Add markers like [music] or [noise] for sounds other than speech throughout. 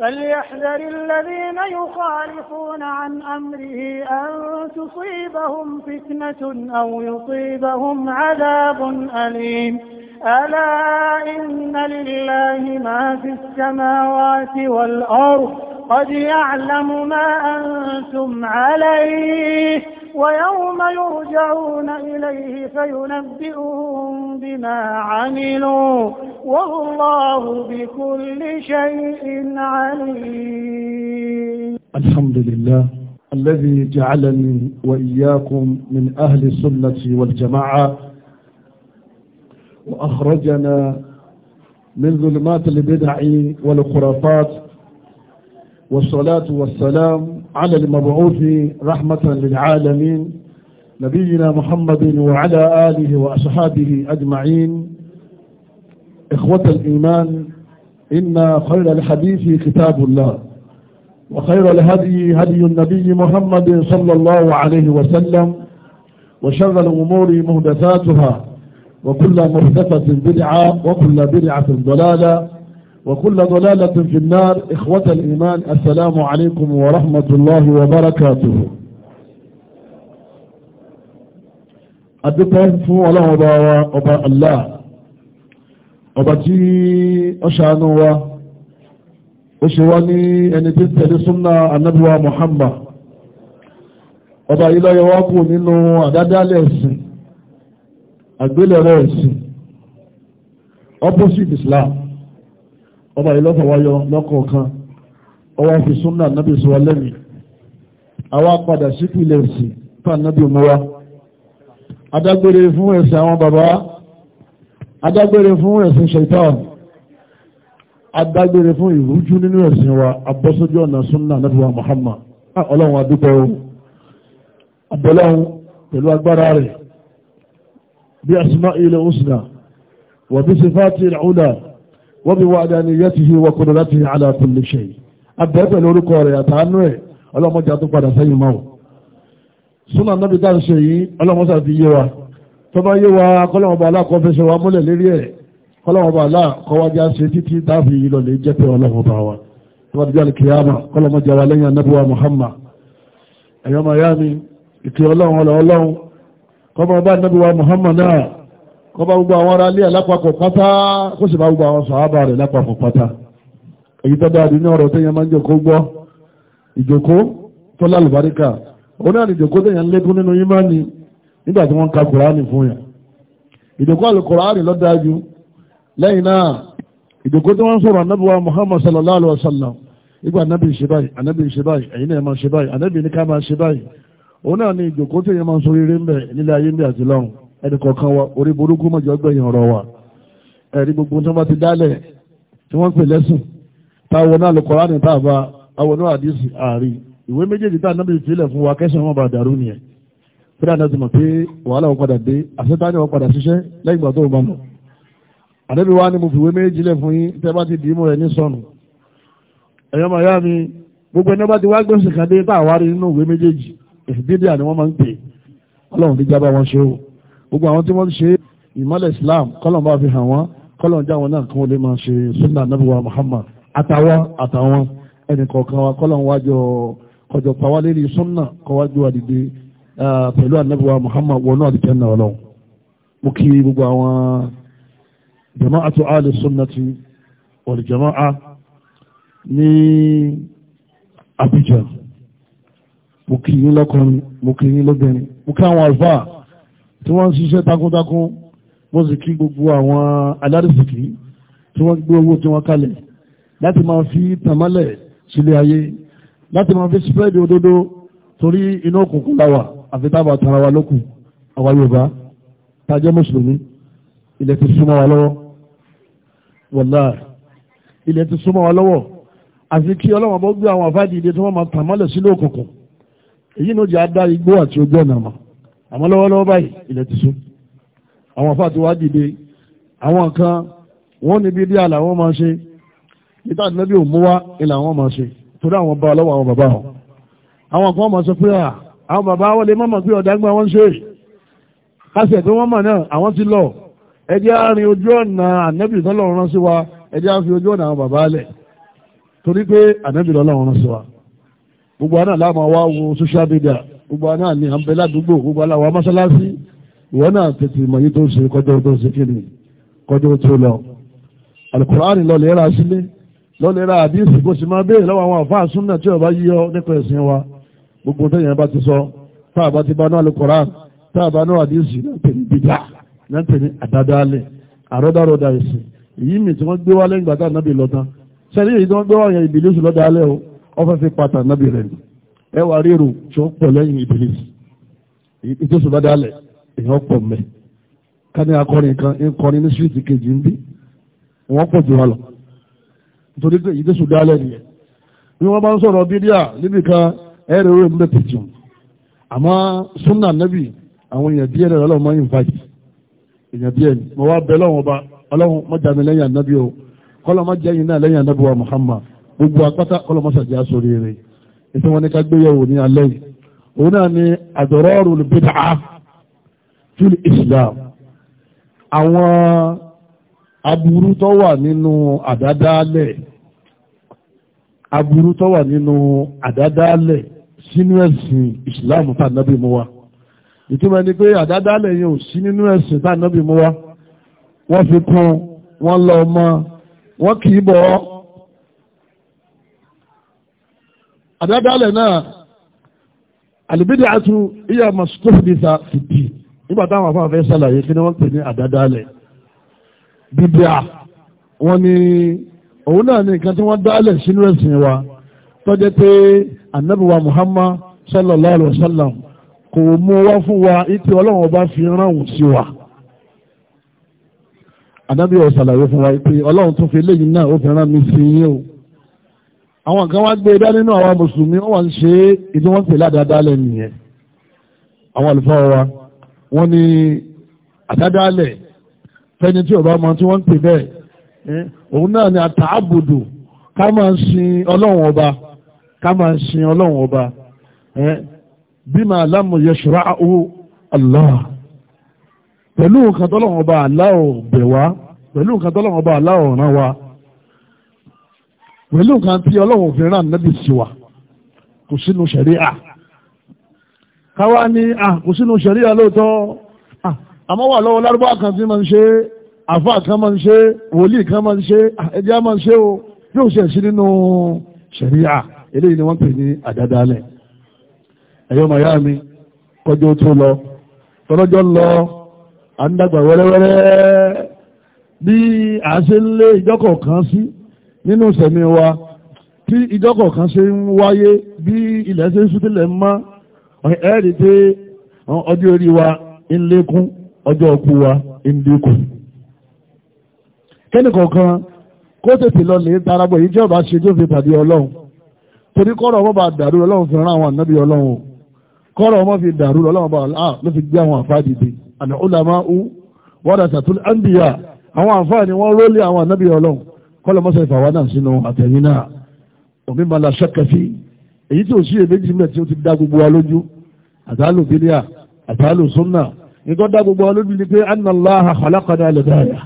فليحذر الذين يخالفون عن أمره أن تصيبهم فتنة أو يصيبهم عذاب أليم ألا إن لله ما في السماوات والأرض قد يعلم ما أنتم عليه ويوم يرجعون إليه فينبئهم بما عملوا والله بكل شيء عليم الحمد لله الذي جعلني وإياكم من أهل السنة والجماعة وأخرجنا من ظلمات البدع والخرافات والصلاة والسلام على المبعوث رحمة للعالمين نبينا محمد وعلى آله وأصحابه أجمعين إخوة الإيمان إن خير الحديث كتاب الله وخير الهدي هدي النبي محمد صلى الله عليه وسلم وشر الأمور مهدثاتها وكل مهدثة بدعة وكل بدعة ضلالة وكل ضلالة في النار إخوة الإيمان السلام عليكم ورحمة الله وبركاته أدفع فو الله وبا الله ọba tí ó ṣàánú wa ó ṣe wá ní ẹni tí tẹ̀lé súnmọ́ anábíwá Muhammad ọba yìí lọ́yọ̀ wá kù nínú àdádálẹ̀ ẹ̀sìn àgbélẹ̀rọ ẹ̀sìn opposite Islam ọba yìí lọ́fọ̀ wáyọ lọ́kọ̀ọ̀kan ọwọ́ fi súnmọ́ anábí sọ lẹ́mìí àwa padà sípìlẹ̀ ẹ̀sìn fún anábí mọ́wá adágbére fún ẹ̀sìn àwọn bàbá adágbére fún ẹ̀sìn ṣaitan adágbére fún ìrújú nínú ẹ̀sìn wa abọ́sójú ọ̀nà súnnà nàbíwá Muhammad ah, ọlọ́run adúpẹ́ abọ́lọ́run pẹ̀lú agbára rẹ̀ bí asmá ilẹ̀ òsìnà wà bí sífàtì ìràúdà wọ́n bí wà dání yẹ́tì yí wọ́n kúrò láti ala kulli abẹ́ tó bá yé wa kọ́lọ́wọ́n bá aláàkọ́ wa múlẹ̀ lérí ẹ̀ kọ́lọ́wọ́n bá aláàkọ́ wa já ṣe títí táàfì ìlọ lè jẹ́ pé ọlọ́wọ́n bá wa tó bá wa lẹ́yìn anábíwá Muhammad ẹ̀yọ́ mayami ìkì ọlọ́run ọlọ́run kọ́bọ̀ ọba Muhammad náà kọ́bọ̀ gbogbo àwọn ará ilé alápapọ̀ pátá kó sì bá gbogbo àwọn sàábà rẹ̀ lápapọ̀ pátá èyí tó dáadé ní ọ̀rọ̀ tẹ́yẹ máa ń jòkó gbọ́ ni nígbà tí wọ́n ka kùránì fún yà ìdòkó alùkùránì lọ dájú lẹ́yìn náà ìdòkó tí wọ́n sọ̀rọ̀ anábíwá muhammad sallallahu alaihi wa sallam ìgbà anábì ṣe báyìí anábì ṣe báyìí ẹ̀yin náà máa ṣe báyìí anábì ní ká máa ṣe báyìí òun náà ni ìdòkó tí èèyàn máa ń sọ rere ń bẹ nílé ayé ń bẹ àti lọ́run ẹnì kọ̀ọ̀kan wa orí burúkú mọ̀jọ́ gbẹ̀yìn ọ̀rọ̀ wa ẹ̀rí gbogbo tí wọ́n ti dálẹ̀ tí wọ́n pè lẹ́sìn táwọn náà alùkùránì táàbà àwọn náà àdìsí ìwé méjèèjì tá anábì fílẹ̀ fún wa kẹ́sàn-án wọn bá dàrú nìyẹn fúdà náà ti mọ̀ pé wàhálà wọn padà dé àṣetáni wọn padà ṣiṣẹ́ lẹ́yìn ìgbà tó wọn bá mọ̀ àdébí wa ni mo fìwé méjì lẹ̀ fún yín tẹ́ bá ti dì í mú rẹ̀ ní sọnù ẹ̀yọ́ màá yá mi gbogbo ẹni bá ti wá gbèsè kan dé tá a wá rí nínú ìwé méjèèjì ìfìdídíà ni wọ́n máa ń pè ọlọ́run ti jábá wọn ṣe o gbogbo àwọn tí wọ́n ṣe ìmọ̀lẹ̀ Islam kọ́lọ̀ bá fi hàn wọ́n kọ́lọ̀ sunna nabi wa Muhammad àtàwọn àtàwọn ẹnì kọ̀ọ̀kan wa kọ́lọ̀ wájọ kọjọ pàwálé ní sunna kọ́wájú pẹ̀lú anabiwa muhammad wọnú àdìjẹ́nà ọlọ́run mo kí gbogbo àwọn jama'atu ali sunnati wal jama'a ní Abidjan mo kí yín lọ́kùnrin mo kí yín lóbìnrin mo kí àwọn alfa tí wọ́n ń ṣiṣẹ́ takuntakun mo sì kí gbogbo àwọn alárìsìkì tí wọ́n gbé owó tí wọ́n kalẹ̀ láti máa fi tàmálẹ̀ sílé ayé láti máa fi spread òdodo torí inú òkùnkùn láwàá àfi tábà tara wa lókun àwa yorùbá tàjẹ́ mùsùlùmí ilẹ̀ ti súnmọ́ wa lọ́wọ́ wàlá ilẹ̀ ti súnmọ́ wa lọ́wọ́ àfi kí ọlọ́wọ́n bọ́ gbé àwọn àfáàdì ilé tí wọ́n máa tàn mọ́lẹ̀ sílé òkùnkùn èyí ní ó jẹ́ adá igbó àti ojú ọ̀nà àmà àmọ́ lọ́wọ́lọ́wọ́ báyìí ilẹ̀ ti sún àwọn àfáà ti dìde àwọn kan wọ́n níbi bí àlà wọn máa ṣe níta àdínlẹ́bí òmúwá ilẹ̀ àwọn máa ṣe torí àwọn bá lọ́wọ́ àwọn bàbá àwọn kan máa sọ pé àwọn bàbá wọlé mọ́mọ̀ pé ọ̀dágbà wọ́n ṣe kásẹ̀ tó wọ́n mọ̀ náà àwọn ti lọ ẹjẹ́ àárín ojú ọ̀nà ànẹ́bì tọ́lọ́run rán sí wa ẹjẹ́ àfi ojú ọ̀nà àwọn bàbá lẹ̀ torí pé ànẹ́bì tọ́lọ́run rán sí wa gbogbo àná láàmú wa wo social media gbogbo àná ní àǹbẹ̀ ládùúgbò gbogbo àná wa mọ́sálásí ìwọ náà tètè mọ̀ yí tó ṣe kọjọ́ tó ṣe kí ni kọjọ́ tó lọ alukur'ani lọ lè ra sílé lọ lè ra àdíìsì kó sì máa béèrè lọ́wọ́ àwọn àfáà súnà tí ọba yíyọ nípa ẹ̀sìn wa gbogbo tẹ́yìn bá ti sọ táàbá ti bá náà lè kọ́ra táàbá náà àdíyèsí náà tẹ̀lé bídà náà tẹ̀lé àdádálẹ̀ àrọ́dàrọ́dà ẹ̀sìn èyí mi tí wọ́n gbé wá lẹ́yìn gbàtà nábì lọ́tàn sẹ́ni èyí tí wọ́n gbé wá yẹn ìbílísì lọ́dà alẹ́ o ọfẹ́ fi pàtà nábì rẹ̀ ni ẹ wà ríro tí wọ́n pọ̀ lẹ́yìn ìbílísì ìtòsùn lọ́dà alẹ́ èyàn pọ̀ mẹ́ kání akọrin kan ń kọrin ní síwìtì kejì ń bí wọ́n pọ̀ jù wá lọ nítorí pé ìtòsùn lọ́dà alẹ́ nìyẹn bí wọ́n bá ń sọ̀rọ̀ bídíà níbìkan ẹ̀rẹ̀ orí ẹ̀mí bẹ́ẹ̀ tìjù àmọ́ súnà nẹ́bì àwọn èèyàn díẹ̀ rẹ̀ ọlọ́run máa ń invite èèyàn díẹ̀ ni mo wá bẹ ọba ọlọ́run má lẹ́yìn o kọ́lọ́ má jẹ́ yín náà lẹ́yìn wa Muhammad gbogbo apáta kọ́lọ́ má rẹ̀ ètò wọn ni ká gbéyàwó ní alẹ́ yìí òun náà ni sínú ẹ̀sìn ìsìláàmù tá ànábì mú wa ìtumọ̀ ni pé àdádálẹ̀ yẹn ò sí nínú ẹ̀sìn tá ànábì mú wa wọ́n fi kún wọ́n lọ ọmọ wọ́n kì í bọ̀ ọ́ àdádálẹ̀ náà àlùbídì àtú ìyá mọ̀sítọ́fìdìta fìdí nígbà táwọn afáfẹ́ fẹ́ sàlàyé kí ni wọ́n pè ní àdádálẹ̀ bíbíà wọ́n ní òun náà ní nǹkan tí wọ́n dálẹ̀ sínú ẹ̀sìn wa tó pé anabiwa muhammad sallallahu alayhi wa sallam kò mú wá fún wa ìtì ọlọ́run ọba fi ránwùn sí wa anabi ó ṣàlàyé fún wa ìtì ọlọ́run tún fi léyìn náà ó fi rán mi sí yín o àwọn kan wá gbé dá nínú àwọn mùsùlùmí wọ́n wà ń ṣe ìdí wọ́n ń tẹ̀lé àdádálẹ̀ nìyẹn àwọn àlùfáà wa wọ́n ní àdádálẹ̀ fẹ́ni tí ọba ọmọ tí wọ́n ń pè bẹ́ẹ̀ òun náà ni àtàbùdù ká máa sin ọlọ́run ọba ká máa sin ọlọ́run ọba bí máa lámù yẹsùrá owó Allah pẹ̀lú nǹkan tọ́lọ́run ọba Allah ò bẹ̀ wá pẹ̀lú nǹkan tọ́lọ́run ọba Allah ò ràn wá pẹ̀lú nǹkan tí ọlọ́run òfin rán nẹ́bí sí wa kò sínú ṣẹ̀ríà káwá ní kò sínú ṣẹ̀ríà lóòótọ́ àmọ́ wà lọ́wọ́ lárúbá kan tí máa ń ṣe àfá kan máa ń ṣe wòlíì kan máa ń ṣe ẹjẹ́ máa ń ṣe o yóò ṣe sí nínú ṣẹ̀ríà eléyìí ni wọ́n pè ní àdádálẹ̀ ẹ̀yọ́ màyá mi kọjọ́ tó lọ tọ́lọ́jọ́ lọ à ń dàgbà wẹ́rẹ́wẹ́rẹ́ bí a ṣe ń lé ìjọ́kọ̀ kan sí nínú ìṣẹ̀mí wa tí ìjọ́kọ̀ kan ṣe ń wáyé bí ilẹ̀ ṣe ń sútìlẹ̀ mọ́ ẹ̀rí pé ọjọ́ orí wa ń lékún ọjọ́ ọkú wa ń dínkù kẹ́nìkọ̀ọ̀kan kó tètè lọ lè darapọ̀ yìí jọba ṣe tó fi pàdé ọlọ́run torí kọ́rọ̀ ọmọ bá dàrú ọlọ́run fi rán àwọn ànábì ọlọ́run kọ́rọ̀ ọmọ fi dàrú ọlọ́run bá ah ló fi gbé àwọn àfáà dìde àná ọlọ́mà ó wọ́dà sàtúlẹ̀ àǹdíyà àwọn àfáà ni wọ́n rólé àwọn ànábì ọlọ́run kọ́lọ̀ mọ́sẹ̀ ìfàwọ́ náà sínú àtẹ̀yìn náà òmí máa la ṣẹ́kẹ̀fí èyí tí ò sí èméjì mẹ́ tí ó ti dá gbogbo wa lójú àtàlù bílíà àtàlù súnà nǹkan dá gbogbo wa lójú ni pé annaláha khalaqana lẹ́dáyà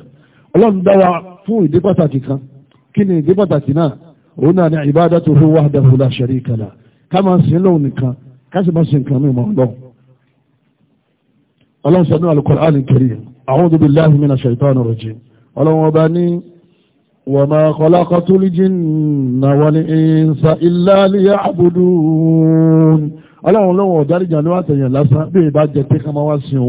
ọlọ́run dá wa fún ìdí pàtàkì kan kí ni ìdí pàtàkì náà òun náà ní ibadatuhu wahdahu la sharika lah ká máa sin lóhun nìkan ká sì máa sin nǹkan mi mọ́ lọ́hùn. ọlọ́run sọ ní al-Qur'an al-Karim a'udhu billahi minash shaitanir rajim ọlọ́run ọba ní wa ma khalaqatul jinna wal insa illa liya'budun ọlọ́run lọ́wọ́ ọ̀dáríjà ní wàtẹ̀yàn lásán bí ìbá jẹ pé ká máa wá sin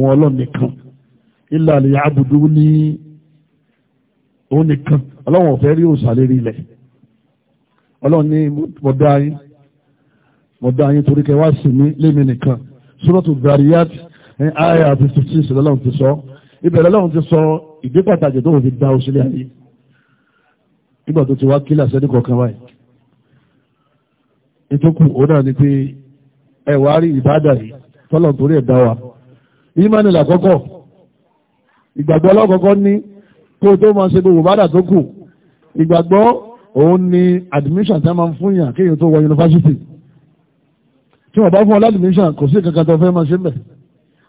ọlọ́run ní mọ̀dá yín mọ̀dá yín torí kẹwàá sí ní lémi nìkan Suratul Dhariyat ní àyà àti fifteen sí lọ́lọ́run ti sọ ibẹ̀ lọ́lọ́run ti sọ ìdí pàtàkì tó fi da òṣèlú ayé nígbà tó ti wá kílà sẹ́ni kọ̀ọ̀kan báyìí ìtókù òun náà ni pé ẹ wá rí ìbádà yìí tọ́lọ̀ torí ẹ̀ dá wa ìmánì làkọ́kọ́ ìgbàgbọ́ ọlọ́kọ̀ọ́kọ́ ní kó tó máa ṣe gbogbo bádà òun ni admission tí a máa ń fún yàn kéèyàn tó wọ yunifásitì tí wọ́n bá fún ọ ládìmíṣàn kò sí kankan tó fẹ́ máa ṣe bẹ̀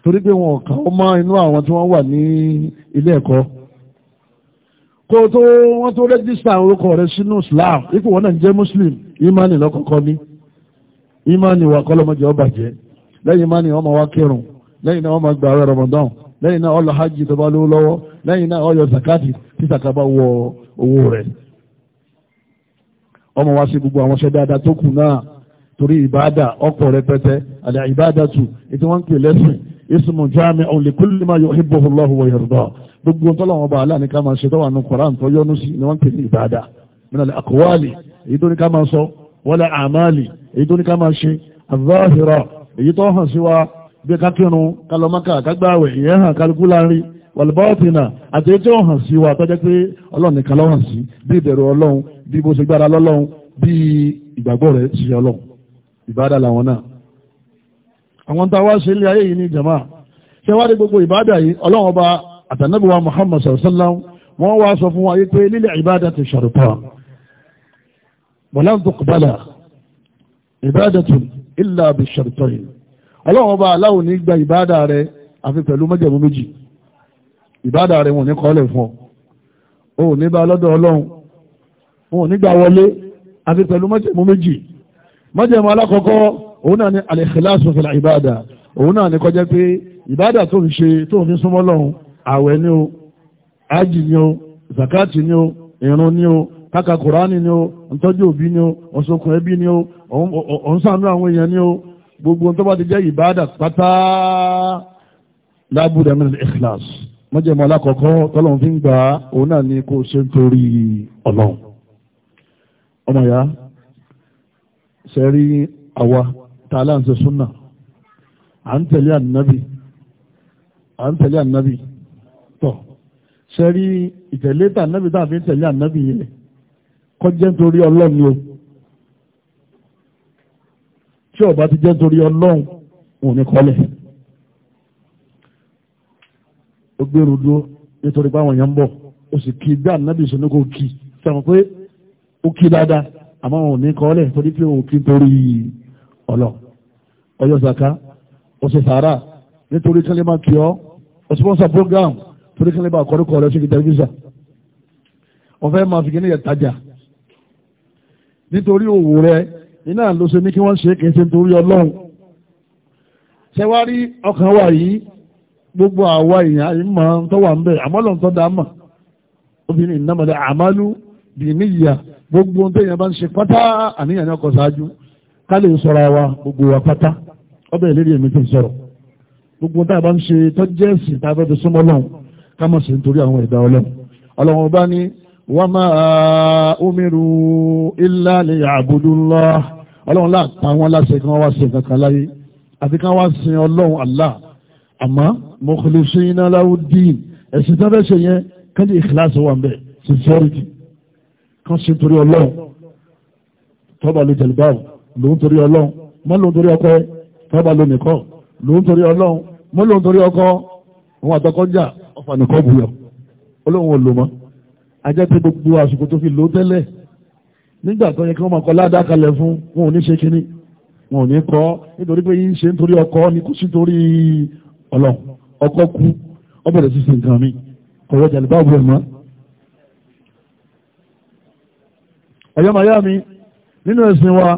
torí pé wọn kà ó mọ inú àwọn tí wọ́n wà ní ilé ẹ̀kọ́ kó tó wọ́n tó rẹ́gísítà orúkọ rẹ sínú Islam ipò wọn náà jẹ́ Muslim imani lọ́kọ̀ọ́kọ́ ní imani wà kọ́lọ́mọdé ọba jẹ́ lẹ́yìn imani ọmọ wa kírun lẹ́yìn náà ọmọ gbà rẹ Ramadan lẹ́yìn náà ó tó bá lówó lọ́wọ́ lẹ́yìn náà ó zakati tí sàkábà wọ owó rẹ̀ ọmọ wa sí gbogbo àwọn ṣẹ́ dáadáa tó kù náà torí ìbáadà ọkọ̀ rẹpẹtẹ àdá ìbáadà tù ètò wọn ń pè lẹ́sìn ismu jami'un li kulli ma yuhibbuhu Allahu wa yarda gbogbo tọ́lọ́wọ́n bá aláàní ká máa ṣe tọ́wà ní Qur'an tó yọ́nú sí ni wọ́n pè ní ìbáadà min al èyí tó ní ká máa sọ wala a'mali èyí tó ní ká máa ṣe az wàlúbọ́ọ̀tìnà àti ètò ọ̀hàn sí wa tọ́jẹ́ pé ọlọ́run nìkan lọ́hàn sí bí ìbẹ̀rù ọlọ́run bí bó ṣe gbára lọ́lọ́run bí ìgbàgbọ́ rẹ̀ sí ọlọ́run ìbádà làwọn náà àwọn tá a wá ṣe ilé ayé yìí ní jama ṣé wá dé gbogbo ìbádà yìí ọlọ́run ọba àtànẹ́bùwà Muhammad sallallahu wọ́n wá sọ fún wa yí pé lílẹ̀ ìbádà ti ṣàrùpá wọ́n tó kùbálà ìbádà tún ìlà bí ṣàrùpá yìí ọlọ́run ọba ìbádà rẹ̀ wọn ní kọ́lẹ̀ fún ọ o ní bá lọ́dọ̀ ọlọ́run wọn nígbà wọlé àti pẹ̀lú májẹ̀mú méjì májẹ̀mú alákọ̀ọ́kọ́ òun náà ni al-ikhlasu fil ìbádà òun náà ni kọjá pé ìbádà tó ń ṣe tó ń fi súnmọ́ lọ́run àwẹ̀ ni o ájì ni o zakati ni o ìrun ni o káka kùránì ni o ntọ́jú òbí ni o ọ̀sọ̀kùn ẹbí ni o ọ̀nsánú àwọn èèyàn ni o gbogbo tó ti jẹ́ ìbádà pátá lábúdà min mọ́jẹ̀mọ́ alákọ̀ọ́kọ́ tọ́lọ́run fi ń gbà òun náà ni kó ṣe ń torí ọlọ́run ọmọ ìyá ṣe rí àwa tá a láǹṣe súnà à ń tẹ̀lé ànábì à ń tẹ̀lé ànábì tọ̀ ṣe rí ìtẹ̀lé tà ànábì tá a fi ń tẹ̀lé ànábì yẹn kọjá nítorí ọlọ́run o tí ọba ti jẹ́ nítorí ọlọ́run òun ni kọ́lẹ̀ ó gbèrú dúró nítorí pé àwọn èèyàn ń bọ̀ ó sì kí bí ànábì sọ ní kò kí sẹ́wọ̀n pé ó kí dáadáa àmọ́ òun ní kọ́lẹ̀ torí pé òun torí ọ̀lọ́ ọyọ́ zaka ó ṣe sàárà nítorí kí lè máa kí ọ́ ó sì fọ́n sa program torí kí lè máa kọ́ríkọ́ rẹ̀ sí tẹlifíṣà wọ́n fẹ́ máa fi kí ní yẹn tajà nítorí òwò rẹ̀ iná ló ṣe ní kí wọ́n ṣe kì í ṣe nítorí ọlọ́run ṣẹ́wárí ọkàn wà yìí gbogbo àwa èèyàn ìmọ̀ tó wà ń bẹ̀ àmọ́lọ̀ tó dá mọ̀ obìnrin ìnámọ̀lẹ̀ àmálú bìníyà gbogbo ohun téèyàn bá ń ṣe pátá àníyàn náà kọ ṣáájú ká lè sọ̀rọ̀ àwa gbogbo wa pátá ọbẹ̀ ìlérí èmi ti sọ̀rọ̀ gbogbo tá a bá ń ṣe tó jẹ́ ẹ̀sìn tá a fẹ́ fi súnmọ́ lọ́hùn ká mọ̀ sí nítorí àwọn ẹ̀dá ọlọ́run ọlọ́run bá ní wa ma àmọ́ mukhlisina lahu ddin ẹ̀sìn tó fẹ́ẹ́ ṣe yẹn kẹ́lí ìkìláàsì wà mbẹ́ sincerity kan ṣe torí ọlọ́run tọ́ba ló jẹ̀lúbáwò lòun torí ọlọ́run mọ́ lòun torí ọkọ tọ́ba ló nìkọ́ lòun torí ọlọ́run mọ́ lòun torí ọkọ òun àtọkọ́jà ọ̀fà nìkọ́ buyọ̀ olóhùn ò lò mọ́ ajẹ́ pé gbogbo àsìkò tó fi lò tẹ́lẹ̀ nígbà tó yẹ kí wọ́n máa kọ ládàkalẹ̀ fún wọn ò ní ṣe kínní wọn ò ní kọ́ nítorí pé yín ṣe nítorí ọkọ ni kò sí torí ọlọ́run ọkọ kú ọbẹ̀rẹ̀ sísè nǹkan mi kọ̀wé jàlè bá wúlò mọ́. ẹ̀yọ́ màyá mi nínú ẹ̀sìn wa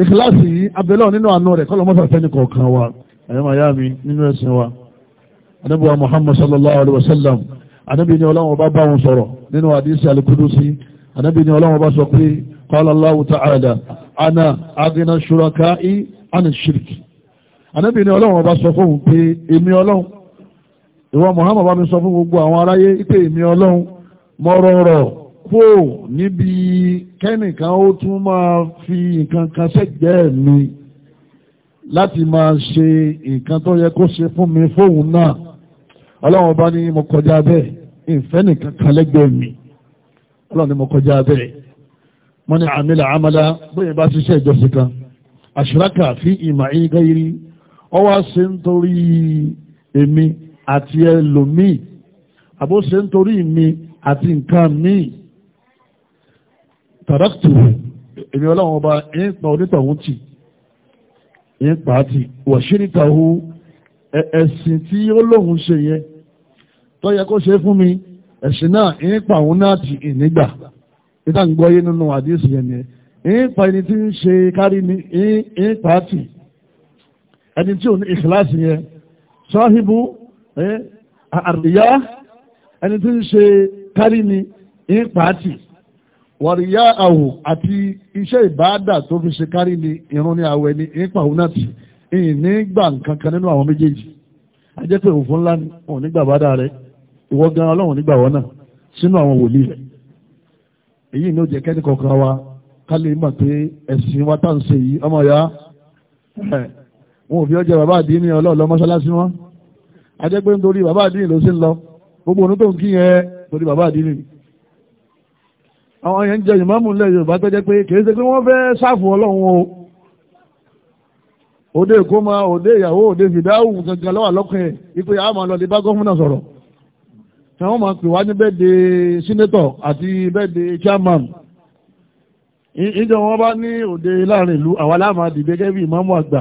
ìkìláàsì yìí abẹ́lẹ́ nínú àánú rẹ̀ kọ́lọ́ mọ́sà fẹ́ni kọ̀ọ̀kan wa ẹ̀yọ́ màyá mi nínú ẹ̀sìn wa anábíwá Muhammad sallallahu alayhi wa sallam anábí ni ọlọ́run ọba bá wọn sọ̀rọ̀ nínú àdísì alikudusi anábí ni ọlọ́run ọba sọ pé qala Allahu ana agina shuraka'i an shirki ànábì ní ọlọ́run ọba sọ fóun pé èmi ọlọ́run ìwọ Muhammad bá mi sọ fún gbogbo àwọn aráyé pé èmi ọlọ́run mo rọrọ̀ kó níbi kẹ́nìkan ó tún máa fi nǹkan kan ṣẹ̀gbẹ́ mi láti máa ṣe nǹkan tó yẹ kó ṣe fún mi fóun náà ọlọ́run ọba ní mo kọjá bẹ́ẹ̀ ìfẹ́ nìkan kan lẹ́gbẹ̀ẹ́ mi ọlọ́run ní mo kọjá bẹ́ẹ̀ mo ní àmì làámàlà bóyá bá ṣiṣẹ́ ìjọsìn kan àṣìrákà fi ìmọ̀ ẹ̀yìn gáyìrì wọ́n wá ṣe ń torí èmi àti ẹlòmíì àbó ṣe ń torí mi àti nǹkan míì tàdáktù èmi ọlọ́run ọba ń pa onítọ̀hún tì ń pa á tì wọ̀ṣínítàhú ẹ̀sìn tí ó lóhun ṣe yẹn tó yẹ kó ṣe fún mi ẹ̀sìn náà ń pa òun náà tì nígbà nígbà gbọ́yé nínú àdéhùn yẹn ni ń pa ẹni tí ń ṣe kárí ni ń pa á ẹni tí ò ní ìkìláàsì yẹn sọ́híbù àríyá ẹni tí ń ṣe kárí ni ní pàátì wàríyá àwò àti iṣẹ́ ìbáàdà tó fi ṣe kárí ni irun ni ní pàhùnàtì ìní gbà kankan nínú àwọn méjèèjì ajẹ́ pé àwọn wọn ò fi ọjọ́ bàbá àdínì ọlọ́ọ̀lọ́ mọ́ṣáláṣí wọn ajẹ́ pé nítorí bàbá àdínì ló sì ń lọ gbogbo òun tó ń kí yẹn torí bàbá àdínì àwọn yẹn ń jẹ ìmáàmù ilẹ̀ Yorùbá tó jẹ́ pé kìí ṣe pé wọ́n fẹ́ sáàfù Ọlọ́run o òde ìkómà òde ìyàwó òde fìdáhù gangan lọ́wọ́ lọ́kùn ẹ̀ ipò yàrá máa lọ lè bá gọ́fúnà sọ̀rọ̀ tí wọ́n máa pè wá ní bẹ́ẹ̀dẹ̀ sínétọ̀ àti bẹ́ẹ̀dẹ̀ chairman ìjọ wọn bá ní òde láàrin ìlú àwa láàmà dìde gẹ́gẹ́ bí ìmáàmù àgbà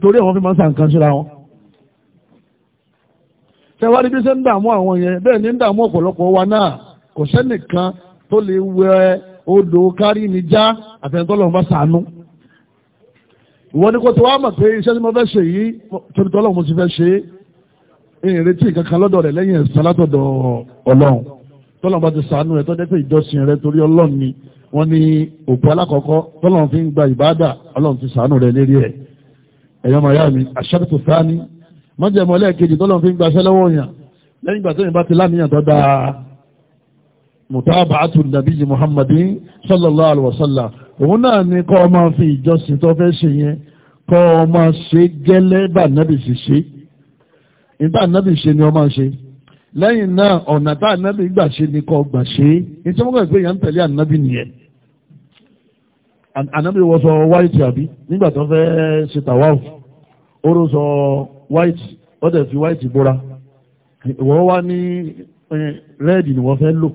torí àwọn fi máa ń sàn kan síra wọn. tẹ́wárí bí ṣe ń dààmú àwọn yẹn bẹ́ẹ̀ ni ń dààmú ọ̀pọ̀lọpọ̀ wa náà kò sẹ́nìkan tó lè wẹ odò kárí mi já àfẹnitọ́lọ́run bá sànú. ìwọ ni kò tó wá mọ̀ pé iṣẹ́ tí mo fẹ́ ṣe yìí torítọ́lọ́run mo ti fẹ́ ṣe é ìrètí kankan lọ́dọ̀ rẹ̀ lẹ́yìn ẹ̀sán látọ̀dọ̀ ọlọ́run tọ́lọ́run bá ti sànú rẹ̀ tó dé pé ìjọsìn rẹ̀ torí ọlọ́run ni wọ́n ní òpó alákọ̀ọ́kọ́ tọ́lọ́run fi ń gba ìbáàdà ọlọ́run ti sànú rẹ̀ lérí ẹ̀ ẹ̀yọ́ màyá mi àṣẹ́tò sáání májẹ̀mọ́ ẹlẹ́ẹ̀kejì tọ́lọ́n fi ń gbaṣẹ́ lọ́wọ́ yàn lẹ́yìn ìgbà tẹ́yìn bá ti láníyàn tó dáa mùtábàátù nàbí muhammadin sallallahu alaihi wasallam òun náà ni kọ́ ọmọ fi ìjọsìn tó fẹ́ ṣe yẹn kọ́ ọmọ ṣe gẹ́lẹ́ bá nàbì sì ṣe ìbá nàbì ṣe ni ọmọ ṣe lẹ́yìn náà ọ̀nà tá nàbì gbà ṣe ni kọ́ gbà ṣe ìtí gbà pé yàn tẹ̀lé ànàbì nìyẹn ànábì wọ sọ white àbí nígbà tó fẹ́ ṣe tawaf oró sọ white ó dẹ̀ fi white bóra ìwọ wá ní red ni wọ́n fẹ́ lò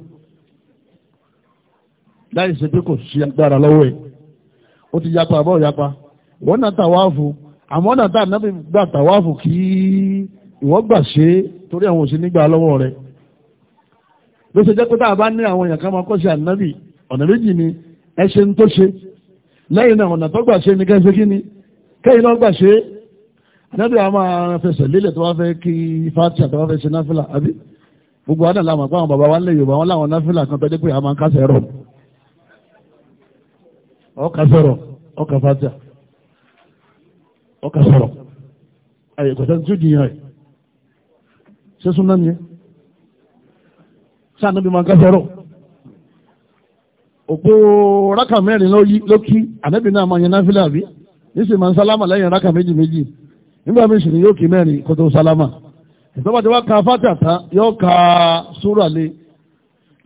láì ṣe pé kò sí agbára lọ́wọ́ ẹ̀ ó ti yapa àbọ̀ yapa wọ́n náà tàwáàfù àmọ́ náà tà náà gbà tàwáàfù kí ìwọ́n gbà ṣe torí àwọn òṣèlú nígbà lọ́wọ́ rẹ̀ ló ṣe jẹ́ pé tá a bá ní àwọn èèyàn kan máa kọ́ sí ànábì ọ̀nà méjì ni ẹ ṣe ń tó ṣe lẹ́yìn náà ọ̀nà tó gbà ṣe ní kẹ́sí kí ni kẹ́yìn náà gbà ṣe ànábì àwọn máa fẹsẹ̀ lélẹ̀ tó wá fẹ́ kí fatiha tó wá fẹ́ ṣe náfìlà àbí gbogbo àdàn làwọn àpá àwọn bàbá wa ń lè yorùbá wọn láwọn náfìlà kan tọ́jú pé àwọn kásẹ̀ rọ̀ ọkà sọ̀rọ̀ ọkà fatiha ọkà sọ̀rọ̀ àyè kò sẹ́ni tó jìyàn rẹ̀ ṣé súnmọ́ ni ẹ sáà níbi máa kásẹ̀ rọ̀ òpó rákà mẹ́rin lókí ànábì náà máa yan náfìlà àbí níṣẹ́ máa ń sálámà lẹ́yìn rákà méjì méjì nígbà méjì ni yóò kí mẹ́rin kó tó sálámà ìtọ́ba ka tán yóò ka súrà lé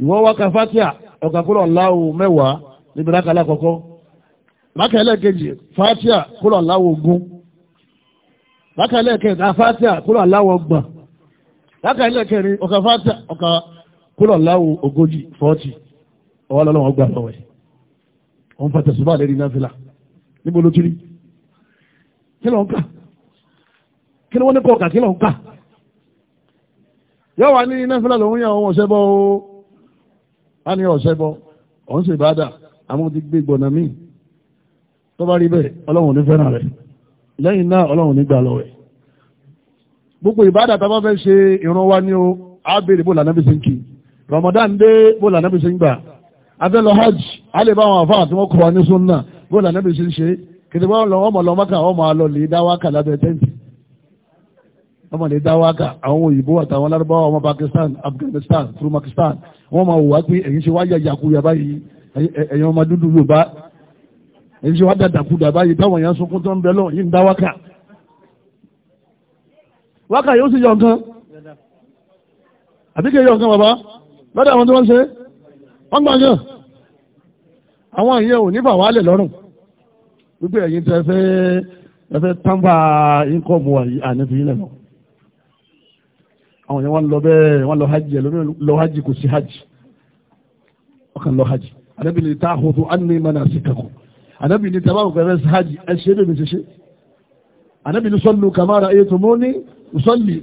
ìwọ wá ka fatiha ọ̀kà kúrò Allahu mẹ́wàá níbi rákà rákà ẹlẹ́ẹ̀kejì kúrò rákà ẹlẹ́ẹ̀kẹta kúrò rákà ẹlẹ́ẹ̀kẹrin ọ̀kà ọ̀kà ọwọ́ lọ́lọ́wọ́ gbà lọ́wọ́ ẹ̀ òun fà tẹ̀sùbà lẹ́ni náfìlà níbo ló tiri kí ló ń kà kí ló wọ́n ní kọ́ ọ̀kà kí ló ń kà yọ wà ní náfìlà lòun yà òun ọ̀sẹ̀ bọ́ o á ní ọ̀sẹ̀ bọ́ òun sì bá dà àwọn ti gbé gbọ̀nà míì tó bá rí bẹ́ẹ̀ ọlọ́run ní fẹ́ràn rẹ̀ lẹ́yìn náà ọlọ́run ní gbà lọ́wọ́ gbogbo ìbádà tá bá fẹ́ ṣe ìran ni o á béèrè bó lànà bí ṣe ń kí Ramadan dé bó lànà bí ṣe ń gbà abẹ́lọ hajj alẹ́bá àwọn àfáà tí wọ́n kọ́ wa ní súnà bó lànà bí ṣe kìtìbá ọmọ lọ mọ́kà ọmọ alọ lè dá wákà lábẹ́ tẹ́ǹtì ọmọ lè dá wákà àwọn òyìnbó àtàwọn lárúbáwá ọmọ Pakistan Afghanistan through Pakistan wọ́n máa wò wá pé ẹ̀yin ṣe wáyà yakuya báyìí ẹ̀yin ọmọ dúdú Yorùbá ẹ̀yin ṣe wá dàdàkudà báyìí táwọn èèyàn sunkún tó ń bẹ lọ́wọ́ wọ́n gbà yàn àwọn àyẹ̀ ò ní fàwálẹ̀ lọ́rùn gbogbo ẹ̀yin tẹ́ fẹ́ ẹ fẹ́ tánbà ínkọ́ọ̀mù ànífi ilẹ̀ lọ àwọn yẹn wọ́n lọ bẹ́ẹ̀ wọ́n lọ hajj ẹ̀ lómi lọ hajj kò sí hajj ọkàn lọ hajj ànábì ní tá a hùwà tó á sí kankan ànábì ní tábà òkè fẹ́ hajj ẹ ṣe é bèbè ṣe ṣe ànábì ní sọ́lù kàmáàrà ètò mọ́ ní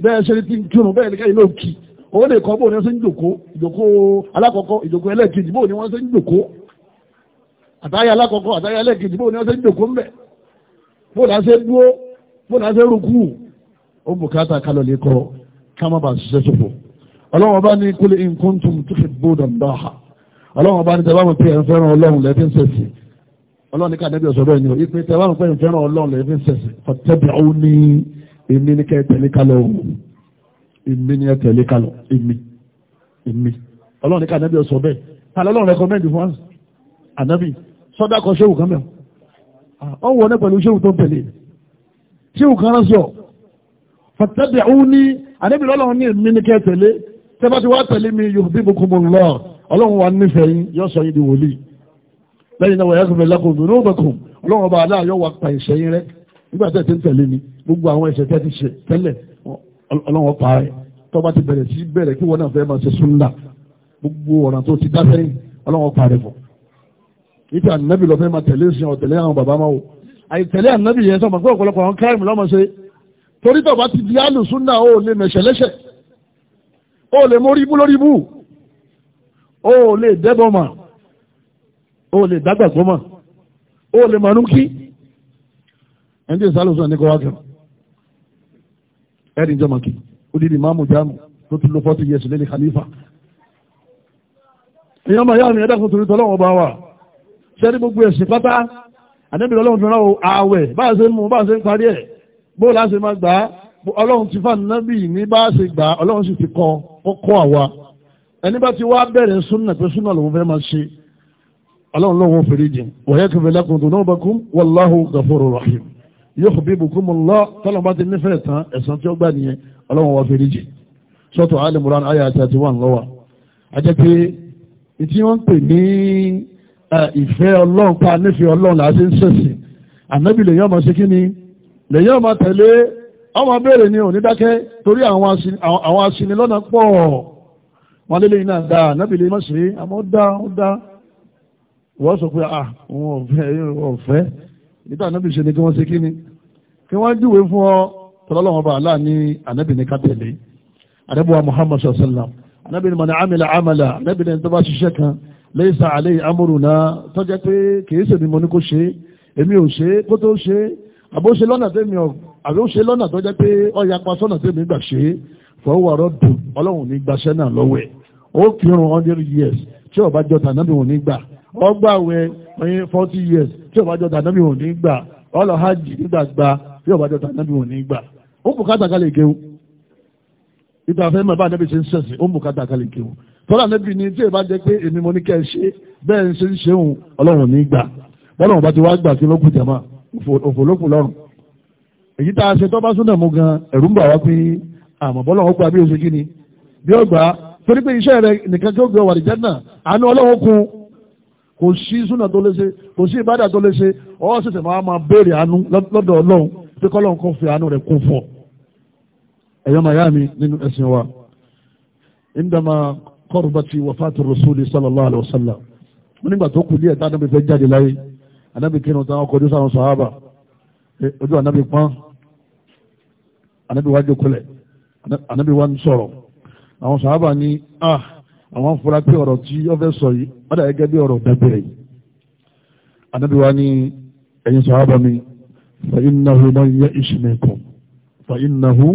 bẹ́ẹ̀ ṣe ti ń bẹ́ẹ̀ ní káyìn ó lè kọ́ bóun ni wọ́n ṣe ń jòkó ìjòkó alákọ̀ọ́kọ́ ìjòkó ẹlẹ́ẹ̀kejì bóun ni wọ́n ṣe ń jòkó àtàyà alákọ̀ọ́kọ́ àtàyà ẹlẹ́ẹ̀kejì bóun ni wọ́n ṣe ń jòkó ńbẹ̀ bóun náà ṣe dúró bóun náà ṣe rúkú ó bùkátà kálọ̀ lè kọ́ ká má bàa ṣiṣẹ́ ṣòfò ọlọ́run ọba ní kul in kuntum tuhibbuna Allah ọlọ́run ọba ọlọ́run lẹ́fí ní tẹ́ bá mọ̀ pé ẹ̀ fẹ́ràn ọlọ́run lẹ́fí èmi ní kẹ́ tẹ̀lé kálọ̀ òun èmi ni ẹ tẹ̀lé kalọ̀ èmi èmi ọlọ́run ní ká ànábì ọ̀sọ̀ bẹ́ẹ̀ ta lọ́lọ́run rẹ́kọ́mẹ́ndì fún ànábì sọ́dá kan ṣéwù kan mẹ́wọ̀ ọ wọ ní pẹ̀lú ṣéwù tó tẹ̀lé ṣéwù kan ránṣẹ́ ọ̀ fàtẹ́bẹ̀ òun ní ànábì lọ́lọ́run ní èmi ni kẹ́ tẹ̀lé tẹ́ bá ti wá tẹ̀lé mi yuhbibkumullah ọlọ́run wa nífẹ̀ẹ́ yín yọ sọ yín di wòlíì lẹ́yìn náà wọ̀ yẹ́sùn mi lẹ́kùn dùn lóòbẹ̀kùn ọlọ́run ọba aláàyọ̀ wà pa ìṣẹ́yìn rẹ nígbà tẹ̀ tí ń tẹ̀lé mi gbogbo àwọn ẹ̀ṣẹ̀ tẹ́ ti ṣe tẹ́lẹ̀ ọlọ́wọ́ parẹ́ tó bá ti bẹ̀rẹ̀ sí bẹ̀rẹ̀ kí wọ́n náà fẹ́ máa ṣe súnlá gbogbo ọ̀ràn tó ti dáfẹ́yìn ọlọ́wọ́ parẹ́ fún ìtì ànábì lọ fẹ́ máa tẹ̀lé sí ọ̀tẹ̀lé àwọn bàbá máa wò àìtẹ̀lé ànábì yẹn sọ pé ọ̀pọ̀lọpọ̀ àwọn káàmù lọ́mọ ṣe torí tó bá ti di àlù súnlá ó lè mẹ̀ṣẹ̀ lẹ́ṣẹ̀ ó lè mórí ibú lórí ibú ó lè dẹ́bọ̀ mà ó lè dágbàgbọ́ mà ó lè mọ̀nú kí ẹni tí ìsàlùsọ̀ ní kọ́ wá ẹ̀rìn jọmọ̀kì ó di ìmáàmù jáàmù tó ti lo forty years lẹ́ni khalifa. èèyàn máa yá mi ẹ̀dá kan torí tọ́lọ́wọ́ bá wà ṣé ní gbogbo ẹ̀sìn pátá àdébìrì ọlọ́run tó náwó ààwẹ̀ bá a ṣe ń mú bá a ṣe ń parí ẹ̀ bó la ṣe máa gbà á ọlọ́run ti fà nábì ní bá a ṣe gbà á ọlọ́run sì ti kọ́ kọ́kọ́ àwa ẹni bá ti wá bẹ̀rẹ̀ súnà pé súnà lòun fẹ́ máa ṣe ọlọ́run lọ́wọ́ fèrè jìn wọ̀nyẹ́ lẹ́kùn tó náà bá kún wallahu ghafurur rahim yóò bí bùkún mu lọ tọ́lọ̀ bá ti nífẹ̀ẹ́ tán ẹ̀sán tí ó gbà nìyẹn ọlọ́run wá fèrè jì sọ́tọ̀ alimuran ayé àti àti wà lọ́wọ́ ajẹ́ pé ìtí wọ́n ń pè ní ìfẹ́ ọlọ́run pa nífẹ̀ẹ́ ọlọ́run láti ń sẹ̀sìn ànábì lèyàn ọmọ sí kí ni lèyàn ọmọ tẹ̀lé ọmọ béèrè ni onídákẹ́ torí àwọn asinilọ́nà pọ̀ wọn lélẹ́yìn náà dáa ànábì lè má ṣe àmọ́ dáa wọ́n sọ pé ah, níta ànábì ṣe ni kí wọ́n ṣe kí ni kí wọ́n júwe fún ọ tọ́lọ́lọ́wọ́n bá aláà ní ànábì ní kátẹ́lẹ́ ànábì muhammad sallam ànábì ni mọ̀nà amìlà amàlà ànábì ni tó bá ṣiṣẹ́ kan lẹ́yìnsà àlẹ́ amúrùnà tó jẹ́ pé kì í ṣe ni mo ní kó ṣe èmi ò ṣe kó tó ṣe àbó ṣe lọ́nà tẹ́mi ọ̀ àbí ó ṣe lọ́nà tó jẹ́ pé ọ yapa sọ́nà tẹ́mi gbà ṣe fọwọ́rọ́ dùn ọlọ́run ní gbaṣẹ́ náà lọ́wọ́ ó kírun hundred years tí ọba jọta náà bí wọn ní gbà ọgbàwẹ̀ ẹ̀yìn forty years tí ọbàjọ́ tànàbí ò ní gbà ọlọ hajj nígbà gba tí ọbàjọ́ tànàbí ò ní gbà ó bùkátà kalẹ̀ kéwù ìgbà fẹ́ mọ̀ bá anábì ṣe ń sẹ̀sìn ó bùkátà kalẹ̀ kéwù tọ́lá anábì ni tí ìbá jẹ́ pé èmi mo ní kẹ́ ẹ ṣe bẹ́ẹ̀ ń ṣe ń ṣeun ọlọ́run ní gbà bọ́lọ́run bá ti wá gbà kí lókùn jàmá òfò lókùn lọ́rùn èyí tá a ṣe tọ́ bá súnà mú gan ẹ̀rú ń bà kò sí súnà tó léṣe kò sí ìbádà tó léṣe ọwọ́ ṣẹ̀ṣẹ̀ máa máa béèrè àánú lọ́dọ̀ ọlọ́run pé kọ́lọ́run kan fi àánú rẹ̀ kún fọ́ ẹ̀yọ́ mayami nínú ẹ̀sìn wa indama kọ́rùbàtì wàfàtì rasúlì sallallahu alayhi wa sallam wọn nígbà tó kù díẹ̀ tá anábì fẹ́ jáde láyé anábì kírun táwọn kọjú sáwọn sàhábà ojú anábì pọ́n anábì wájú kulẹ̀ anábì wá ń sọ̀rọ̀ àwọn sàhábà ní ah àwọn fura pé ọ̀rọ̀ tí wọ́n fẹ́ sọ yìí wọ́n dàgbé gẹ́gẹ́ bí ọ̀rọ̀ dábìrẹ̀ yìí anábì wa ní ẹ̀yin sàhábà mi fa innahu man ya'ish minkum fa innahu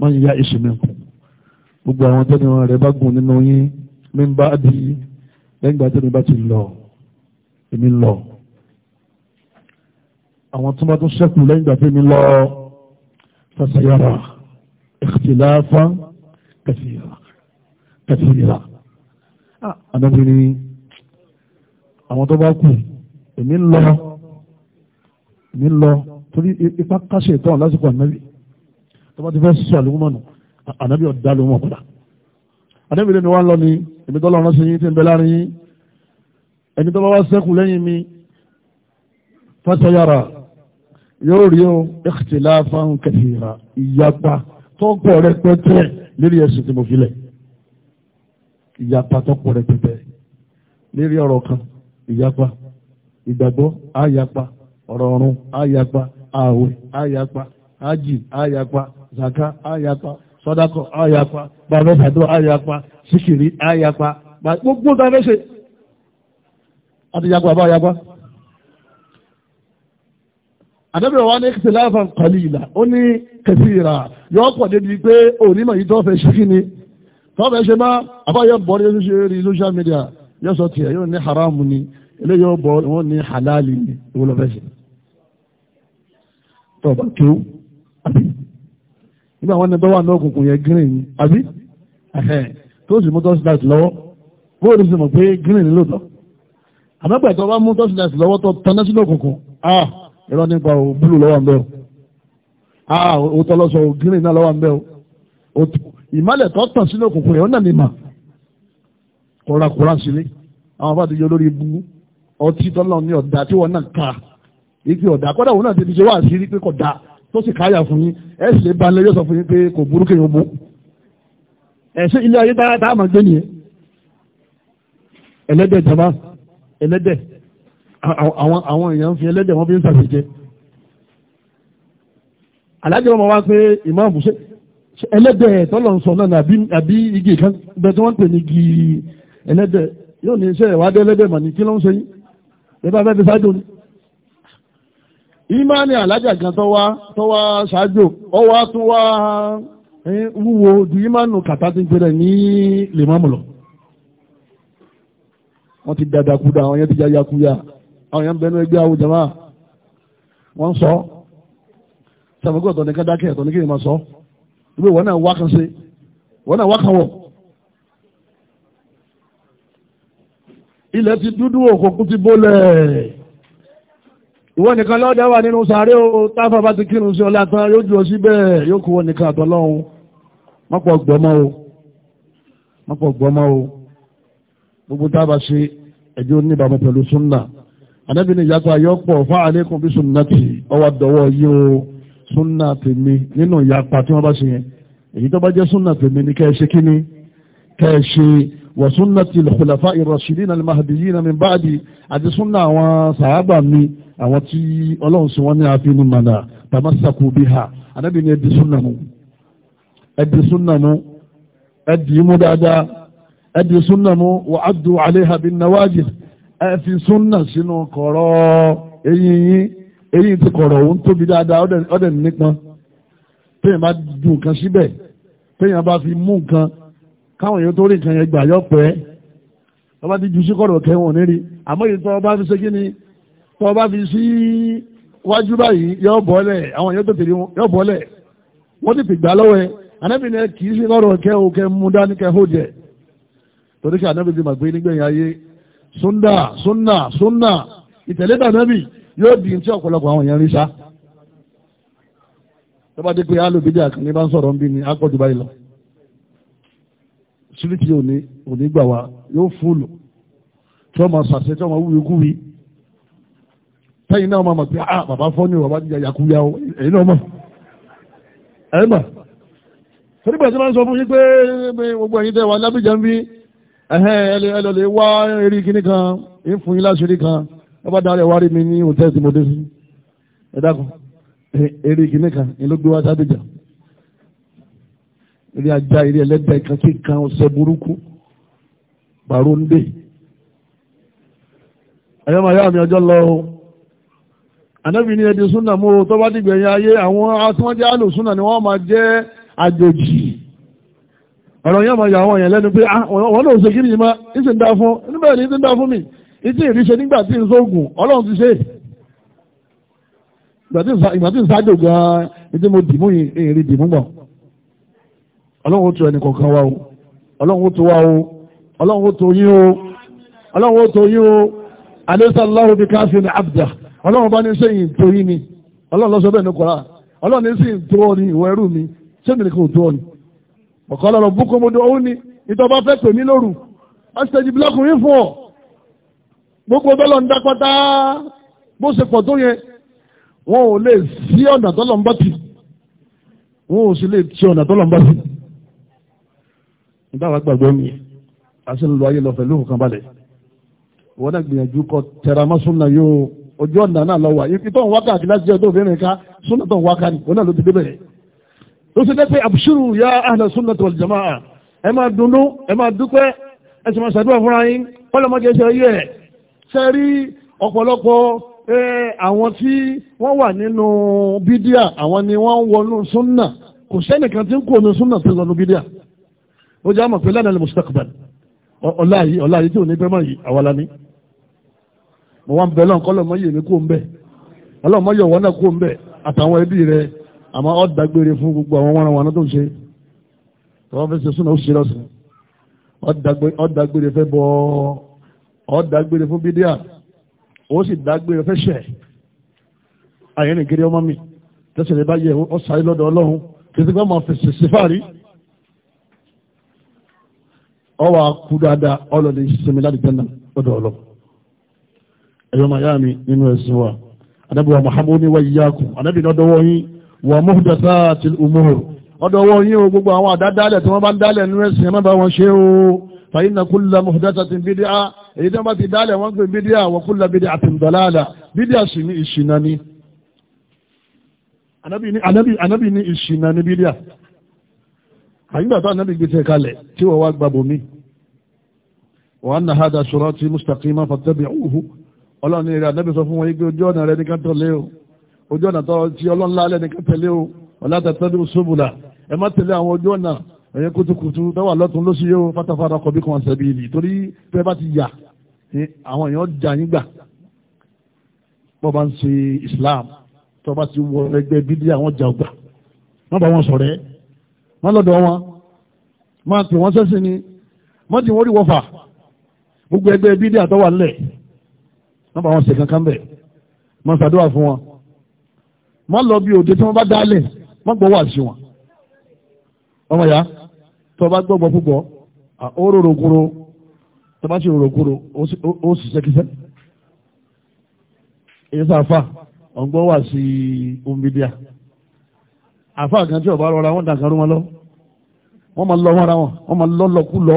man ya'ish minkum gbogbo àwọn tẹ́ni wọn rẹ̀ bá gùn nínú yín mi bá di lẹ́yìn ìgbà tẹ́ni bá ti lọ èmi lọ àwọn tó bá tún ṣẹ́kù lẹ́yìn ìgbà tẹ́ni lọ fasayara ikhtilafan kathira kathira. Ah, àdàbí ni àwọn tó bá kù èmi ń lọ èmi ń lọ torí ipá káṣe ìtàn lásìkò ànábì tó bá ti fẹ́ sọ àlùmọ́nù ànábì ọ̀dá ló mọ̀ padà ànábì lẹ́nu wa ń lọ ni èmi tó lọ́run sí yín tí ń bẹ láàrin yín ẹni tó bá wá sẹ́kù lẹ́yìn mi fásayára yóò rí o ikhtilafan kathira ìyapa tó pọ̀ rẹpẹtẹ lórí ẹ̀sìn tí mo fi lẹ̀ ìyapa tó pọ̀ rẹpẹtẹ lérí ọ̀rọ̀ kan ìyapa ìgbàgbọ́ àyapa ọ̀rọ̀ ọ̀run àyapa ààwẹ̀ àyapa ájì àyapa zaka àyapa sọ́dákọ̀ àyapa bàbẹ́sàdó àyapa síkìrí àyapa gbogbo ta fẹ́ṣe àti yapa bá yapa àdẹ́bẹ̀rẹ̀ wa ní kìtìláfà kọlìlà ó ní kẹsìrà yọ́ pọ̀ débi pé òní mọ̀ yìí tó fẹ́ ṣíkí ni tọ́bẹ̀ ṣe bá àbáyọ bọ̀ ní ṣe rí social media yóò sọ tiẹ̀ yóò ní haramu ni eléyìí ó bọ̀ wọ́n ní halali ni ìwọ lọ fẹ́ ṣe. tọ́ba kéwù àbí nígbà wọn ní bá wà ní òkùnkùn yẹn green ni àbí tó sì mú tọ́sílẹ̀tì lọ́wọ́ bóyá o sì mọ̀ pé green ni lóòótọ́ àbẹ́pẹ̀ tó bá mú tọ́sílẹ̀tì lọ́wọ́ tó taná sínú òkùnkùn ah ìrọ́ nípa o lọ́wọ́ ń bẹ́ o ìmọ̀lẹ̀ tó tàn sínú òkùnkùn yẹn ó náà ní mà kóra kóra sílé àwọn bá ti yọ lórí ibú ọtí tọ́lọ́ ní ọ̀dà tí wọ́n náà ka igi ọ̀dà kọ́dà òun náà ti fi ṣe wá àṣírí pé kọ̀dà tó sì káyà fún yín ẹ sì lè balẹ̀ yóò sọ fún yín pé kò burú kéèyàn mú ẹ̀sìn ilé ayé tá a máa gbé nìyẹn ẹlẹ́dẹ̀ jama ẹlẹ́dẹ̀ àwọn àwọn èèyàn fi ẹlẹ́dẹ̀ wọn fi ń sàṣẹjẹ alájọ́ ọmọ wa pé ìmáàmù ṣe ẹlẹ́dẹ̀ tọ́lọ̀ ń sọ náà àbí igi kan bẹ́ẹ̀ tí wọ́n ń pè ní igi ẹlẹ́dẹ̀ yóò ní iṣẹ́ ìwádìí ẹlẹ́dẹ̀ mà ní kí ló ń ṣe yín bẹ́ẹ̀ bá fẹ́ fi ṣáájú ni. ìmáàní alájà kan tó wá tó wá ṣáájú ọ wá tún wá wúwo ju ìmáànù kàtà ti ń pèrè ní lèmọ́mù lọ. wọ́n ti dada kuda àwọn yẹn ti ya yakuya àwọn yẹn ń bẹnu ẹgbẹ́ àwọn jama wọ́n sọ sàmúgbọ̀tọ̀ ìwé wọn náà wá kan ṣe wọn náà wá kan wọ̀. ilẹ̀ ti dúdú òkùnkùn ti bólẹ̀ ìwọ nìkan lọ́dẹ wà nínú sàárẹ́ o táfà bá ti kírun sí ọlá tán yóò jù ọ síbẹ̀ yóò kó wọn nìkan àtọ́lọ́hun mọ́pọ̀ gbọ́mọ́ o mọ́pọ̀ gbọ́mọ́ o gbogbo tábà ṣe ẹjọ́ níbàmú pẹ̀lú súnnà anábìnrin ìyàtọ̀ ayọ́pọ̀ fáà lẹ́kùn bí súnnà ti ọwọ́ dọ̀wọ́ yìí o súnà tèmi nínú ìyapa tí wọ́n bá ṣe yẹn èyí tó bá jẹ́ súnà tèmi ni kẹ́ ẹ ṣe kíní kẹ́ ẹ ṣe wà súnà ti lọ́kùlàfà ìrọ̀ṣìlì náà mahadi yìí náà mi báàdì àti súnà àwọn sàábà mi àwọn tí ọlọ́run sọ wọ́n ní àfin ní màdà tàmásàkù bí ha anábì ní ẹdì súnà mu ẹdì súnà mu ẹdì mú dáadáa ẹdì súnà mu wà á dùn àléhàbí náwájì ẹ fi súnà sínú kọ̀rọ̀ eyín yín eyín ti kọ̀rọ̀ òun tóbi dáadáa ọ̀dẹ̀ nípọn téèyàn bá ju nǹkan síbẹ̀ téèyàn bá fi mú nǹkan káwọn èèyàn tó rí nǹkan yẹn gbà yọ pẹ́ tó bá ti ju sí kọ̀rọ̀ kẹwọn níri àmọ́ èyí tó bá fi ṣe kí ni tó bá fi sí wájú báyìí yọ bọ́lẹ̀ àwọn èèyàn tó tèrè yọ bọ́lẹ̀ wọ́n ti pìgbà lọ́wọ́ ẹ anábì ni kì í sí lọ́rọ̀ kẹ́ o kẹ́ mú dání kẹ́ hó jẹ torí kí anábì ti mà gbé nígbẹ̀yìn ayé sunna sunna sunna ìtẹ̀lé dànábì yóò di tí ọ̀pọ̀lọpọ̀ àwọn èèyàn rí sá tó bá dé pé alòbídé àkànní bá ń sọ̀rọ̀ ń bí ni á pọ̀ jù báyìí lọ síríkì òní òní gbà wá yóò fúlù tí wọ́n máa sàṣẹ tí wọ́n máa wúwi kúwi tẹ́yìn náà máa mọ̀ pé ah bàbá fọ́ ni bàbá jíjà yàkúyà o èyí náà mọ̀ ẹ̀ mọ̀ torípẹ̀ tí wọ́n sọ fún yín pé gbogbo ẹ̀yin tẹ́ wà lábìjà ń bí ẹ̀hẹ́ ẹlọ́lẹ̀ wá eré kíní kan ìfún yín láṣìírí kan ọba dáre wárí mi ní hòtẹ́ẹ̀lì mo dé sí ẹ̀dákan eré igi nìkan ló gbé wá sábẹ́jà eré ajá eré ẹlẹ́dàá ìkan kíkan ọ̀sẹ̀ burúkú bàró ń dé ẹ̀yọ́ máa yá mi ọjọ́ lọ o ànábì ní ẹdín súnà mú tó bá dìgbẹ̀yìn ayé àwọn atúnwájá àlò súnà ni wọ́n máa jẹ́ àjòjì ọ̀rọ̀ yẹn máa yà àwọn èèyàn lẹ́nu pé ah, wọ́n náà ṣe kí ni ìmọ̀ ìsìn dá fún níbẹ̀ ni ìsìn dá fún mi ìtì ìríṣẹ́ nígbà tí ń sóògùn ọlọ́run ti ṣe ìgbà tí ń sáájò gan-an ìdí mo dìmú ìrìn dìmú mọ̀ ọlọ́run ó tó ẹnì kọ̀ọ̀kan wa o ọlọ́run ó tó wa o ọlọ́run ó tó yín o ọlọ́run ó tó yín o alẹ́sàlọ́run bí káfí ní abdá ọlọ́run bá ní ṣe yìí tó yín ni ọlọ́run lọ́sọ bẹ́ẹ̀ ní kọ́ra ọlọ́run ní sì ń tó ọ ní ìwọ ẹrú mi ṣé mi nìkan ò tó ọ ni ọ̀kọ́ ọlọ́run búkọ́ mo dún òun ni ìtọ́ bá fẹ́ pè mí lóru ọ̀sẹ̀ jìbìlá kùnrin fún ọ gbogbo tọ́lọ̀ ń dápátá bó ṣe pọ̀ tó yẹn wọn ò lè sí ọ̀nà tọ́lọ̀ ń bá tì wọn ò sì lè tí ọ̀nà tọ́lọ̀ ń bá tì. ìbáwá gbàgbọ́ mi àti ń lo ayé lọ pẹ̀lú nǹkan balẹ̀ wọn náà gbìyànjú kọ tẹ̀ra má yóò ojú ọ̀nà náà lọ wà ìtọ́ ń wákàtí láti jẹ́ ọdún ká súnà tó ń wákà ní wọn náà ló ti débẹ̀. ló ṣe dẹ́pẹ́ àbùsùrù ya ahla sunnati wal jamaa ẹ máa dunnú ẹ máa dúpẹ́ ẹ sì máa ṣàdúrà fúnra yín kọ́lọ́mọdé ṣe yẹ ṣe rí ọ̀pọ̀lọpọ̀ àwọn tí wọ́n wà nínú bídíà àwọn ni wọ́n ń wọnú súnà kò sẹ́nìkan tí ń kó nu súnà tó lọ́nu bídíà ó jẹ́ àmọ̀ pé lẹ́nà mustaqbal ọ̀la yìí ọ̀la yìí tí ò ní bẹ́ẹ̀ mọ̀ yìí àwa la ní mo wá ń bẹ lọ́nkọ́ lọ́mọ yèmí kó ń bẹ̀ ọlọ́mọ yọ̀wọ́ náà kó ń bẹ̀ àtàwọn ẹbí rẹ̀ àmọ́ ọ́ fún gbogbo àwọn wọn àwọn tó ń ṣe tọ́wọ́ fẹ́ súnà ó ṣe lọ́sìn ọ́ dágbére fẹ́ bọ́ ọ dágbére fún bídíà ó sì dágbére fẹ́ṣẹ̀ àyẹ́ nìkiri ọmọ mi tẹ́sẹ̀lẹ̀ bá yẹ ọ sáré lọ́dọ̀ ọlọ́run kìí sí pé ọmọ fèsì sífàrí ọwọ́ akú dáadáa ọlọ́dẹ ìsinmi láti jẹ́nà lọ́dọ̀ ọlọ́run ẹ̀yọ́ màá yá mi nínú ẹ̀sìn wa anábì wa Muhammadu ni wáyé yáàkù anábì ní ọdọ́wọ́ yín wà muhdathatil umur ọdọ́wọ́ yín o gbogbo àwọn àdádálẹ̀ tí wọ́n bá ń dálẹ̀ nínú ẹ̀sìn ẹ̀ má bá wọn ṣe o fàyínà kúlà mọ̀dáta ti bídíà èyí tí wọ́n bá ti dálẹ̀ wọ́n pè bídíà wọ́n kúlà bídíà àti ìdọ̀láàlà bídíà sì ní ìṣìnà ni anábì ní ìṣìnà ni bídíà àyígbà tó anábì gbé tẹ̀ kalẹ̀ tí wọ́n wá gbàbò mí wọ́n á nà hádà sirati mustaqima fattabi'uhu ọlọ́run ní eré anábì sọ fún wọn yí pé ojú ọ̀nà rẹ nìkan tọ̀lé o ojú ọ̀nà tọ́ ti ọlọ́run lálẹ́ nìkan tẹ̀lé o ọ̀lá tẹ̀tẹ́ ẹ̀yẹ kutukutu dáwà lọ́tún ló sì yóò fátafára kọ̀ bí kan ṣẹ̀bi ìlì torí pé bá ti yà ni àwọn èèyàn jà yín gbà bọ́ bá ń ṣe Islam tó bá ti wọ ẹgbẹ́ bídí àwọn jà ọgbà wọ́n bá wọn sọ̀rẹ́ wọ́n lọ́dọ̀ wọn máa pè wọ́n sẹ́sìn ni wọ́n ti wọ́n rí wọ́fà gbogbo ẹgbẹ́ bídí àtọ́wà ńlẹ̀ wọ́n bá wọn ṣe kankan bẹ̀ máa ṣàdúrà fún wọn má lọ bí òde tí wọ́n bá dálẹ̀ má gbọ́ wà sí wọn ọmọ yàrá tó bá gbọ́gbọ́ púpọ̀ ó rorokoro tó bá sì rorokoro ó sì sẹ́kísẹ́ èyí sáfà ọ̀gbọ́n wà sí omidia àfà kan tí ọba rọra wọn dàgbàrú wọn lọ wọn máa lọ wọn ara wọn wọn máa lọ lọkú lọ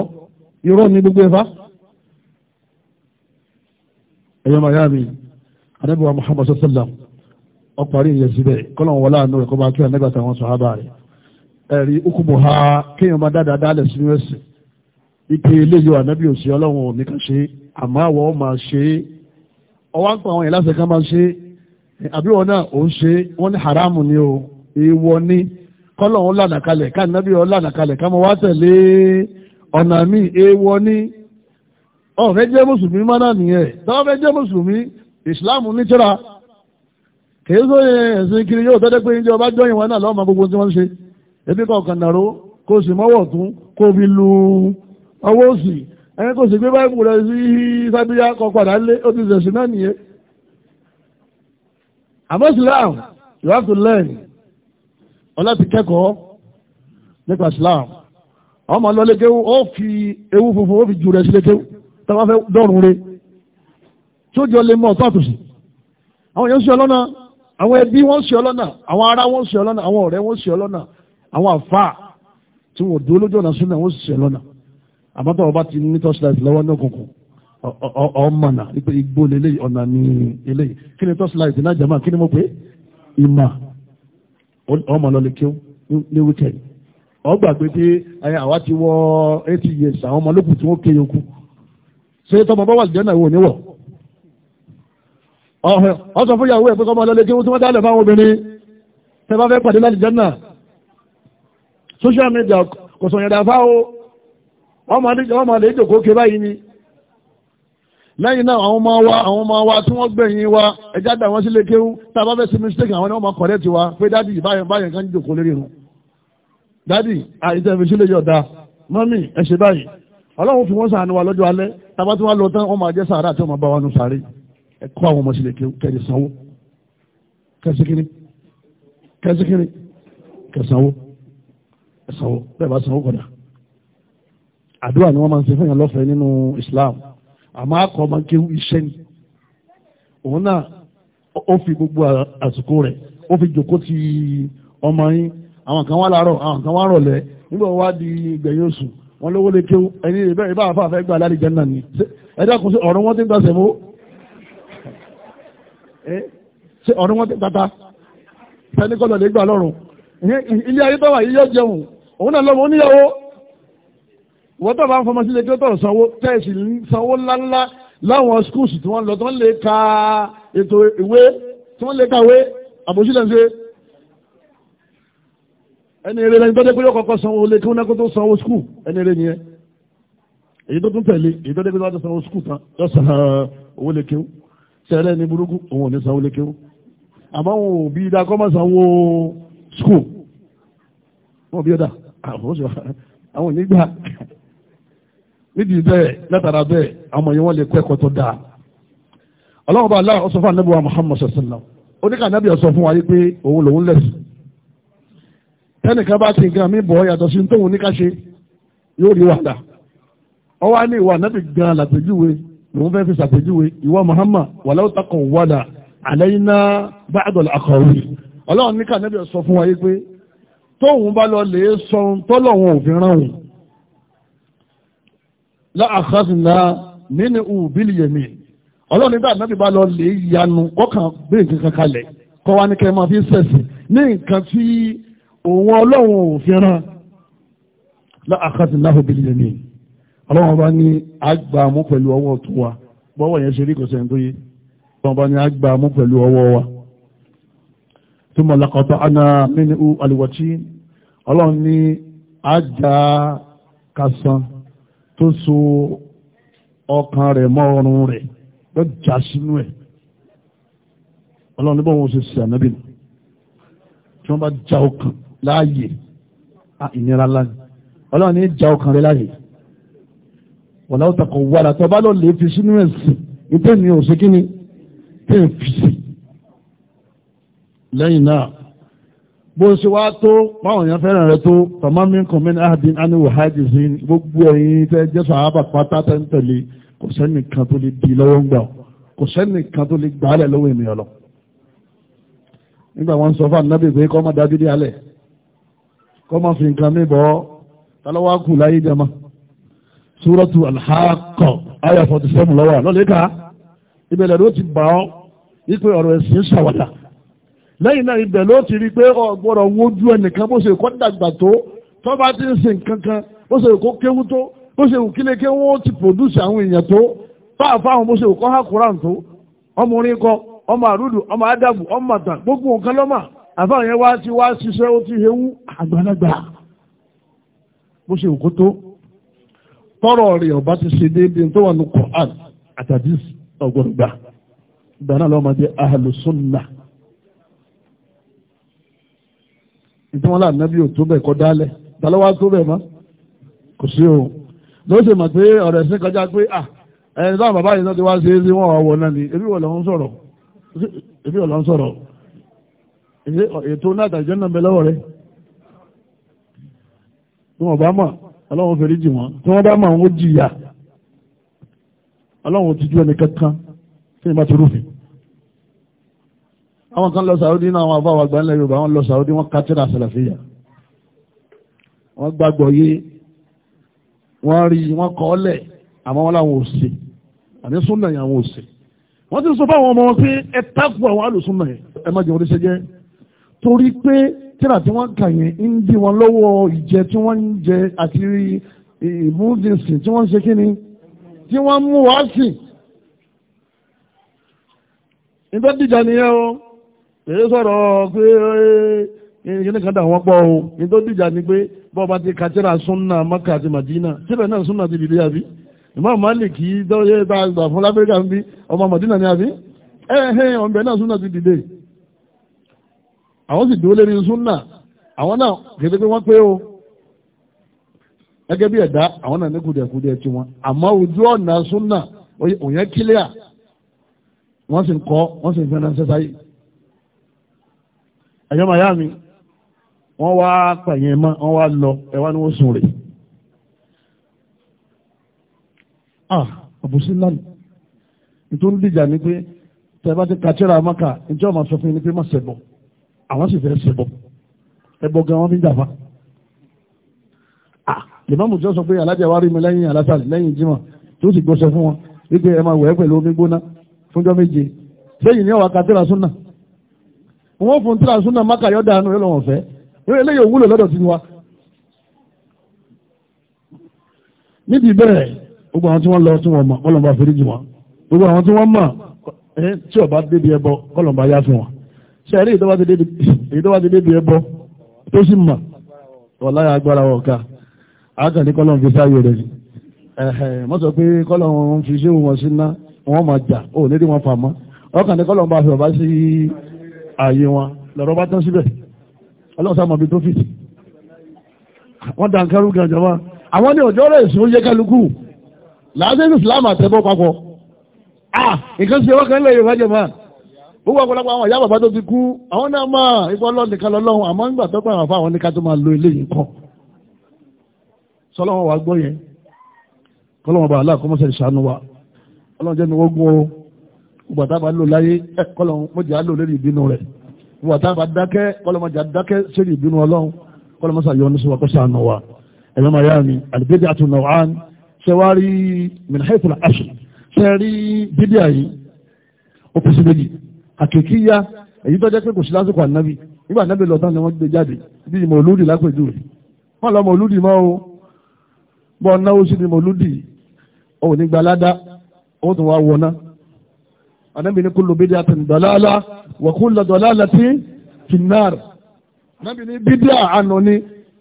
irọ́ ní gbogbo ẹ̀fà ẹ̀yọ́ mayami anábìwá muhammadu sallam ọkùnrin yẹn síbẹ̀ kọ́lọ̀ wọn wọlé àánú rẹ̀ kọ́ bá kí anábìwá tàwọn sọ̀hábà rẹ̀ ẹ̀rí okùnbọ̀ ha kéèyàn bá dáadáa dálẹ̀ sínú ẹ̀sìn ike eléyìí ànábì òsì ọlọ́run òní kan ṣe àmọ́ àwọ̀ ọ́ máa ṣe é ọwọ́ ń pa àwọn ìlàsẹ̀ kan máa ṣe é àbí náà ò ń ṣe é wọ́n ní haramu ni o èèwọ̀ ni kọ́lọ́hún lànà kalẹ̀ ká ànábì ọ̀ lànà kalẹ̀ ká mọ wá tẹ̀lé ọ̀nà mi èèwọ̀ ni ọ̀fẹ́ jẹ́ mùsùlùmí mọ́nà nìyẹn tọ́wọ́ fẹ́ jẹ́ mùsùlùmí ìsìláàmù ní tíra kèé sóye ẹ̀sìn kiri yóò tọ́jú pé ìjọba jọyìn wọn ebi kọ̀ọ̀kan dàrú kó sì mọ́wọ̀ tún kó fi lu ọwọ́ òsì ẹni kò sì gbé báyìí rẹ̀ sí sábíyá kọ padà lé ó ti ṣẹ̀ṣẹ̀ náà nìyẹn àmọ́ Islam you have to learn ọlá ti kẹ́kọ̀ọ́ nípa Islam ọmọ lọ́lẹ́gẹ́wó ó fi ewu funfun ó fi jù rẹ̀ sí lẹ́gẹ́wó tọ́wọ́ fẹ́ dọ́rùn rẹ̀ tí ó jọ lè mọ̀ ọ̀tọ́ àtòsí àwọn èèyàn sí ọlọ́nà àwọn ẹbí wọn sí ọlọ́nà àwọn ará wọn sí ọlọ́nà àwọn ọ̀rẹ́ wọn sí ọlọ́nà àwọn àfa tí wọ́n dúró lójú ọ̀nà súnà wọ́n sì lọ́nà àmọ́ tó ọba ti ní torchlight lọ́wọ́ ní òkùnkùn ọmọnà ipe igbó lélẹ́yìí ọ̀nà ní eléyìí kí ni torchlight náà jẹ́ máa kí ni mo pé ìmà ọmọ lọ lè kí ní wíkẹ̀ndì ọgbà pé pé àwa ti wọ eighty years àwọn ọmọ lókùn tí wọ́n ké yòókù ṣé tọmọ bá wà lìjẹ́ náà wò níwọ̀ ọ̀sán fún yàwó ẹ̀ pé kọ́mọ lọ lè kí wọ́n tí wọ́n dálẹ̀ fáwọn obìnrin tẹ bá fẹ́ pàdé láti jẹ́ náà social media kò sọ̀yàn dàfá o wọ́n máa lè jòkó ké báyìí ni lẹ́yìn náà àwọn ọmọ wa àwọn ọmọ wa tí wọ́n gbẹ̀yìn wa ẹ̀já dà wọ́n sílé kéwú tá a bá fẹ́ sí mistake àwọn ni wọ́n máa correct wa pé dádì báyẹn báyẹn kan jòkó lérí rùn dádì àìsàn ìfisílẹ̀ yọ̀ọ̀dà mọ́mì ẹ ṣe báyìí ọlọ́run fi wọ́n sàánú wa lọ́jọ́ alẹ́ tàbá tí wọ́n lọ tán wọ́n máa jẹ́ sàárà tí wọ́n máa bá wa nù ẹ̀sánwó bẹ́ẹ̀ bá sanwó kọ̀dà àdúrà ni wọ́n máa ń ṣe fún yàn lọ́fẹ̀ẹ́ nínú Islam àmọ́ akọ máa ń ké iṣẹ́ ni òun náà ó fi gbogbo àsìkò rẹ̀ ó fi jòkó ti ọmọ yín àwọn kan wá láàárọ̀ àwọn kan wá rọ̀lẹ́ nígbà wá di ìgbẹ̀yìn oṣù wọn lówó lè kéwú ẹni ìbá àfa fẹ́ gbà lálẹ́ náà ni ẹ̀dá kò sí ọ̀rọ̀ wọn ti ń gbà sẹ̀mó [laughs] ṣe ọ̀rọ̀ wọn ti ń tata ẹni kọ́ lọ́lẹ̀ gbà lọ́rùn ilé ayé bá wà yíyọ́ jẹun òun náà lọ́mọ oníyàwó ìwọ́n tó bá ń fọmọ sílé kí ó tọ̀rọ̀ sanwó tẹ́ẹ̀sì sanwó ńláńlá láwọn skúùsì tí wọ́n lọ tó ń lè ka ètò ìwé tí wọ́n lè kàwé àbòsílẹ̀ ń ṣe ẹni eré lẹ́yìn tó dé pé yóò kọ́kọ́ sanwó lé kí wọ́n náà kó tó sanwó skúù ẹni eré nìyẹn èyí tó tún tẹ̀lé èyí tó dé pé yóò tó sanwó skúù tán yóò san owó lè kéwú sẹ́rẹ́ ní burúkú òun ò ní sanwó lè kéwú àmọ́ òun ò bí dákọ́ àkóso àwọn onígbà nídìí bẹ́ẹ̀ látara bẹ́ẹ̀ àwọn yìí wọ́n lè kọ́ ẹ̀kọ́ tó dáa ọlọ́run bá aláwọ̀ sọ fún anábì wa muhammad sallam oníkà anábì sọ fún wa yìí pé òun lòun lẹ̀sìn tẹ́nìkan bá ti gan mi bọ̀ yàtọ̀ sí tóun ní ká ṣe yóò rí wàhálà ọwọ́ á ní ìwà anábì gan làpèjúwe lòun fẹ́ fi ṣàpèjúwe ìwà muhammad wàláwọ̀ wa yìí pé tóun bá lọ lè sọ tọ́lọ̀wọ̀n òfin ránwùn láàkásìnà nínú ìbílì yẹ̀mí ọlọ́run nígbà náà bá lọ lè yanu kọ́kàn bí nǹkan kan kalẹ̀ kọ́ wa ní kẹ́mọ́ fi sẹ̀sì ní nǹkan tí òun ọlọ́run òfin rán láàkásìnà ìbílì yẹ̀mí ọlọ́run bá ní agbàmú pẹ̀lú ọwọ́ tó wa bọ́wọ́ yẹn ṣe rí kọ̀sẹ̀ ń tó yé ọlọ́run bá ní agbàmú pẹ̀lú ọwọ́ wa tó mọ̀ lakọ̀tọ̀ ana mínú alìwọ̀tí ọlọ́run ní ajá kasan tó so ọkàn rẹ̀ mọ́ ọrùn rẹ̀ ló já sínú ẹ̀ ọlọ́run níbọn wọn ṣe ṣe ànábì tí wọ́n bá já ọkàn láàyè ìnira láàyè ọlọ́run ní já ọkàn rẹ̀ láàyè wọ̀lá ó takọ̀ wàrà tó bá lọ lè fi sínú ẹ̀sìn ìtẹ́ mi ò ṣe kí fi sí lẹ́yìn náà bó ṣe wá tó báwọn èèyàn fẹ́ràn rẹ tó tọ́mọ́ mi kàn mí ní ahadin aniwo hajjizin gbogbo ẹ̀yin tẹ́ jẹ́ sàábà pátá tẹ́ ń tẹ̀lé kò sẹ́ni kan tó lè di lọ́wọ́ ń gbà kò sẹ́ni kan tó lè gbàálẹ̀ lọ́wọ́ ènìyàn lọ. nígbà wọn sọ fún anábì pé kọ́ máa dájú dé alẹ̀ kọ́ máa fi nǹkan mi bọ́ tálọ́wọ́ kù láyé jẹma súrọ́tù alhaqqa ayà 47 lọ́wọ́ lọ́lẹ́ka ìbẹ̀lẹ̀ ló ti bà ọ́ wípé lẹ́yìn náà ibẹ̀ ló ti rí pé ọ̀gbọ́dọ̀ wojú ẹnìkan bó ṣe kọ́ dàgbà tó tó bá ti ń sin kankan bó ṣe kó kéwú tó bó ṣe kí wọ́n ti pòdúsì àwọn èèyàn tó fáàfá bó ṣe kọ́ hákùrán tó ọmọ orin kọ ọmọ àrúdù ọmọ ọmọ gbogbo nǹkan lọ́mà yẹn wá ti wá ṣiṣẹ́ ó ti hewú àgbàlagbà bó ṣe kó nítorí wọn láàánú bí òtó bẹ̀ kọ́ dálẹ̀ tàlọ́wọ́ tó bẹ̀ mọ́ kò sí o ló ṣe mọ̀ pé ọ̀rọ̀ ẹ̀sìn kọjá pé à ẹni táwọn bàbá yìí náà ti wá sí sí wọn ọ̀wọ̀ náà ni ebi wọ̀ lọ́n sọ̀rọ̀ ebi wọ̀ lọ́n sọ̀rọ̀ ètò náà tàjọ́ náà bẹ lọ́wọ́ rẹ̀ tí wọ́n bá mọ̀ ọlọ́run fèrè jì wọ́n tí wọ́n bá mọ̀ àwọn ó jìyà ọlọ́run ti ju ẹnì kankan tí wọ́n bá ti rúfin àwọn kan lọ Saudi náà àwọn àbáwà àgbà ńlẹ̀ Yorùbá wọn lọ Saudi wọn kátírà sàlàfíà wọn gbàgbọ́ yé wọn rí wọn kọ́ ọ́lẹ̀ àmọ́ wọn làwọn ò ṣe àní súnà yẹn àwọn ò ṣe wọ́n ti sọ fáwọn ọmọ wọn pé ẹ tákù àwọn àlùsúnà yẹn ẹ má jẹun oríṣẹ́ jẹ́ torí pé tíra tí wọ́n kà yẹn ń di wọn lọ́wọ́ ìjẹ tí wọ́n ń jẹ àti ìmúdìsìn tí wọ́n ń ṣe kí ni tí wọ́n mú wá sí. ìgbẹ́ nìyẹn o. èyí sọ̀rọ̀ pé ìyẹn kan wọ́n pọ̀ o ní tó dìjà ni pé bọ́ọ̀bá ti kàtírà súnà àti Màdínà síbẹ̀ náà súnà ti dìde àbí Imam Málíkì dọ́yẹ́ bá gbà fún láfíríkà ń bí ọmọ Màdínà ni àbí ẹ̀ẹ́hẹ́ ọ̀bẹ̀ náà súnà ti dìde àwọn sì dúró lérí súnà àwọn náà kété pé wọ́n pé o ẹ̀yọ́ màyá mi wọ́n wá pẹ̀yìn mọ́ wọ́n wá lọ ẹwà ní wọ́n sùn rẹ̀ ah àbùsí lánà nítorí dìjà ní pé tẹ́bá ti kàtíra mọ́kà ìjọ máa sọ fún yín ní pé má ṣẹbọ àwọn sì fẹ́ ṣẹbọ ẹbọ gan wọn fi jàfa ah lèmọ́mù tí wọ́n sọ pé alájà wa rí mi lẹ́yìn alásà lẹ́yìn jímọ̀ tó sì gbọ́sọ fún wọn wípé ẹ máa wẹ̀ pẹ̀lú omi gbóná fúnjọ́ méje sẹ́yìn ní ọ̀wà kàtíra súnà wọ́n fún tíra súnà máka yọ́ dànù yọ́ lọ́wọ́ fẹ́ yóò eléyìí òwúlò lọ́dọ̀ tí wa. níbi bẹ́ẹ̀ gbogbo àwọn tí wọ́n lọ tí wọ́n mọ̀ kọ́lọ̀mbà fèrèjì wọn gbogbo àwọn tí wọ́n mọ̀ tí ọba débi ẹbọ kọ́lọ̀mbà yá fún wọn. ṣe eré ìdọ́wà ti débi ẹbọ tó sì mọ̀ wọ̀láyà agbára ọ̀ka àákàní kọ́lọ̀m fi sáyé rẹ̀ ni. mo pé kọ́lọ̀m fi ṣé wọn sí ná wọ́n máa jà ó ní ààyè wọn lọ́rọ̀ bá tán síbẹ̀ ọlọ́sàmọ̀ bí tó fìtì wọ́n dá nǹkan rúgan jọba àwọn ní ọjọ́ rẹ̀ ìṣòro yẹ kálukú láàrín islam àtẹ́bọ́ papọ̀ ah nǹkan ṣe wọ́n kan lẹ́yìn ìwájẹ̀ máa gbogbo ọ̀pọ̀lọpọ̀ àwọn ìyá bàbá tó ti kú àwọn náà máa ipò ọlọ́nìkan lọ́lọ́run àmọ́ nígbà tó pàrọ̀ fún àwọn oníkà tó máa lo ilé yìí kan sọlọ́wọ́n wa gbọ́ yẹn kọ́lọ́wọ́n bá aláàkọ́mọ́sẹ̀ ìṣàánú wa ọlọ́run jẹ́ mi wọ́gbọ́n o gbàtà bá lò láyé kọ́lọ̀ mọ́jà lò lórí ìbínú rẹ̀ gbàtà bá dákẹ́ kọ́lọ̀ mọ́jà dákẹ́ sórí ìbínú ọlọ́run kọ́lọ̀ mọ́sà yọ ní sọ́wọ́ kọ́sà àná wa ẹ̀yọ́ máa yá mi àlùbẹ́dẹ́ àti ọ̀nà wàhán ṣe wá rí mìnàhẹ́tì àṣì ṣe rí bíbí àyí ó pèsè méjì àkèkí yá èyí tó jẹ́ pé kò sí lásìkò ànábì nígbà ànábì lọ́tàn ni wọ́n gbé jáde bí ìmọ̀ olúdi lápẹ̀jù rẹ̀ wọ́n lọ́mọ olúdi mọ́ o bọ́ náwó sí ni mọ̀ olúdi òun ní gbalada ó tún wá wọná anábì ní kullu bid'atin dalala wa kullu dalalatin finnar anábì ní bídíà àná ni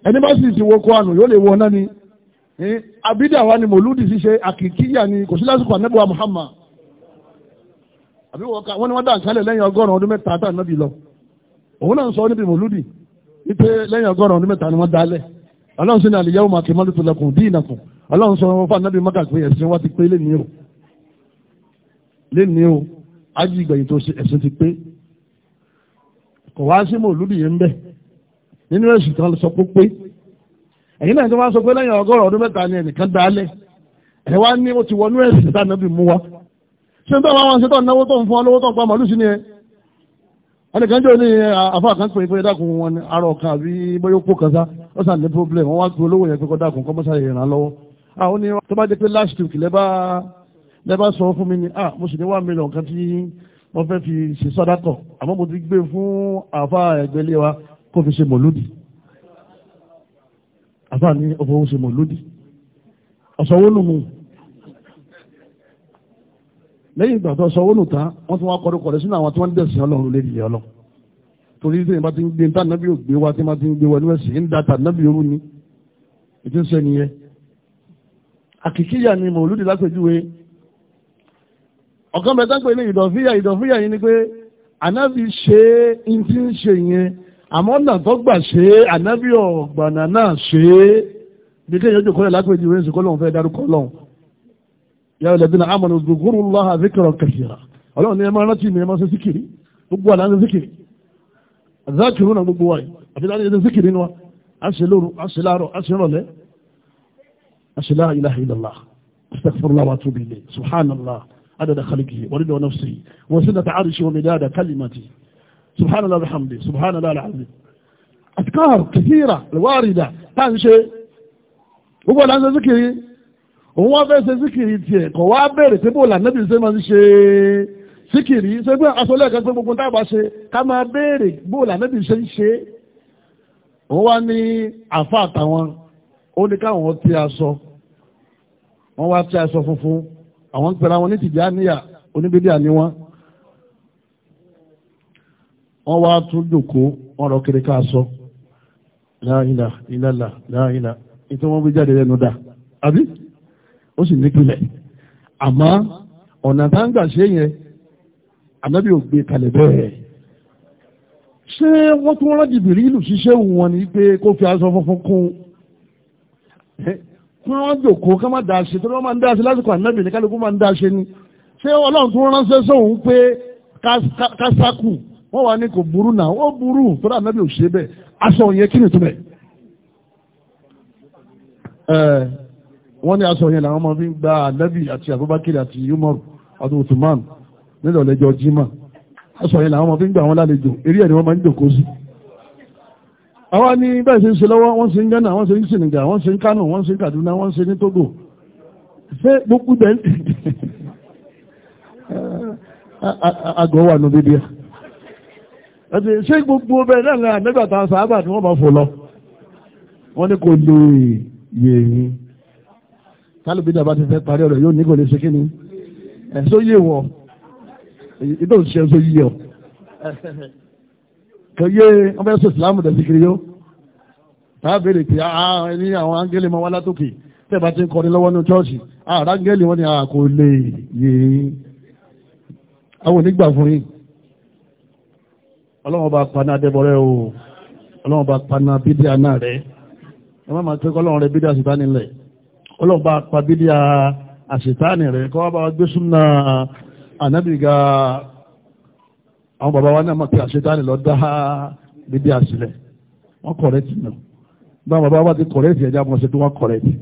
ẹni bá sì ti wọkọ àná yóò lè wọ náà ni abídà wa ni mòlúdì ṣíṣe àkìkíyà ni kò sí lásìkò anábì wa Muhammad àbí wọ́n ni wọ́n dà ń kálẹ̀ lẹ́yìn ọgọ́rùn-ún ọdún mẹ́ta tá ànábì lọ òun náà ń sọ níbi mòlúdì wípé lẹ́yìn ọgọ́rùn-ún ọdún mẹ́ta ni wọ́n dálẹ̀ ọlọ́run sí ní àlìyáwó máa kìí mọ́lùtò lẹ́kùn bí ájú ìgbẹ̀yìn tó ẹ̀sìn ti pé kò wá sí mòlúdì yẹn ń bẹ̀ nínú ẹ̀sùn kan sọ pé pé ẹ̀yin náà tó wá sọ pé lẹ́yìn ọgọ́rùn ọdún mẹ́ta ni ẹnìkan dálẹ̀ ẹ̀ wá ní ó ti wọnú ẹ̀sìn tá nàbì mú wa ṣé tó àwọn ṣe tó náwó tó ń fún ọ lówó tó ń pa màlúù sí ni ẹ ẹnìkan jẹ́ ní àfáà kan pè é pé dákun wọn ni arọ kan àbí bóyá ó kan sá ó sàn ní problem wọn wá gbé olówó yẹn pé kó dákun kọ́mọ́sá yẹn ràn lọ́wọ́ àwọn ni tó bá jẹ́ pé last week lẹ́ lẹ́bàá sọ fún mi ni ah mo sì ní one million kan tí wọ́n fẹ́ fi ṣe sọ́dátọ̀ àmọ́ mo ti gbé e fún àfa ẹ̀gbẹ́lé wa kó fi ṣe mọ̀lódì àfa ní ọ̀fọwọ́ ṣe mọ̀lódì ọ̀sọ̀wọ́ nù mú lẹ́yìn ìgbà tó sọwọ́ nù tán wọ́n tún wá kọ́dọ̀kọ́ rẹ̀ sínú àwọn tí wọ́n ń dẹ̀sìn ọlọ́run lè dìde ọlọ́ torí tí ìbá ti ń gbé tànàbí ò gbé wá tí ìbá ti ń gbé wọnú ẹ̀sìn ń da tànàbí òru ni ètò ìṣẹ́ nìyẹn àkìkíyà ni mọ̀lódì lápèjúwe ọ̀kan bẹ̀ẹ́ tánpẹ̀ ní ìdọ̀fíyà ìdọ̀fíyà yìí ni pé ànábì ṣe ń tí ń ṣe yẹn àmọ́ ọ̀nà tó gbà ṣe é ànábì ọ̀gbànà náà ṣe é bí kéèyàn ojú kọ́lẹ̀ lápẹ̀jù rẹ̀ ṣùkọ́ lòun fẹ́ darúkọ lọ́hùn yà wọ́n lẹ́bí náà amọ̀nà ògùnkúrú lọ́hà zikirọ̀ kẹsìrà ọlọ́run ní ẹ máa rántí mi ẹ máa ṣe síkìrì gbogbo àná ṣe síkìrì عدد خلقه ورضا نفسه وسنة عرشه ومداد كلمته سبحان الله بحمده سبحان الله العظيم أذكار كثيرة الواردة تنشي gbogbo ọ̀la ń ṣe zikiri òun wá fẹ́ ṣe zikiri tiẹ̀ kọ̀ wá bẹ̀rẹ̀ pé bóòlà nẹ́bí ṣe máa ń ṣe zikiri ṣe pé aṣọlẹ̀ kan pé gbogbo táàbà ṣe ká máa bẹ̀rẹ̀ bóòlà nẹ́bí ṣe ń ṣe òun wá ní àfa àtàwọn ó ní káwọn ti aṣọ wọn wá ti aṣọ funfun àwọn ń pẹ̀lú àwọn ní Tìjàníyà oníbídíà ni wọ́n wọ́n wá tún jòkó wọ́n rọ kiri ká sọ láàrínà ìlàlà láàrínà ìtí wọ́n bí jáde lẹ́nu dà àbí ó sì nípìnlẹ̀ àmọ́ ọ̀nà tá ń gbà ṣe yẹn ànábì ò gbé kalẹ̀ bẹ́ẹ̀ ṣé wọ́n tún rán jìbìrì ìlú ṣiṣẹ́ wọn ni pé kó fi aṣọ funfun kún un kí wọ́n jòkó ká má dáa ṣe torí wọ́n máa ń lásìkò ànábì ní kálukú máa ń dáa ni ṣé ọlọ́run tó ránṣẹ́ sóhun pé kásákù wọ́n wà ní kò burú náà ó burú torí ànábì ò ṣe bẹ́ẹ̀ aṣọ yẹn kí ni tó bẹ̀. wọ́n ní aṣọ yẹn làwọn máa fi ń gba ànábì àti Abubakar àti Umar àti Uthman nílò ọ̀lẹ́jọ́ jimá aṣọ yẹn làwọn máa fi ń gba àwọn lálejò eré ẹ̀ ni wọ́n máa ń jòkó sí àwa ní bẹ́ẹ̀ ṣe ń ṣe lọ́wọ́ wọ́n ṣe ń Ghana wọ́n ṣe ń Senegal wọ́n ṣe ń Kano wọ́n ṣe ń Kaduna wọ́n ṣe ní Togo ṣé gbogbo bẹ́ẹ̀ [laughs] àgọ́ bíbí ẹ̀ ṣé gbogbo bẹ́ẹ̀ náà àmẹ́gbàtà sábà ni wọ́n máa fò lọ wọ́n ní kò lè yè yín tálùbí ti fẹ́ parí ọ̀rọ̀ yóò ní kò lè ṣe kí ni ẹ̀ kò yé wọ́n fẹ́ sọ ìsìlámù dẹ̀ síkiri yó tábìlì pé àwọn ah, ah, ní àwọn áńgẹ́lì máa wá látòkè tẹ́ bá ti ń kọrin lọ́wọ́ ní chọ́ọ̀ṣì àwọn ah, áńgẹ́lì wọn ni a kò lè yé àwọn onígbà fún yín ọlọ́wọ́n bá paná adébọ̀rẹ́ o ọlọ́wọ́n bá paná bídíà náà rẹ̀ ẹ má máa tẹ́kọ́ ọlọ́run rẹ̀ bídíà sì bá nílẹ̀ ọlọ́wọ́n bá pa bídíà àṣetánì rẹ̀ kọ́ wá bá gbé súnmọ́ ànábìgà àwọn bàbá wa náà mọ̀ pé àṣetáni lọ dá bíbí àṣìlẹ̀ wọ́n kọ̀rẹ́tì náà bá bàbá wa ti kọ̀rẹ́tì ẹ̀já mọ̀ ṣe tó wọ́n kọ̀rẹ́tì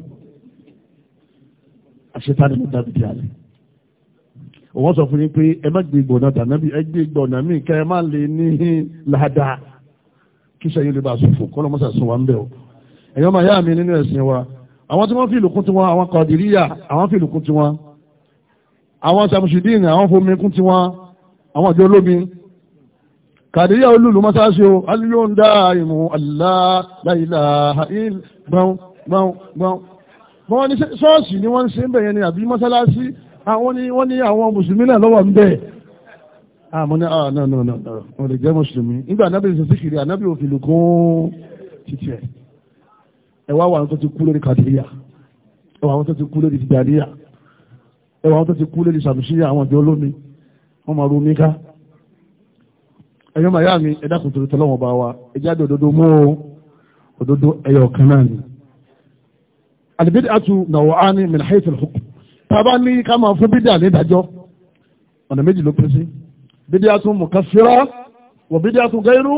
àṣetáni lọ dá bíbí àṣìlẹ̀ òwọ́n sọ fún yín pé ẹ má gbé ìgbọ̀nà tànàbí ẹ gbé ìgbọ̀nà míì kẹ́ ẹ má lè ní ládàá kí sẹ́yìn lè bá sùfò kọ́ lọ́mọ́sà sùn wá ń bẹ̀ o ẹ̀yọ́ máa yá mi nínú ẹ̀sìn wa àwọn tí wọ́n fi ìlùkún tiwọn àwọn kọ̀dìríyà àwọn fi ìlùkún tiwọn àwọn sàmùsùdíìnì àwọn fomi kún tiwọn àwọn àjọ olómi kàdíríà olúlu mọ́sáṣí o alíyóǹdá ìmú aláìláha gbọ́ngbọ́n wọ́n ní ṣọ́ọ̀ṣì ni wọ́n ń ṣe ń bẹ̀yẹn ni àbí mọ́sálásí àwọn ah, ni wọ́n ní àwọn mùsùlùmí náà lọ́wọ́ ń bẹ̀ àmọ́ ah, ní àà náà náà náà wọ́n lè jẹ́ mùsùlùmí nígbà anábì ń sọ kiri anábì ò fìlù gún títí ẹ̀ ẹ̀wà àwọn tó ti kú lórí kàdíríà ẹ̀wà àwọn tó ti kú lórí tìjàdíyà ẹ̀wà àwọn tó ti kú lórí sàmùsíyà àwọn ìjọ olómi wọ́n máa ru omi ká ẹ̀yọ́ màyá mi ẹ̀dá kò tòrò tọ́lọ́wọ́ bá wa ẹjá dé òdodo mú òdodo ẹ̀yọ̀ kan náà ni. àdìbídì àtú nàwọ̀ á ní min haythul hukm tàbá ní ká máa fún bídà ní ìdájọ́ ọ̀nà méjì ló pín sí bídí àtún mùkásíra wọ̀ bídí àtún gẹ́rù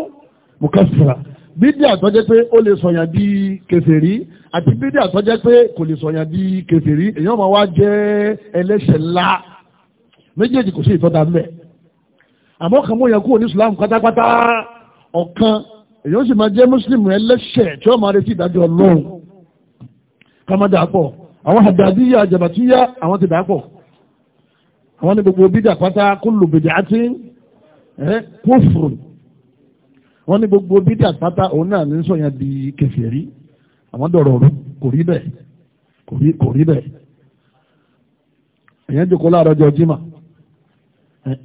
mùkásíra bídí àtọ́jẹ́ pé ó lè sọ̀yàn di kèfèrí àti bídí àtọ́jẹ́ pé kò lè sọ̀yàn di kèfèrí èèyàn máa wá jẹ́ ẹlẹ́ṣẹ̀ ńlá méjèèjì kò sí ìtọ́ta mẹ́ẹ̀ àmọ́ kan mú yẹn kúrò ní islam pátápátá ọ̀kan èyí ó sì máa jẹ́ mùsùlùmí ẹlẹ́ṣẹ̀ tí ó máa retí ìdájọ́ ọlọ́run ká má dàpọ̀ àwọn àdàdíyà àjàbàtíyà àwọn ti dàpọ̀ àwọn ní gbogbo bídà pátá kullu bid'atin kufr wọ́n ní gbogbo bídà pátá òun náà ní sọ̀yàn di kèfèrí àwọn dọ̀rọ̀ ọ̀rọ̀ kò rí bẹ́ẹ̀ kò rí bẹ́ẹ̀ èyàn jòkó láàárọ̀ ọjọ́ jimá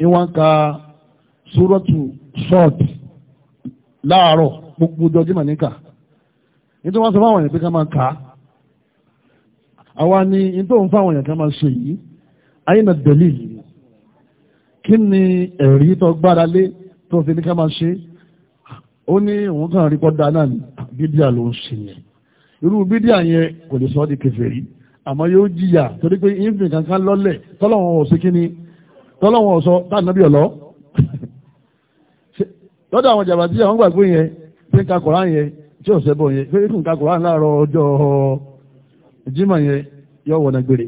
ìwọ̀n ka súrọ́tù sọ́ọ̀tì láàárọ̀ gbogbo ọjọ́ jímọ̀ níkà nítorí wọ́n sọ fáwọn èèyàn pé ká máa kà á àwa ni nítorí wọ́n fáwọn èèyàn ká máa ṣe yìí ayé na dẹ̀lì yìí kí ni ẹ̀rí tó gbára lé tó fi ní ká máa ṣe ó ní òun kàn rí pọ́ náà ní bídíà ló ń ṣe yẹn irú bídíà yẹn kò lè sọ ọ́ di kèfèrí àmọ́ yóò jìyà torí pé ìfìkankan lọ́lẹ̀ tọ́lọ́wọ́n ò lọ́dọ̀ àwọn jàmbá tí àwọn gbàgbé yẹn pé ka Koran yẹn tí ò sẹ́bọ̀ yẹn pé kùn ka Koran láàárọ̀ ọjọ́ Jímọ̀ yẹn yọ wọ̀nà gbére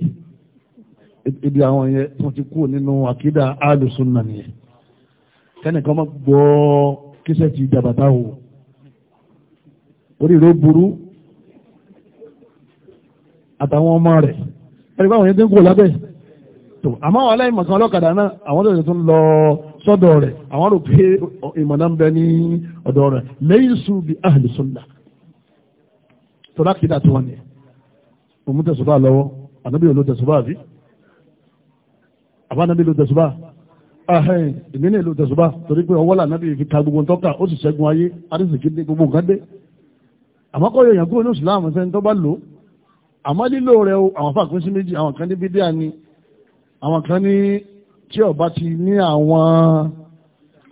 ibi àwọn yẹn tí wọ́n ti kú nínú àkídà alùsùnà nìyẹn kẹ́nìkan mọ́ gbọ́ kíṣẹ́ ti jàbàtà o orí ló burú àtàwọn ọmọ rẹ̀ ẹ̀rí báwọn yẹn ti ń kú lábẹ́ tó àmọ́ àwọn aláìmọ̀kan ọlọ́kadà náà àwọn tó ń lọ sọ́dọ̀ rẹ̀ àwọn rò pé ìmọ̀nà ń bẹ ní ọ̀dọ̀ rẹ̀ lẹ́yìn sùn bí ahli sunnah tọ́lá kìí dàtí wọn ni òun tẹ̀sùbá lọ́wọ́ ànábì ló tẹ̀sùbá àbí àbánábì ló tẹ̀sùbá ahẹ́n ìmínà ló tẹ̀sùbá torí pé ọwọ́ lànábì fi ka gbogbo tọ́ka ó sì ṣẹ́gun ayé arísìkí dé gbogbo nǹkan dé àmọ́ kọ́ yóò yàn kúrò ní ìsìláàmù sẹ́ni tó bá lò àmọ́ lílo rẹ̀ àwọn fàkún méjì àwọn kan ní bídíà ni àwọn kan ní tí ọba ti ní àwọn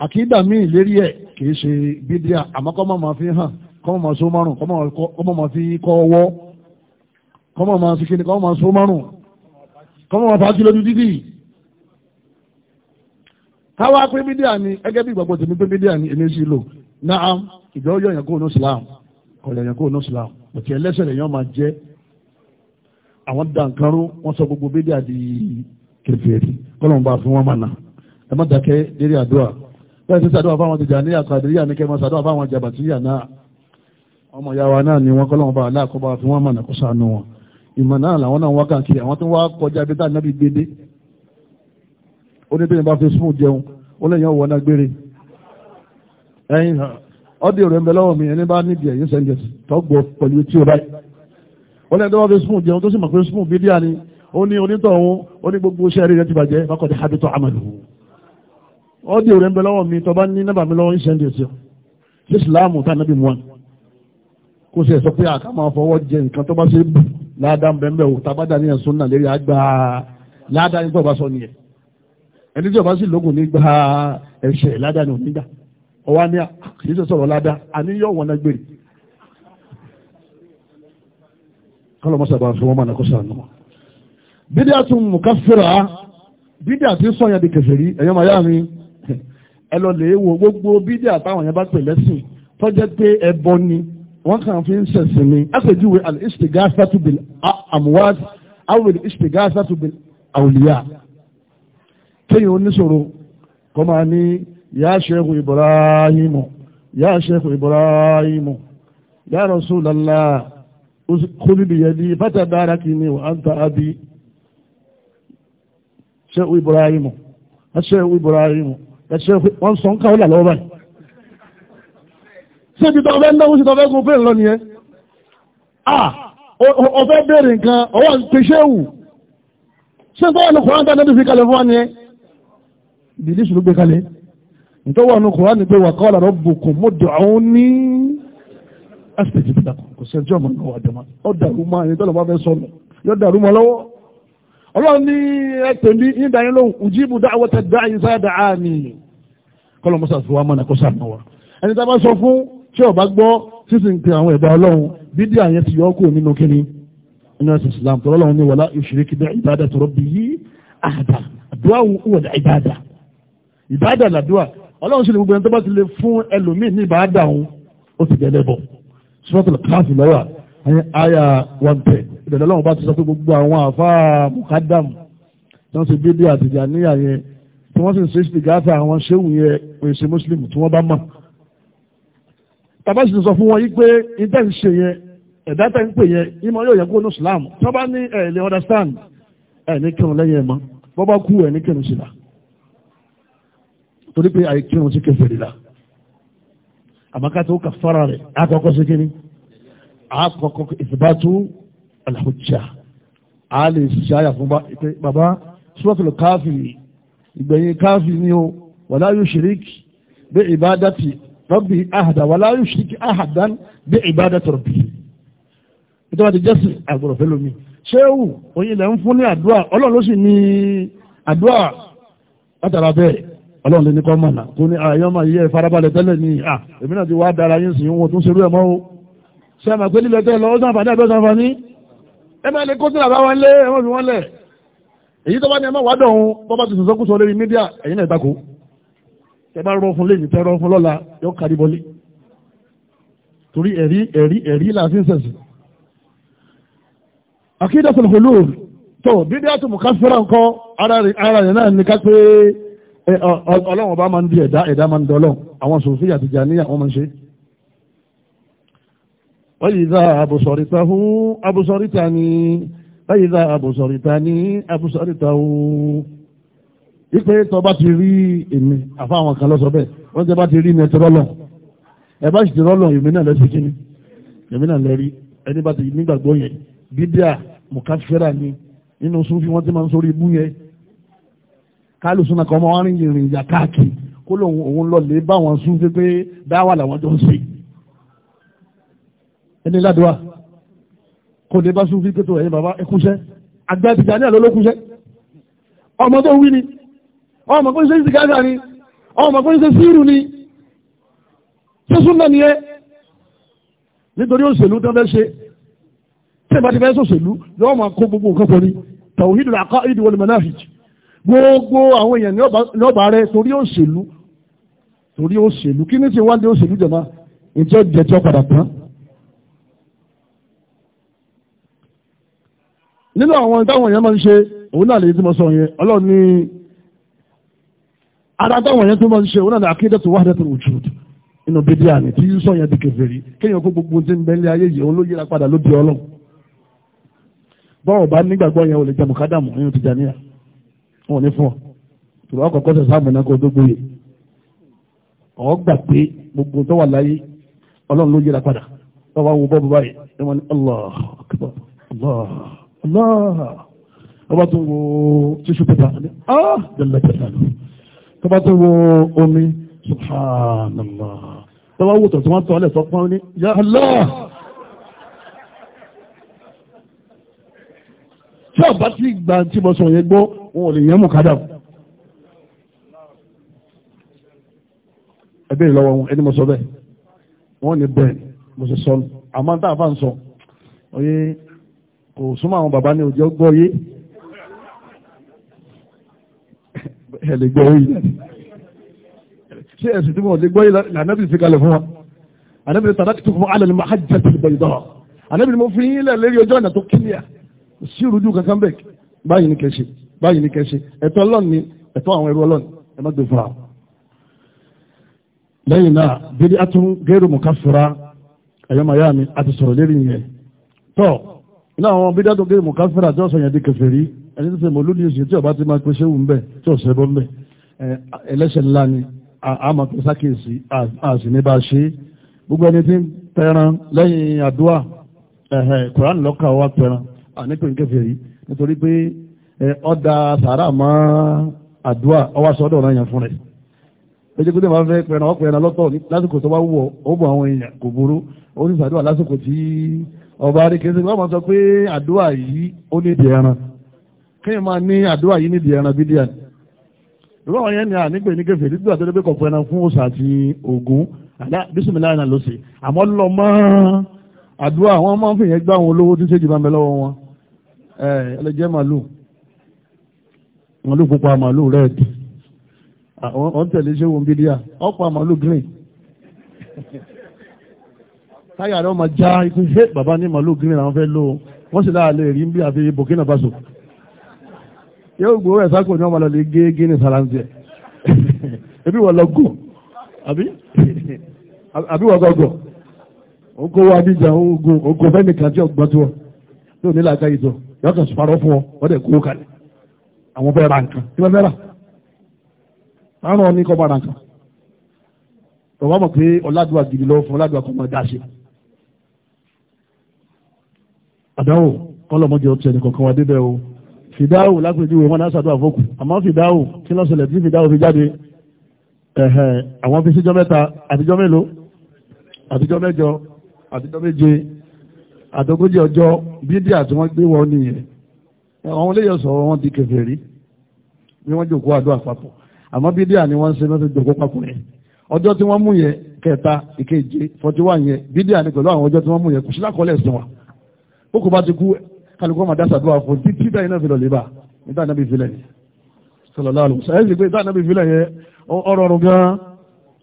àkídà míì lérí ẹ̀ kìí ṣe bídíà àmọ́ kọ́ máa fi hàn kọ́ máa so márùn kọ́ máa fi kọ́ ọwọ́ kọ́ máa fi kíni kọ́ máa so márùn kọ́ máa fa lójú dídì káwá pé bídíà ni gẹ́gẹ́ bí ìgbàgbọ́ tèmi pé bídíà ni èmi sì lò náà ìjọ yọ ìyànkó onú Islam kọlẹ̀ ìyànkó onú Islam òtí ẹlẹ́sẹ̀ lèèyàn máa jẹ́ àwọn dànkanrú wọ́n sọ gbogbo bídíà di kèfèrí kọ́lọ̀n bá fún wọn mọ̀nà ẹ má dákẹ́ lérí àdúrà bẹ́ẹ̀ sí sàdúrà fáwọn Tìjàníyà Kàdíríyà ní kẹ́mọ́ sàdúrà fáwọn Jàbàtíyà náà ọmọ ìyá wa náà ni wọ́n kọ́lọ̀n bá aláàkọ́bá fún wọn mọ̀nà kó sànú wọn ìmọ̀ náà làwọn náà wá káàkiri àwọn tó wá kọjá bí táà nábì gbédé ó ní bẹ́ẹ̀ bá fi sùn jẹun ó lẹ́yìn ọwọ́ náà gbére ẹ̀yìn ọdí rẹ̀ ń bẹ lọ́wọ́ mi ẹni bá níbi ẹ̀yìn sẹ́ńgẹ̀sì tọ́gbọ̀ pẹ̀lú tí ó báyìí ó lẹ́yìn tó wá fi sùn jẹun ó ní onítọ̀hún ó ní gbogbo iṣẹ́ rere ti bàjẹ́ bákọ̀dé habitọ̀ amadu ó dé òrẹ́ ń bẹ lọ́wọ́ mi tọ́ bá ní nọ́bà mi lọ́wọ́ ìṣẹ́ ń dèsí ọ sí ìsìláàmù tá nàbí muwa kó sì sọ pé àká máa fọwọ́ jẹ nǹkan tó bá ṣe bù ládàá bẹ́ẹ̀ wò tábàdà ní ẹ̀sùn náà lérí fún wọn mọ̀ náà bídíà tún mú káfíra bídíà tí sọ̀yàn di kèfèrí ẹ̀yọ́ màá yá mi ẹ lè wo gbogbo bídíà táwọn yẹn bá pè lẹ́sìn tọ́jẹ́ pé ẹbọ ni wọ́n kàn fi ń ṣẹ̀sìn ni àpèjúwe al-istighasatu bil amwat aw al-istighasatu bil awliya kéèyàn oníṣòro kọ́ máa ní yá Sheikh Ibrahim yá Sheikh Ibrahim yá Rasulallah kúlìbìyẹ ní fátàdára kìíní wa anta abi ṣẹ́hù Ibrahimu ṣẹ́hù Ibrahimu ẹ̀ṣẹ́ wọn sọ ń ká ọ̀là lọ́wọ́ báyìí ṣé ibi tó ọbẹ̀ ń náwó sí tọ́fẹ́ gun fèrè lọ nìyẹn ah ọfẹ́ béèrè nǹkan ọwọ́ pé ṣéwù ṣé ń tọ́wọ́ ní kùrán tá níbi fi kalẹ̀ fún wa nìyẹn bìlí sùlù gbé kalẹ̀ ìtọ́wọ́ ní kùrán ní pé wà qala rabbukum ud'uni astajib lakum kò sẹ́ńtì ọmọ náà wà jọmọ ọ dàrú máa yẹn tọ́lọ̀ bá fẹ́ sọnù yọ dàrú máa lọ́wọ́ ọlọ́run ní ẹ̀pẹ̀ mi ìdá yẹn lóhùn ujibu da'wata da'i iza da'ani kọ́lọ̀ mọ́sà fi wá mọ́nà kó sàmà wa ẹni tá a bá sọ fún tí ọba gbọ́ sísìn pé àwọn ẹ̀dá ọlọ́run bídí àyẹn ti yọ kó nínú kíní inú ẹ̀sìn Islam tọ́lọ́ ọlọ́run ní wala yushrik bi ibadati rabbihi ahada àdúrà wọ̀ dá ìbádà ìbádà làdúrà ọlọ́run ṣe lè gbogbo ẹni tó bá ti lè fún ẹlòmíì ní ìbádà òun ó ti dẹ́lẹ́bọ̀ suratul Kahf lọ́wọ́ àyà one ten ìdọ̀dọ̀ ọlọ́run bá ti sọ pé gbogbo àwọn àfáà mukadam tí wọ́n ti bí bí àtìjà níyà yẹn tí wọ́n sì ń ṣe ìgbàfà àwọn ṣéhùn yẹn òyìnṣe mùsùlùmù tí wọ́n bá mọ̀. bàbá sì sọ fún wọn yìí pé ìtẹ́ ṣe yẹn ẹ̀dá tẹ́ ń pè yẹn ìmọ̀ yóò yẹ kó ní islam tí wọ́n bá ní ẹ̀ lè understand ẹ̀ ní kírun lẹ́yìn ẹ̀ mọ́ bọ́ bá kú ẹ̀ ní kírun sí la torí pé àìkírun sí kẹfẹ́ la àmọ́ ká alhujja a lè ṣe àyà fún bàbá suratul káfì ìgbẹ̀yìn káfì ni o wàlá yushrik bí ìbádàtì rọ́bì ahàdà wàlá yushrik ahàdàn bí ìbádàtì rọ́bì ìtọ́wà ti jẹ́sì àgbọ̀rọ̀fẹ́ lómi ṣéwù oyin ilẹ̀ ń fún ní àdúrà ọlọ́run ló sì ní àdúrà látara bẹ́ẹ̀ ọlọ́run lè ní kọ́ mọ̀nà tó ní àyọ́mà yíyẹ farabalẹ̀ tẹ́lẹ̀ ní à èmi náà ti wá dára yín sí wọn tó ń ṣerú ẹ̀ mọ́ o ṣe àmà pé lílẹ̀ tẹ́ lọ ó sàǹfààní àbẹ́ sàǹfààní ẹ máa lè kó sílẹ̀ àbáwọn lé ẹ máa fi wọ́n lẹ̀ èyí tó bá ní ẹ máa wá dọ̀hún bọ́ bá ti sọ̀sọ́ kú sọ lórí mídíà ẹ̀yin náà ìtakò tẹ bá rọ fún lé nìtẹ rọ fún lọ́la yóò kárí bọ́lé torí ẹ̀rí ẹ̀rí ẹ̀rí là fi ń sẹ̀sì. àkídà tó lòlù tó bídíà tó mú ká fẹ́ràn kọ́ ara rẹ̀ náà ní ká pé ọlọ́run ọba máa ń di ẹ̀dá ẹ̀dá máa ń dọ́lọ́ àwọn sòfin àtijọ́ níyà wọ́n máa ń ṣe é wáyíza àbùsọ̀rìta hú àbùsọ̀rìta ní wáyíza àbùsọ̀rìta ní àbùsọ̀rìta hú ipe tọba ti rí èmi àfáwọn kan lọ́sọ bẹ́ẹ̀ wọ́n tẹ́ bá ti rí nẹtírọ́lọ̀ ẹ bá sì ti rọ́lọ̀ èmi náà lẹ́sìn kíní èmi náà lẹ́rí ẹni bá ti nígbàgbọ́ yẹn bídíà mùkáfẹ́rà ni nínú súnfí wọ́n ti máa ń sórí ibú yẹn kálù súnà kan ọmọ wọn rìn ìrìn ìyà káàkiri kó lóun òun lọ lè bá wọn súnfí pé dáwà làwọn jọ ń ṣe ẹni ládùúwà kò lè bá súnfí pé tó ẹ̀yìn bàbá ẹkúṣẹ́ àgbà ìtìjà ní àlọ́ ọmọ tó wí ni ọmọ kó ń ṣe ìsìkáṣà ni ọmọ kó ń ṣe síìrù ni ṣé súnmọ́ ni ẹ nítorí òṣèlú tó fẹ́ ṣe tí ìbá ti fẹ́ sòṣèlú yóò máa kó gbogbo nǹkan pọ̀ ní tawhidul aqaid wal manahij gbogbo àwọn èèyàn ní ọba rẹ torí òṣèlú torí òṣèlú kí ní ti wá ní òṣèlú jẹ̀ma ìjọ jẹ̀jọ́ padà tán nínú àwọn táwọn èèyàn máa ń ṣe òun náà lèyí tí mo sọ yẹn ọlọ́run ní ara táwọn èèyàn tó máa ń ṣe òun náà ní akídẹ́tù wahdatul wujud nínú bíbí àná tí yíṣọ́ yẹn di kèfèrí kéèyàn kó gbogbo tí ń bẹ́ńlẹ̀ ayé yìí òun ló yíra padà ló bí ọlọ́run bọ́ọ̀ bá nígbàgbọ́ yẹn ò lè jẹun kádàmù nínú ti jàníyà wọn ní fún ọ tùrọ̀ ọkọ̀ọ̀kọ́ sẹ̀ ọba tó wo tíṣù pépà ní jẹ́lẹ̀ pépà lọ tọba tó wo omi subhanallah tọba wò tọ̀ tí wọ́n tọ́ ọlẹ̀ tọ́ pọ́n ní ya Allah tí ọba tí gbà tí mo sọ yẹn gbọ́ wọn ò lè yẹn mú kádà ẹgbẹ́ ìlọ́wọ́ wọn ẹni mo sọ bẹ́ẹ̀ wọ́n ní bẹ́ẹ̀ mo sì sọ àmọ́ tá a bá ń sọ kò súnmọ́ àwọn bàbá ní òjò gbọ́ yé ẹ lè gbọ́ yé ṣé ẹ̀sìn tí mo lè gbọ́ yé lànàbì fi kalẹ̀ fún wa ànàbì ní tàdá tó fún alẹ́ ní máa jẹ́ ti bẹ̀rẹ̀ dọ̀ ànàbì ní mo fi yín lẹ̀ lérí ọjọ́ ọ̀nà tó kílíà sí ìrújú kankan lẹ́yìn náà bídí atún gẹ́rù mọ̀ká fúra ẹ̀yọ́mọ̀ yá àti sọ̀rọ̀ lérí yẹn tọ́ iná àwọn bídá tó gẹ́gẹ́ mùkáfíra tí ó sọ̀yàn di kèfèrí ẹni tó ṣe mọ̀lú ní oṣù tí ọba ti máa pèsè òun bẹ̀ tí ó ṣẹbọ ń bẹ̀ ẹlẹ́ṣẹ̀ ńlá ni àmọ́ tó sákèsí àṣì ní bá ṣe gbogbo ẹni tí ń pẹran lẹ́yìn àdúà kùrán lọ́kà wa pẹran ànípìn kèfèrí nítorí pé ọ̀dà sàárà mọ́ àdúà ọwọ́ sọ́dọ̀ ọ̀rọ̀ yẹn fún rẹ̀ ẹjẹ́ kó máa fẹ́ pẹran ọ̀pẹran lọ́tọ̀ lásìkò tó bá wù ọ́ ó bọ̀ àwọn èèyàn kò burú ó sì sàdúà lásìkò tí ọba adékèsè wọ́n máa sọ pé àdúrà yìí ó nídìí ẹran kéèyàn máa ní àdúrà yìí nídìí ẹran bídíà ìwọ àwọn yẹn ni ànígbè ní kẹfẹ nígbà tó débẹ kọpọ ẹran fún òòsà àti ògún àdá bísímìlá ẹran ló ṣe àmọ́ lọ mọ́ àdúrà wọn máa ń fìyẹn gbá àwọn olówó tí ń bá ń bẹ lọ́wọ́ wọn ẹ ẹlẹjẹ màlúù màlúù pupa màlúù red àwọn tẹ̀lé ṣé wọn bídíà ọ̀pọ̀ màlúù green táyà rẹ̀ ọmọ já ikú ṣé bàbá ní màlúù green àwọn fẹ́ lò ó wọ́n sì láàlẹ́ rí bí àfi Burkina Faso yóò gbowó ẹ̀ sáko ní ọmọ lọ́lẹ̀ gé gíní sàlàǹtì ẹbí wọ́n lọ gùn àbí [laughs] àbí wọ́n gọ́gọ́ oko wa abidjan ogo ogo fẹ́mi kan tí ọgbọ́n tó yóò nílò àga ìtọ́ yóò kàn sùpàrọ̀ fún ọ wọ́n dẹ̀ kó kalẹ̀ àwọn fẹ́ ra nǹkan kí wọ́n fẹ́ rà àwọn ọ̀ní kọ́ bá ra nǹkan tọ́wọ́ mọ̀ pé ọ̀làdùà gidi lọ́wọ́ fún ọ̀làdùà kọ́ mọ̀ dáṣe àdáwò kọ́lọ̀mọ́jẹ ọtí ẹni kọ̀ọ̀kan wa débẹ̀ o fìdáwò lápèjúwe wọn náà ṣàdúrà fókù àmọ́ fìdáwò kí ló ṣẹlẹ̀ tí fìdáwò fi jáde ẹ̀hẹ̀ àwọn fi síjọ́ mẹ́ta àtijọ́ mélòó àtijọ́ mẹ́jọ àtijọ́ méje àtogójì ọjọ́ bídí àti wọ́n gbé wọn nìyẹn àwọn olóyè sọ̀rọ̀ wọn di kèfèrí bí wọ́n jòkó àdó àpapọ̀ àmọ́ bídí àni wọ́n ń ṣe mẹ́fẹ́ jòkó papọ̀ yẹn ọjọ́ tí wọ́n mú yẹn kẹta ìkeje fọtíwá yẹn bídí àni pẹ̀lú àwọn ọjọ́ tí wọ́n mú yẹn kò sí wa kókò bá ti kú kálukú ọmọ dáṣà dúwà fún títí dáyé náà fi lọ lè bá níta náà bí filẹ̀ ni sọlọ́lá àlùmọ́ sọ ẹ́sì pé níta náà bí filẹ̀ yẹ ọ̀rọ̀ ọ̀rùn gan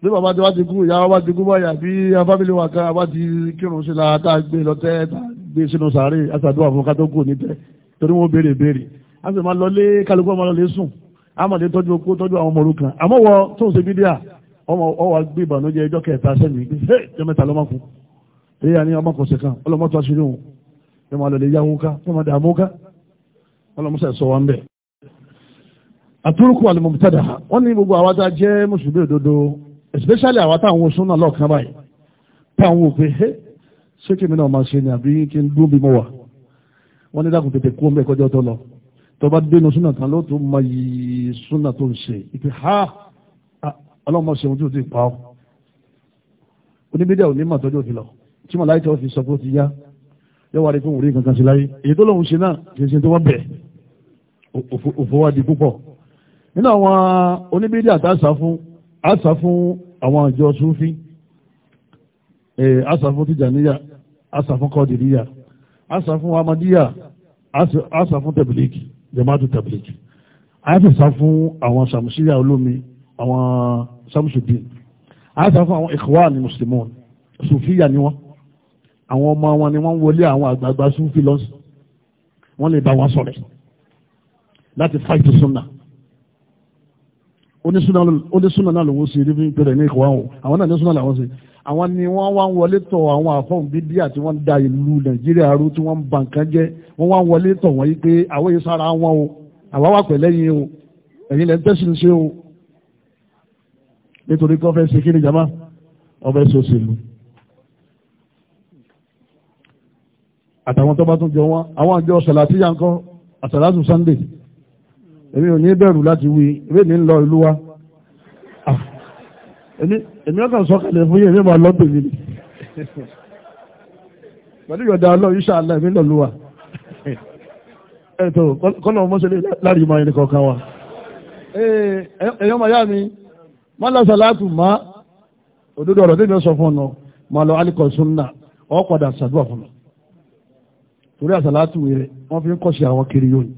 bí bàbá ti wá ti kú ìyá wa ti kú báyà bí afábílẹ̀ wa kan wá ti kírun sí la tá a gbé lọ́tẹ́ tá a gbé sínú sàárè àṣàdúrà fún kátó kù nítẹ́ torí wọn béèrè béèrè a sì máa lọlé kálukú ọmọ lọlé sùn a máa lè tọ́jú okó tọ́jú àwọn ọmọ òrukàn àmọ́ wọ tó ń ṣe bídíà ọmọ ọwà gbé ìbànújẹ́ ẹjọ́ kẹta sẹ́mi gbé jẹ́ mẹ́ta lọ́mọkùn èyí à ní kan ọlọ́mọ tó yóò máa lọlẹ̀ yáwó ká yóò máa dààmú ká ọlọ́mọsẹ̀ sọ wa ń bẹ̀. àtúrùkù àlùmọ̀tàdà wọ́n ní gbogbo àwa jẹ́ mùsùlùmí òdodo especially àwa táwọn oṣù náà lọ́ọ̀kan báyìí táwọn ò pé ṣé ṣé kí mi náà máa ṣe ni àbí kí n dún bí mo wà wọ́n ní dákun tètè kú ọmọ ẹ̀kọ́ jọ́ lọ tó bá dénú súnà tán ló tó mọ yìí súnà tó ń ṣe ìpè ha ọlọ́mọ ṣe ohun tó ti pa ọ́ oníbídẹ́ òní mà tọ́jú òfin lọ tí màláìtọ́ fi sọ pé ó ti yá yóò wá rí fún òrí kankan sí láyé èyí tó lóun ṣe náà kì í ṣe tó wọ́n bẹ̀ òfò wá di púpọ̀ nínú àwọn oníbídí àtàṣà fún àṣà fún àwọn àjọ súnfí àṣà fún tìjàníyà àṣà fún kọ́dìríyà àṣà fún amadíyà àṣà fún tẹ̀bìlìkì jamaatu tẹ̀bìlìkì àṣà fún àwọn sàmùsíyà olómi àwọn sàmùsùdín àṣà fún àwọn ikhwan muslimun sùfíyà ni wọ́n àwọn ọmọ wọn ni wọ́n ń wọlé àwọn àgbààgbà súnfì lọ́sùn wọ́n lè bá wọn sọ̀rọ̀ láti fáìtì súnà onísúnà náà lòun sí ibi ìpínlẹ̀ ní ìkọ̀wá o àwọn náà ní súnà làwọn sí àwọn ni wọ́n wá ń wọlé tọ̀ àwọn àfọ̀n bíbí àti wọ́n ń da ìlú nàìjíríà rú tí wọ́n ń ba nǹkan jẹ́ wọ́n wá ń wọlé tọ̀ wọ́n yìí pé àwọn yìí sára wọn o àwa wà pẹ̀lẹ́ yìí o ẹ̀yin lẹ́ ń tẹ́sí ṣe o nítorí pé wọ́n fẹ́ ṣe kí ni jama wọ́n fẹ́ ṣe òṣèlú àtàwọn tó bá tún jọ wọn àwọn àjọ sàlàtíyà ńkọ́ àsàlátù sunday èmi ò ní bẹ̀rù láti wí èmi ní lọ ìlú wa ah, èmi ọkàn sọ̀kalẹ̀ fún yẹn èmi máa lọ́dún mi ni pẹ̀lú ìyọ̀dà ọlọ́run iṣẹ́ àlá èmi lọ́lú wa ẹ̀tọ́ kọ́nà mọ́sẹ̀lẹ̀ láàrin ìmọ̀ ẹni kọ̀ọ̀kan wa eh, ẹ̀yọ́ màyá mi má lọ sàlátù má òdodo ọ̀rọ̀ tẹ́lẹ̀ sọ fún ọ̀nà má lọ alìkọ̀ sunna ọ̀ padà sàdúrà fún mi torí àsàlátù rẹ̀ wọ́n fi ń kọ́ṣe àwọn kiri yóò ní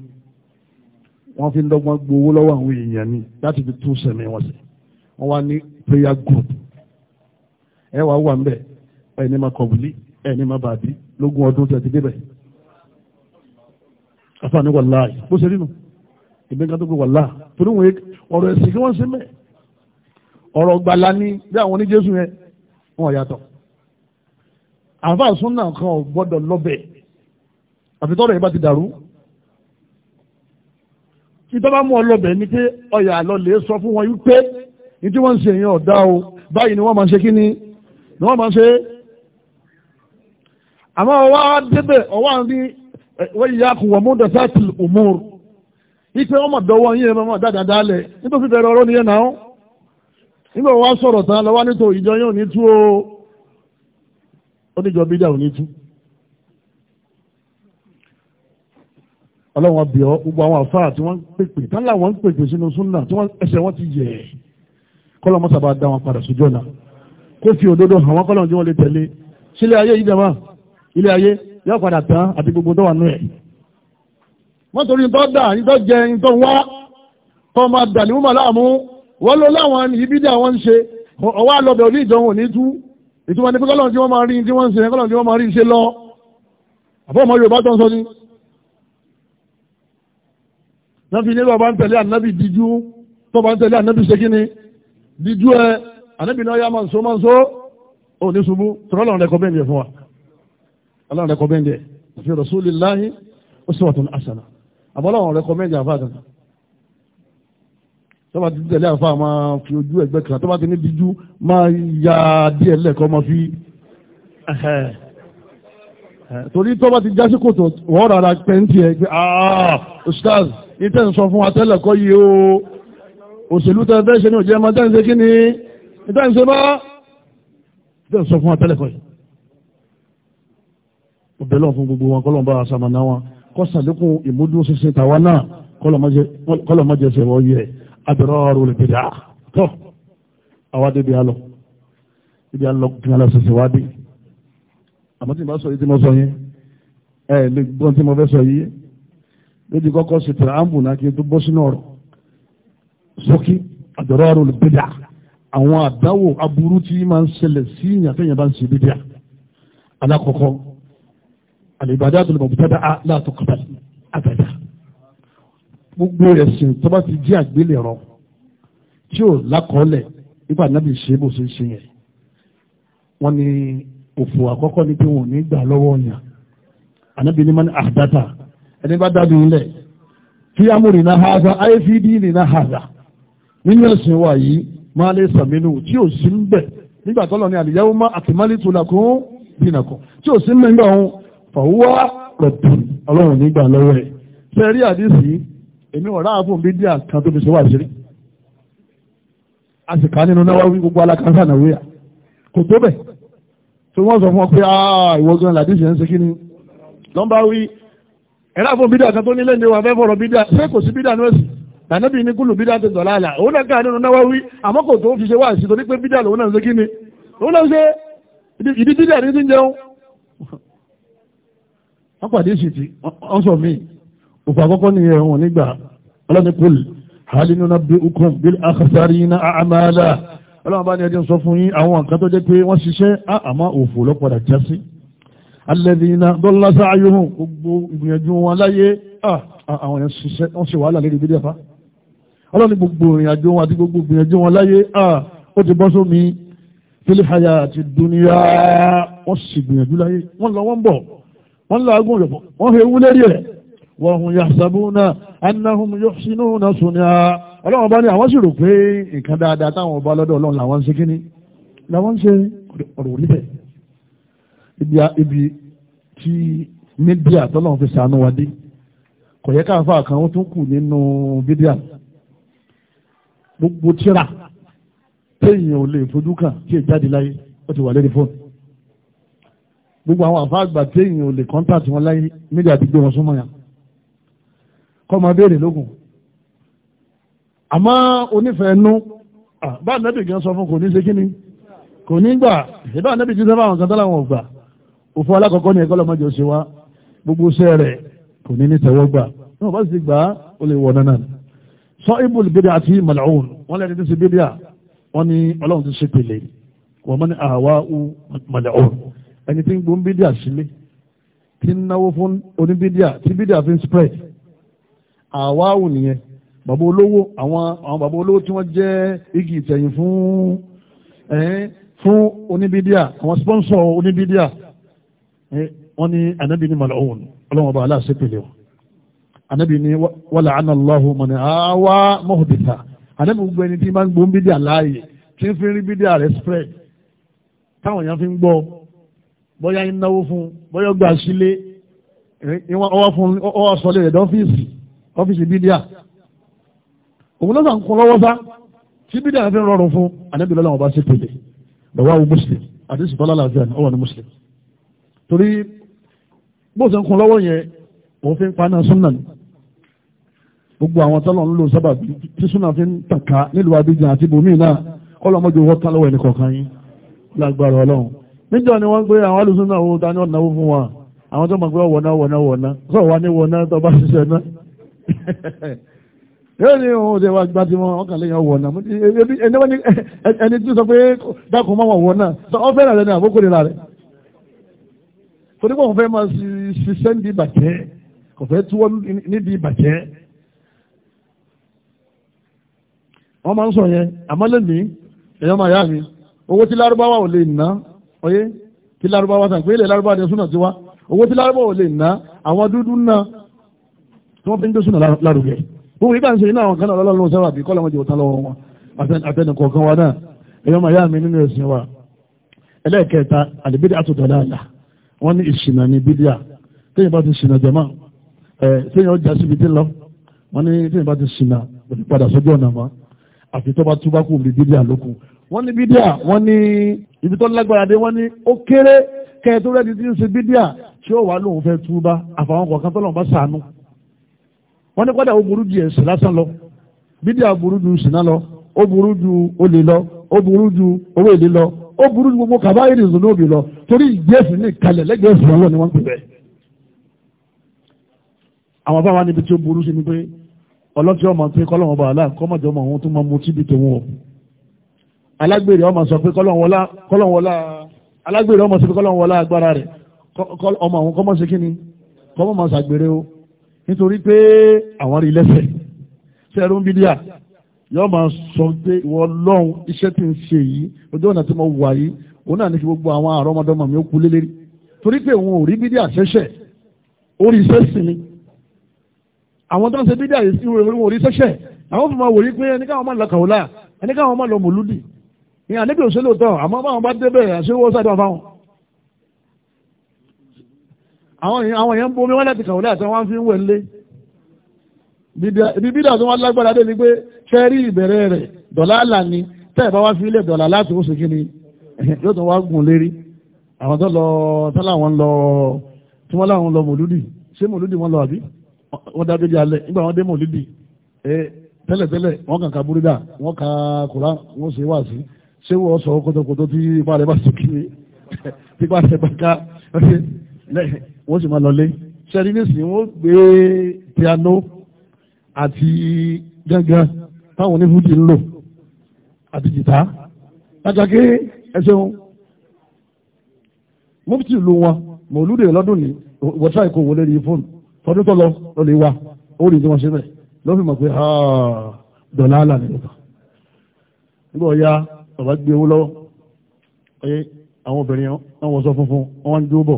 wọ́n fi ń dọ́gbọ́n gbowó lọ́wọ́ àwọn èèyàn ní láti fi tún sẹ̀mí wọn sí wọ́n wá ní prayer group ẹ wàá wà mbẹ ẹ ní ma kọ̀bùlí ẹ ní ma bàbí lógún ọdún tẹ̀sí débẹ̀ àfààní wàláì bó ṣe rí nu ìgbẹ́ kan tó gbé wàláà torí wọn ọ̀rọ̀ ẹ̀sìn kí wọ́n ṣe mẹ́ ọ̀rọ̀ gbàlá ní bí àwọn oníjésù yẹn wọn yàtọ̀ àfàsùn náà kan ò gbọ́dọ̀ lọ́bẹ̀ẹ́ àfi tọ́rọ̀ yẹn bá ti dàrú ìtọ́ba mú ọlọ́bẹ̀ ni pé ọyà àlọ́lẹ̀ sọ fún wọn wípé ní tí wọ́n ń ṣe èèyàn ọ̀dá o báyìí ni wọ́n máa ń ṣe kí ni ni wọ́n máa ń ṣe àmọ́ ọwọ́ débẹ̀ ọwọ́ àti wọ́n yíyá kù wọ́n mú dẹ̀sẹ́tì òmùr ipe wọn mọ̀ dọ́wọ́ yín ẹ̀mọ́ dáadáa dálẹ̀ nítorí bẹ̀rẹ̀ ọ̀rọ̀ nìyẹn náà nígbà wọn sọ̀rọ̀ tán lọ́wọ́ nítorí ìjọ yóò ní tú o oníjọ bídà ò ní tú ọlọ́wọ́n bí ọ gbogbo àwọn àfáà tí wọ́n ń pèpè tán láwọn ń pèpè sínú súnà tí wọ́n ẹsẹ̀ wọ́n ti yẹ̀ ẹ́ kọ́lọ́ mọ́sàbá dá wọn padà sójú ọ̀nà kó fi òdodo hàn wọ́n kọ́lọ́ tí wọ́n lè tẹ̀lé sílé ayé yìí dàmà ilé ayé yóò padà tán àti gbogbo tó wà nú ẹ̀. wọ́n torí ń tọ́ dà ń tọ́ jẹ ń tọ́ wá tọ́ máa dà ní wúmọ̀ láàmú wọ́n ló láwọn ibi dí àwọn ń ṣe nàfi ní bàbá ń tẹ̀lé ànábì díjú tó bá ń tẹ̀lé ànábì ṣe kíni díjú ẹ ànábì náà yá máa ń so máa ń so ó ní ṣubú tọ́lá lọ́rùn kọ́ bẹ́ẹ̀ fún wa ọlọ́run rẹ̀ kọ́ bẹ́ẹ̀ fi rasulillahi uswatun hasana àbọ̀lọ́run rẹ̀ kọ́ bẹ́ẹ̀ àfa àgàgà tó bá ti tẹ̀lé àfa máa fi ojú ẹgbẹ́ kan tó ti ní díjú máa ya díẹ̀ lẹ́kọ́ máa fi torí tó bá ti jásí kòtò wọ́n rárá pẹ́ntì ẹ̀ pé ah ustaz ìtẹ́ ń sọ fún wa kọ́ yìí o òṣèlú tẹ́ fẹ́ ṣe ní òjẹ́ máa tẹ́ǹsẹ́ kí ni ìtẹ́ǹsẹ́ bá ìtẹ́ ń sọ fún wa tẹ́lẹ̀ kọ́ yìí òbẹ̀ lọ́n fún gbogbo wọn kọ́lọ́n bá aṣàmànà wọn kọ́ sàlékún ìmúdún ṣinṣin tàwa náà kọ́lọ́n má jẹsẹ̀ wọ́n yẹ abẹ́rọ́ ọ̀rọ̀ lè bèrè à tọ́ àwa débi alọ ibi alọ kí wọn lọ lójú kọ́kọ́ sí tìrààmù náà kí n tó bọ́ sínú ọ̀rọ̀ sókí àdọ̀rọ̀ olùbídà àwọn àdáwò aburú tí máa ń ṣẹlẹ̀ sí ìyàn tó yẹn bá ń ṣe bídà alákọ̀ọ́kọ́ àlèbàdà tó lè mọ̀ bùtádà á láàtọ̀ kọ́tà àtàdà gbogbo ẹ̀sìn tó bá ti jẹ́ àgbélẹ̀rọ tí ò lákọọ́lẹ̀ nípa nábì ṣe bó ṣe ṣe yẹn wọ́n ní òfò àkọ́kọ́ ni pé wọn ò ní gbà lọ́wọ́ yàn ànábì ní mọ́ ní àdáta ẹni bá dábì ilẹ̀ fi amúrì náà haza ifd náà haza nínú ẹ̀sìn wa yìí máa lè sàmínú tí ò sí ń bẹ̀ nígbà tọ́lọ̀ ní àlìyáwó má àtìmálì tó làkún dínàkọ̀ tí ò sí ń bẹ̀ nígbà òun fàwọ́ pẹ̀tù ọlọ́run nígbà lọ́wọ́ ẹ̀ ṣe rí àdísì èmi ọ̀rá àbùn bí díà kan tó fi ṣe wà sí rí a sì ká nínú náwó wí gbogbo alákàtà náà kò tó bẹ̀ tí wọ́n sọ fún ọ pé ah, ìwọ gan làdísì ẹ̀ ń ṣe kí ni lọ́nbà wí ẹ̀rá fún bídà kan tó nílé ní wà fẹ́ fọ̀rọ̀ bídà ṣé kò sí bídà nọ́ọ̀sì tànàbí ní kúlù bídà ti dọ̀lá àlà òun náà káà nínú náwáwí àmọ́ kò tó fi ṣe wáàsí torí pé bídà lòun náà ń ṣe kí ni òun náà ṣe ìdí bídà ní ti ń jẹun wọ́n pàdé ìṣìtì wọ́n sọ mí òfò àkọ́kọ́ ni ẹ̀wọ̀n nígbà ọlọ́ni kúl hàlínú náà bí ukùn bí àkàtàrí iná àmàlà ọlọ́run bá ní ẹjọ́ sọ fún yín àwọn nǹkan tó jẹ́ alẹ́dìínà dọ́lá sáàyòhùn gbogbo ìgbìyànjú wọn láyé ah, ah, àwọn èèyàn ṣiṣẹ́ wọ́n ṣe wàhálà lérí bídẹ́ fa ọlọ́ni gbogbo ìrìnàjò wọn àti gbogbo ìgbìyànjú wọn láyé ah, ó ti bọ́ sómi filihaya àti duniya wọ́n sì gbìyànjú láyé wọ́n lọ wọ́n bọ̀ wọ́n láàgùn yọ̀pọ̀ wọ́n fi ewu lérí rẹ̀ wọ́n hun yahsabuna annahum yuhsinuna sunya ọlọ́run bá ní àwọn sì rò pé nǹkan dáadáa táwọn ọba lọ́dọ̀ ọlọ́run làwọn ń ṣe kíní làwọn ń ṣe ọ̀rọ̀ orí bẹ́ẹ̀ ibi tí mídíà tọ́lọ́run fi sànú wa dé kò yẹ káfà kan ó tún kù nínú mídíà gbogbo tíra téèyàn ò lè fojú kàn tí è jáde láyé ó ti wà lórí fóònù gbogbo àwọn àfa àgbà téèyàn ò lè kọ́ńtàtì wọn láyé mídíà ti gbé wọn súnmọ́ yàn kọ́ máa béèrè lógún àmọ́ onífẹ̀ẹ́ nú bá nẹ́bì gan sọ fún kò ní ṣe kíni kò ní gbà ìbá nẹ́bì ti sẹ́fà àwọn kan tọ́lá wọn ò gbà òfò alákọ̀ọ́kọ́ ní ẹ̀kọ́ lọ́mọdé ọ̀ṣẹ́ wa gbogbo iṣẹ́ rẹ̀ kò ní ní tẹ̀wọ́gbà náà bá sì gbà á ó lè wọ̀ nánà sọ ibùl bídíà àti màláhùn wọn lẹ́ni tí ń ṣe bídíà wọn ọlọ́run ti ṣe pèlè wọn mọ́ ní àwa u màláhùn ẹni tí ń gbọ́n bídíà sílé tí ń náwó fún oníbídíà tí bídíà fi ń spread àwa u nìyẹn bàbá olówó àwọn bàbá olówó tí wọ́n jẹ́ igi ìtẹ̀yìn fún fún oníbídíà àwọn sponsor oníbídíà Eh, wọ́n ní anábì ní mal'un ọlọ́wọ́n bá aláṣẹ pèlè wọn anábì ní wàlà àná lọ́hùn mọ̀nà àwa mọ̀hùdìta anábì gbogbo ẹni tí máa ń gbóhùn bídíà láàyè tí ń fi rí bídíà rẹ̀ spread táwọn èèyàn fi ń gbọ́ bóyá ń náwó fún bóyá gbà sílé ọwọ́ eh, fún ọwọ́ sọlé rẹ̀ dọ́fíìsì ọ́fíìsì bídíà òun lọ́sàn ń kún lọ́wọ́ sá tí bídíà fi rọrùn fún anábì lọ́lọ́wọ́n bá pèlè lọ́wọ́ àwọn muslim àti ìsìtọ́lá làbíà ọwọ́ ni muslim torí bó ṣe ń kun lọ́wọ́ yẹn òun fi ń paná súnà ni gbogbo àwọn tọ́lọ̀ ń lò sábà tí súnà fi ń tàka nílùú Abidjan àti bòmíì náà kọ́lọ́mọ́jú wọ́n tán lọ́wọ́ ẹnì kọ̀ọ̀kan yín lágbára ọlọ́run níjọ́ ni wọ́n gbé àwọn alùsúnà owó ta ní ọ̀nà fún wa àwọn tó mọ̀ pé wọ̀ná wọ̀ná wọ̀ná sọ wà ní wọ̀ná tó bá ṣiṣẹ́ náà [laughs] yóò ní òun ṣe wá gbá tí ọkàn lẹ́yìn wọ̀ná ẹni tí sọ pé dákun mọ́ wọ̀ná ọ fẹ́ràn rẹ ní àkókò rẹ torí wọn fẹ́ máa ṣiṣẹ́ níbi ìbàjẹ́ kò fẹ́ túwọ́ níbi ìbàjẹ́ wọ́n máa ń sọ yẹn àmọ́ lẹ́mí ẹ̀yọ́ máa yá mi owó tí lárúbáwá ò lè ná ọyé tí lárúbáwá sàn pé ilẹ̀ lárúbáwá ni súnà ti wá owó tí lárúbáwá ò lè ná àwọn dúdú ná tí wọ́n fi ń gbé súnà lárugẹ gbogbo ìgbà ń ṣe iná àwọn kan náà lọ́lọ́run sábà bí kọ́lọ́mọdé òtán lọ́wọ́ wọn àtẹnukọ̀ọ̀kan wa náà ẹ̀yọ́ máa yá mi nínú ẹ̀sìn wa ẹlẹ́ẹ̀kẹta àdìbídì àtúntò dáadáa wọ́n ní ìṣìnà ní bídíà téèyàn bá ti ṣìnà jẹ̀mọ́ ẹ̀ téèyàn ọjà síbi tí ń lọ wọ́n ní téèyàn bá ti ṣìnà òní padà sọ́jọ́ ọ̀nà mọ́ àfi tó bá tún bá kú bí bídíà lókun wọ́n ní bídíà wọ́n ní ibi tó lágbára dé wọ́n ní ó kéré kẹ́ẹ̀ tó rẹ́ni tí ń ṣe bídíà tí ó wà lóun fẹ́ túbá àfàwọn kọ̀ọ̀kan tó lọ́n bá sànú wọ́n ní padà ó burú ju ẹ̀sìn lásán lọ ó burú gbogbo kàbá ìrìn ìzùn lóbi lọ torí ìgbésì ní ìkalẹ̀ lẹ́gbẹ̀ẹ́ ìsìn ọlọ́ ni wọ́n pè bẹ́ẹ̀. àwọn bá wa níbi tí ó burú sí ni pé ọlọ́tí ọmọ pé kọ́lọ́wọ́n bá aláà kọ́mọ̀jọ ọmọ òun tó máa mu tíbi tòun o. alágbèrè ọmọ sọ pé kọ́lọ́wọ́n wọlá alágbèrè ọmọ sọ pé kọ́lọ́wọ́n wọlá agbára rẹ̀ ọmọ òun kọ́mọ̀ sí kíni kọ́mọ̀ máa ṣàgbèrè o nítorí pé àwọn rí lẹ́sẹ̀ sẹ́rùn bídíà yọ́ máa sọ pé ìwọ lọ́hùn iṣẹ́ tí ń ṣe yìí ojú ọ̀nà tí mo wà yìí òun náà ní kí gbogbo àwọn àrọ́mọdọ́mọ mi ó kú lélẹ́rí torí pé òun ò rí bídí àṣẹṣẹ orí iṣẹ́ sì ni àwọn tó ń ṣe bídí àṣẹṣẹ òun ò rí iṣẹ́ṣẹ àwọn fún ma wò yí pé ẹni káwọn máa lọ kàwọ́lá ẹni káwọn máa lọ mòlúdì ní àníbi òṣèlú tán àmọ́ báwọn bá débẹ̀ àṣewọ́ sáàdọ̀ ibi bídà tó wá lágbára dé ni pé ṣe rí ìbẹ̀rẹ̀ rẹ̀ dọ̀làlà ni tẹ́ ẹ̀ bá wá fílẹ̀ dọ̀là láti ó sì kí ni yóò tó wá gùn lérí àwọn tó lọ tọ́lá wọn lọ tí wọ́n láwọn lọ mòlúdì ṣé mòlúdì wọn lọ àbí wọ́n dá dédé alẹ́ nígbà wọn dé mòlúdì tẹ́lẹ̀tẹ́lẹ̀ wọ́n kàn ka búrídà wọ́n ka kùrá wọ́n ṣe wá sí ṣé wọ́n sọ kótókótó tí ipa rẹ̀ bá sọ kiri ipa rẹ̀ bá ká [laughs] wọ́n sì máa lọlé ṣẹ́ni nísìnyí wọ́n gbé piano àti gángan táwọn onífújì ń lò àti jìtá pàtàkì ẹ̀ṣẹ̀hun mufti ìlú wọn mòlúdè lọ́dún ní wọ́tá ìkó wọlé rí fóònù tọdún tọ́lọ lọ́lẹ̀ wa ó rí tí wọ́n ló fi mọ̀ pé dọ̀là àlà nìkan nígbà ọ̀ya bàbá gbé owó lọ́wọ́ pé àwọn obìnrin wọn wọ́n sọ funfun wọn wá ń dúró bọ̀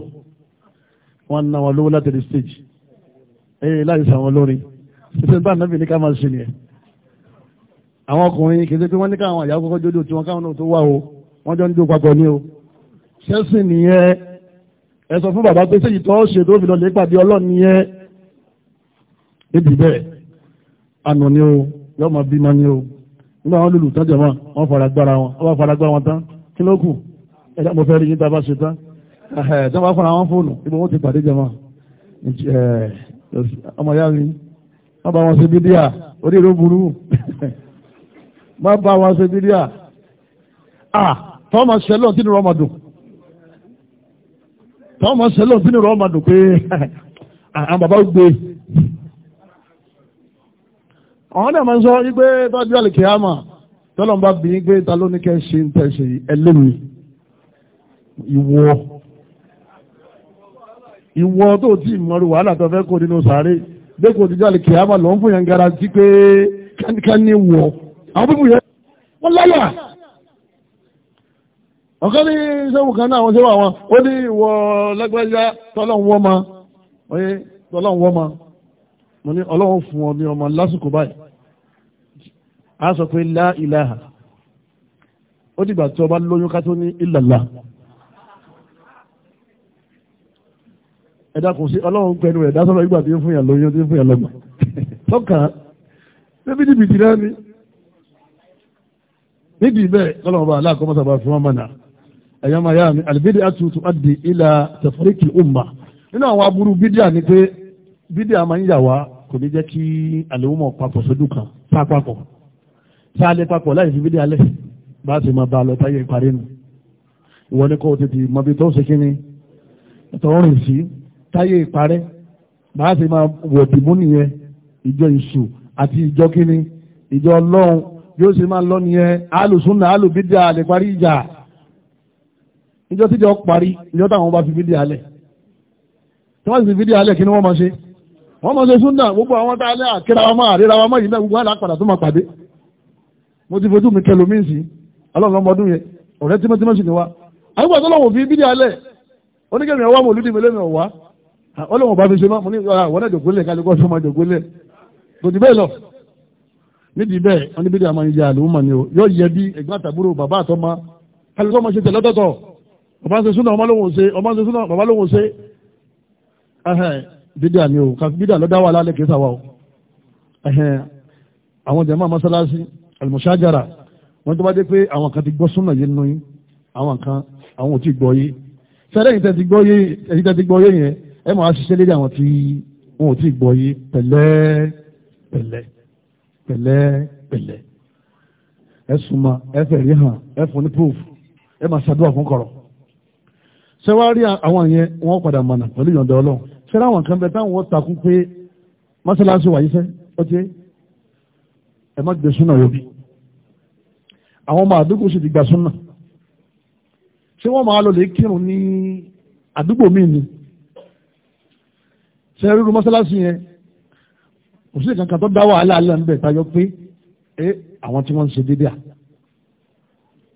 wọn ń ná wọn lówó láti rí stage láì sàwọn lórin ṣíṣe bá nàbì ní ká máa ṣe nìyẹn àwọn ọkùnrin kì í wọ́n ní káwọn àyà kọ́kọ́ jódò tí wọ́n káwọn náà tó wà o wọ́n jọ ń jó papọ̀ ní o ṣẹ́sìn nìyẹn ẹ sọ fún bàbá pé ṣéyìí tó ṣe tó fi lọ pàdé ọlọ́run nìyẹn níbi bẹ́ẹ̀ àná ni o yọ ọmọ bímọ ni o nígbà wọn lùlù tán jẹmọ wọn fara gbára wọn wọn fara gbára wọn tán kí ló kù ẹ̀dá ọmọ yára rí má bá wọn ṣe bídíà orí ló burú má bá wọn ṣe bídíà ah tọ́mọ ṣẹlẹ̀ tí ni rọ́mọ dùn tọ́mọ ṣẹlẹ̀ tí ni rọ́mọ dùn pé àwọn bàbá gbé àwọn náà máa ń sọ wípé tọ́jú àlèkè àmà tọ́lọ̀ ń bá bí pé ta ló ní kẹ́ ṣe ń tẹ̀sẹ̀ ẹlẹ́mi ìwọ ìwọ tó ti mọ̀rù wàhálà tó fẹ́ kó nínú sàárè. dẹ́kun òtijọ́ àlè lọ lọ́n fún yẹn garanti pé ní wọ̀ àwọn pípù yẹn wọ́n láyà ọ̀kan ní sẹ́wọ̀n kan náà wọ́n sẹ́wọ̀n àwọn ó ní ìwọ lágbájá tọ́lọ́hún ma oye tọ́lọ́hún ma mo ní a sọ pé lá ó dìgbà tí ọba lóyún ká tó ní ìlàlá ẹ̀dá kò sí ọlọ́run pẹ̀lú ẹ̀dá sọ́rọ̀ ìgbà tí ó fún yàn lóyún tí ó fún yàn lọ́gbà tọ́ka níbi níbi ìdílé ní nídìí bẹ́ẹ̀ kọ́lọ́run bá aláàkọ́ mọ́sá fún wọn mọ́nà ẹ̀yà mi àlùbídì àtútù àdì ìlà tẹ̀fọ́ríkì umma nínú àwọn aburú bídíà ni pé bídíà máa ń yà wá kò ní jẹ́ kí àlèwọ́mọ̀ papọ̀ sójú kan tá papọ̀ tá a lè papọ̀ láì fi bídíà lẹ̀ bá a ti máa bá lọ táyé ìparí nu ìwọ ni kò tètè mọbi tó ṣe kíni tọrùn sí táyé ìparẹ́ bàá sì máa wọ̀dìmú nìyẹn ìjọ ìṣù àti ìjọ kínní ìjọ ọlọ́run yóò sì máa lọ nìyẹn alùbídà lè parí ìjà ìjọ tíjọ parí ìjọ táwọn bá fi wọ́n wọ́n máa ṣe wọ́n máa ṣe súnà gbogbo àwọn tá a lẹ́ àkíra wa máa ríra wa máa yìí náà gbogbo àlàpàdà tó máa pàdé mo ti fojú mi kẹlò míì sí ọlọ́run ọmọdún yẹn ọ̀rẹ́ tímọ́tímọ́ sì ni wa Ah, ọlọ́wọ́n bá fi ṣe máa mú ní àwọn ah, ẹ̀dọ̀gbólẹ̀ kálukọ́ tó máa dọ̀gbólẹ̀ kò ní bẹ́ẹ̀ lọ níbi bẹ́ẹ̀ wọn níbi díẹ̀ máa ń ya àlùmọ̀ ni o yóò yẹ bí ẹ̀gbọ́n àtàbúrò bàbá àtọ́mọ kálukọ́ máa ṣe tẹ̀lé ọ̀tọ̀ọ̀tọ̀ ọba ń ṣe súnà ọmọ lóhùn ṣe ọba ń ṣe súnà bàbá lóhùn ṣe bídíà ni o kàfi bídíà lọ́dá wà lálẹ́ kí sáwà o àwọn jàmáà masalasi almusajara wọ́n tó bá dé pé àwọn kan ti gbọ́ súnà yé nínú yín àwọn kan àwọn ò tí gbọ́ yé sẹ́lẹ̀ yìí tẹ́ ti gbọ́ yé yẹn ẹ máa ṣiṣẹ́ lédè àwọn tí wọn ò tí ì gbọ́ yé pẹ̀lẹ́ pẹ̀lẹ́ pẹ̀lẹ́ pẹ̀lẹ́ ẹ súnmọ́ ẹ fẹ̀rí hàn ẹ fún ní proof ẹ máa ṣàdúrà fún kọ̀rọ̀ ṣé wàá rí àwọn yẹn wọn padà mọ̀nà pẹ̀lú ìyọ̀ǹda ọlọ́run ṣé láwọn kan bẹ táwọn wọ́n takú pé mọ́ṣáláṣí wà yíṣẹ́ ó ti ẹ má gbé súnà wọ́bí àwọn ọmọ àdúgbò sì ti gba súnà ṣé wọ́n máa lọ lè kírun ní àdúgbò míì ni ṣe rúru mọ́sálásí yẹn kò sí ìkankan tó dá wàhálà alẹ́ ń bẹ̀ tayọ pé ẹ àwọn tí wọ́n ń ṣe dédé à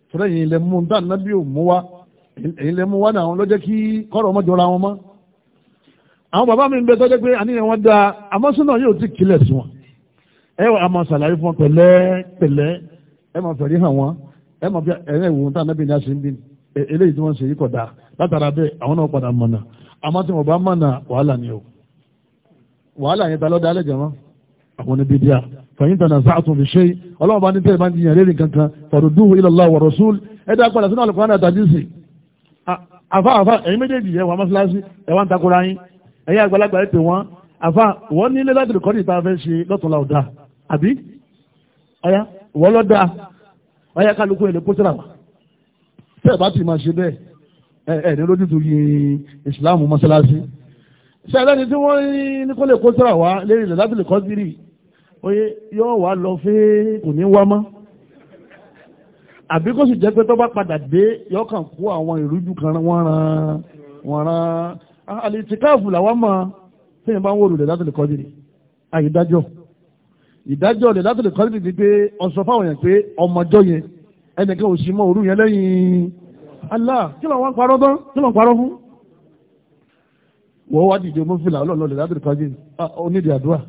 tọ́lá yìí lẹ mú dá nábì ò mú wá èyí lẹ mú wá náà àwọn lọ́jọ́ kí kọ́rọ̀ ọmọ jọra wọn mọ́ àwọn bàbá mi ń bẹ tọ́jọ́ pé àníyàn wọn dáa amọ́sọ́nà yóò ti kílẹ̀ sí wọn ẹ wà á máa ṣàlàyé fún wọn pẹ̀lẹ́ pẹ̀lẹ́ ẹ máa fẹ̀rí hàn wọn ẹ máa fi ẹ̀rẹ́ ìwòrán tá e, náà padà wàhálà ni o wàhálà yẹn ta lọ́dọ̀ alẹ́ jẹ̀mọ́ àwọn oníbi díà fẹ̀yìn tànà sáàtún fi ṣe ọlọ́run bá ní tẹ́lẹ̀ máa ń jiyàn lérí kankan farudduhu ila Allah wa rasul ẹ̀dá padà sínú àlùkò náà tàbí sí àfa àfa ẹ̀yin méjèèjì yẹn wà mọ́ṣáláṣí ẹ̀ wá ń takora yín ẹ̀yin àgbàlagbà ẹ̀ pè wọ́n àfa wọ́n ní lẹ́dá tìrìkọ́ ní ìta fẹ́ ṣe lọ́tọ̀ọ̀la ọ̀dà àbí ọ̀yá wọ́n lọ́ da ọ̀yá kálukú ẹ̀ ṣe ẹlẹ́ni tí wọ́n ní kó lè kó sára wá lérí ilẹ̀ láti lè kọ́ sírì oye yóò wá lọ fẹ́ kò ní wá mọ́ àbí kó sì jẹ́ pé tó bá padà dé yóò kàn kó àwọn ìrújú kan wọ́n ran wọ́n ran ah, àlìtìkáàfù làwọn mọ̀ fẹ́yìn bá ń wò lulẹ̀ láti lè kọ́ sírì ah, àyè dájọ́ ìdájọ́ lè láti lè kọ́ sírì ni pé ọ̀sọ̀ fáwọn yẹn pé ọmọjọ́ yẹn ẹnìkan ò sì mọ òru yẹn lẹ́yìn Allah kí ló wá ń parọ́ tán kí ló ń parọ́ fún wọ́n wá dìde mọ́fìlà ọlọ́ọ̀lọ́lẹ̀ láti kọjú onídìí àdúrà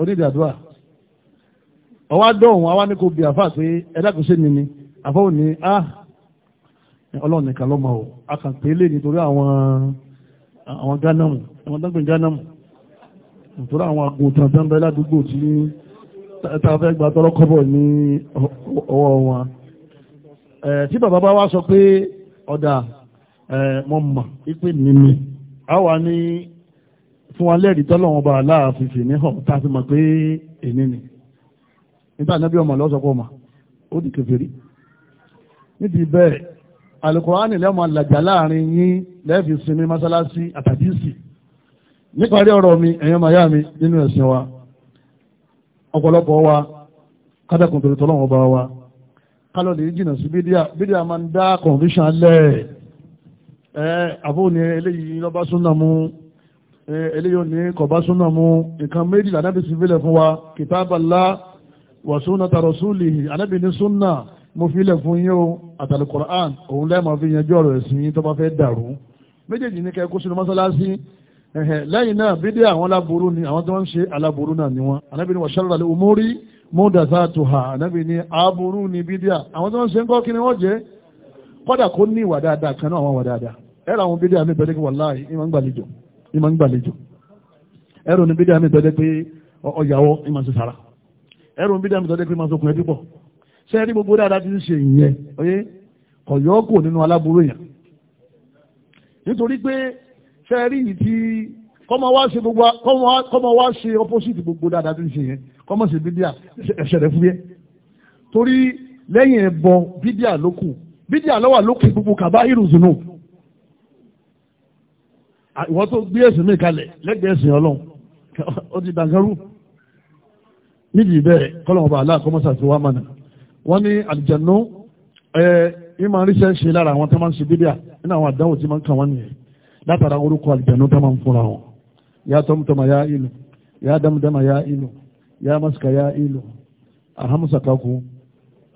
onídìí àdúrà ọwá dọ̀hún àwa ní kò bí àfáà pé ẹ̀dá mi ni àfọwọ́ ni a ọlọ́run nìkan lọ́mọ o a kàn pé lè nítorí àwọn àwọn gánàmù àwọn dágbìn gánàmù nítorí àwọn àgùntàn tó ń bẹ ládùúgbò tí ta fẹ́ gba tọrọ kọ́bọ̀ ní ọwọ́ wọn tí bàbá bá wá sọ pé ọ̀dà mo mọ̀ pípé mímí a wà ní fún wa lẹ́rìí tọ́lọ́wọ́n bá aláàfífì ní hàn tá fi mọ̀ pé èní ni nígbà nábí ọmọ lọ́sọ̀pọ̀ mà ó di kèfèrí níbi bẹ́ẹ̀ alukùránì lẹ́mọ̀ alàjà láàrin yín lẹ́ẹ̀fì sinmi mọ́sálásí àtàdísì níparí ọ̀rọ̀ mi ẹ̀yàn màyá mi nínú ẹ̀sìn wa ọ̀pọ̀lọpọ̀ wa kádàkùn tòlítọ́lọ́wọ́n bá wa kálọ̀ lè sí bídíà bídíà máa ń dá confusion lẹ́ẹ̀ àbó ni eléyìí lọ́bá súnà mú eléyìí ní kọ̀bá súnà mú nǹkan méjì lànàbí sí fílẹ̀ fún wa kìtàbàlá wà súnà tàrọ súlì ànàbí ní súnà mo fílẹ̀ fún yíò àtàlùkọ̀rán òun lẹ́mọ̀ fi yanjú ọ̀rọ̀ ẹ̀sìn yín tó bá fẹ́ dàrú méjèèjì ní kẹ́kọ́ sínú mọ́sálásí lẹ́yìn náà bídé àwọn aláburú ni àwọn tó ń ṣe aláburú náà ni wọn ànàbí ni wà ṣàrọ̀lá umórí tuha ànàbí ni aburú ni bídé àwọn tó ń ṣe ń kọ́ kí ni wọ́n jẹ́ kọ́dà kó ní ìwà dáadáa kan náà àwọn wà dáadáa ẹ̀rọ àwọn bídíà mi bẹ̀rẹ̀ pé wàláì ìmọ̀ ń gbàlejò ìmọ̀ ń gbàlejò ẹ̀rọ ní bídíà mi bẹ̀rẹ̀ pé ọ̀yàwó ìmọ̀ sí sara ẹ̀rọ ní bídíà mi bẹ̀rẹ̀ pé máa sọkùn ẹbí pọ̀ ṣé ẹni gbogbo dáadáa ti ń ṣe ìyẹn oyé kọ̀yọ́ kò nínú aláburú yẹn nítorí pé ṣé ẹrí yìí ti kọ́mọ wá ṣe gbogbo opposite gbogbo dáadáa ti ń ṣe yẹn kọ́mọ ṣe bídíà ẹ̀ṣẹ̀ rẹ̀ fúyẹ́ torí lẹ́yìn ẹ̀bọ bídíà lókù bídíà lọ́wà lókù gbogbo kàbá ìrùzùnú ìwọ́n tó gbé ẹ̀sìn mi kalẹ̀ lẹ́gbẹ̀ẹ́ ẹ̀sìn ọlọ́run ó ti dàgẹ́rù nídìí bẹ́ẹ̀ kọ́lọ́mù bá aláàkọ́ mọ́sá ti wá mọ́nà wọ́n ní àlìjànú ẹ̀ ní máa ríṣẹ́ ṣe lára àwọn tó máa ń ṣe bíbíà nínú àwọn àdánwò tí máa ń kàn wọ́n nìyẹn látara orúkọ àlìjànú tó máa ń fúnra wọn ya tọ́mùtọ́mà ya ìlú ya dámdámà ya ìlú ya mọ́síkà ya ìlú ahamusakaku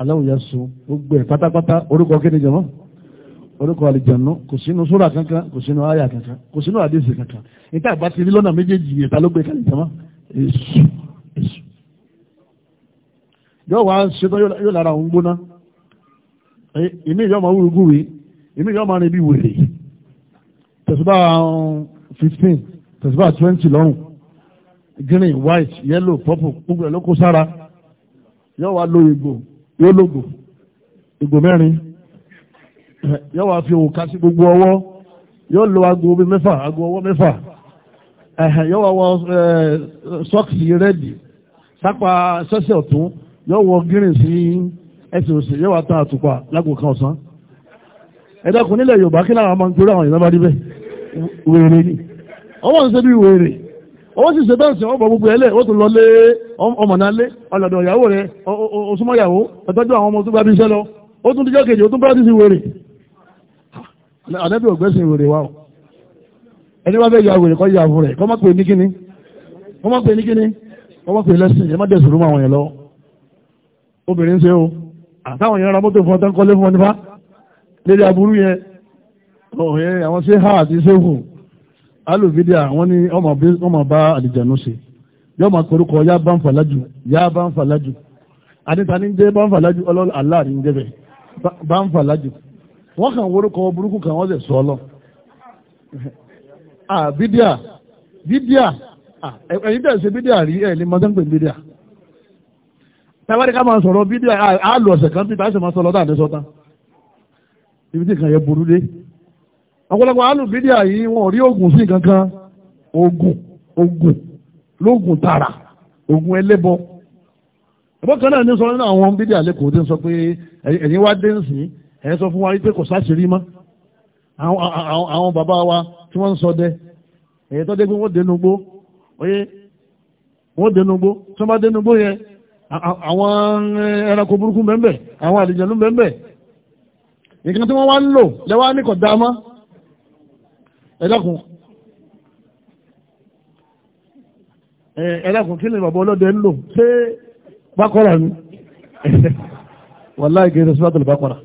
aláwòyásù gbogbo ẹ̀ pátápátá orúkọ kí ni jẹ́ mọ́ orúkọ àlìjànú kò sínú súrà kankan kò sínú àyà kankan kò sínú àdéhùn kankan níta àgbà ti rí lọ́nà méjèèjì ìta ló gbé kalẹ̀ jama èṣù èṣù yóò wá ṣetán yóò lára òun gbóná ìmí yóò máa wúrugú wí ìmí yóò máa rìn bí wèrè tẹ̀síbà fifteen tẹ̀síbà twenty lọ́rùn green white yellow purple gbogbo ẹ̀ ló kó sára yóò wá lo ìgò yóò lògò ìgò mẹ́rin yóò wá fi òun ká sí gbogbo ọwọ́ yóò lo aago bíi mẹ́fà aago ọwọ́ mẹ́fà yóò wá wọ eh, sọ́ọ̀kì rẹ́dì sápá sẹ́sẹ̀ ọ̀tún yóò wọ gírìn sí ẹsẹ̀ òsì yóò wá tán àtùpà lágbo kan ọ̀sán ẹ̀dọ́kùn nílẹ̀ Yorùbá kí láwọn máa ń gbórí àwọn ìlànà rí bẹ́ẹ̀ wèrè ni ọwọ́ ń ṣe bí wèrè ọwọ́ sì ṣe bẹ́ẹ̀ sí ọmọ gbogbo ẹlẹ́ ó tún lọ lé ọmọ náà lé ọ̀lọ́dọ̀ ìyàwó rẹ̀ ọ̀súnmọ́yàwó ọ̀tọ́jú àwọn ọmọ tó gbábíṣẹ́ lọ ó tún díjọ́ kejì ó tún bá ti sí wèrè ànábì ògbẹ́sìn wèrè wa o ẹni wá fẹ́ ya wèrè kọ́ ya fún rẹ̀ kọ́ má pè ní kíní kọ́ má pè ní kíní kọ́ má pè lẹ́sìn ẹ má dẹ̀ sùúrù mọ́ àwọn yẹn lọ obìnrin ṣe o àtàwọn yẹn ra mọ́tò fún ọ tán kọ́lé fún ọ nípa lédè aburú yẹn ọ̀hẹ́ àwọn ṣe ha àti ṣéhùn alùfídíà àwọn ní ọmọ bá àdìjànú ṣe yóò máa korúkọ yá bá ń fàlájù yá bá ń fàlájù àdìta ní jẹ́ bá ń fàlájù ọlọ́lá àlá àdìjẹ́bẹ̀ bá ń fàlájù wọ́n kàn nwere burúkú kan wọ́n sì sọ ọ lọ. bídíà bídíà ẹ̀yin tẹ̀ ṣe bídíà rí ẹ̀ ní mọ́tẹ́ǹpẹ̀ bídíà. tábàdí máa sọ̀rọ̀ bídíà á lọ ọ̀sẹ̀ kan títà á sì máa sọ lọ́dà àdẹ́sọ́tà. ibi tí kan yẹ burú dé. ọ̀pọ̀lọpọ̀ àlù bídíà yìí rí oògùn sí oògùn oògùn lóògùn tààrà oògùn ẹlẹ́bọ kan náà ní sọ ẹ̀ sọ fún wa wípé kò sáṣìírí mọ́ àwọn bàbá wa tí wọ́n ń ṣọdẹ ẹ̀yẹ tó dé pé wọ́n dénú gbó oyé wọ́n dénú gbó tí wọ́n bá dénú gbó yẹn àwọn ẹranko burúkú bẹ́ẹ̀ àwọn àlìjẹ̀lú bẹ́ẹ̀ nǹkan tí wọ́n wá ń lò lẹ́wọ́ ní kò dáa mọ́ ẹ dákun ẹ dákun kí ni bàbá ọlọ́dẹ ń lò ṣé bákọ́rà ni wàláì kí ni sọ́dọ̀ bákọ́rà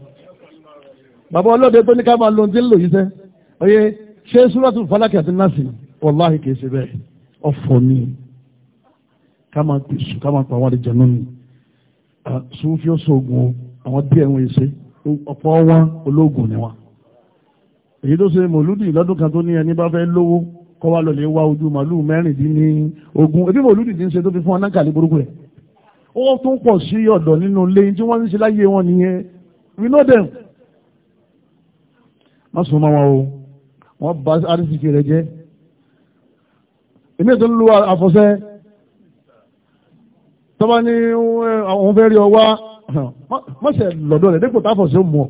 bàbá ọlọ́dẹ tó ní ká máa lo ti ń lò yìí sẹ́ oyè ṣé súrọ́tù falákì àti násì wàláhì kìí ṣe bẹ́ẹ̀ ọ̀fọ̀ ni ká máa pèsè ká máa pa àwọn àdìjẹ náà ni sùnfí ó Ogun àwọn díẹ̀ wọn èsè ọ̀pọ̀ wọn ológun ni wọn. èyí tó ṣe mòlúdì lọ́dún kan tó ní ẹni bá fẹ́ lówó kọ́ wa lọ́lẹ̀ wá ojú màálù mẹ́rìndínlógún ebi mòlúdì ti ń we know them má sùn mọ́ wọn o wọ́n ba àrísìkì rẹ̀ jẹ́ èmi ètò lu àfọ̀sẹ́ tọ́ba ní àwọn eh, fẹ́ rí ọ wá má ṣe lọ́dọ̀ rẹ̀ dípò táfọ̀sẹ́ mú ọ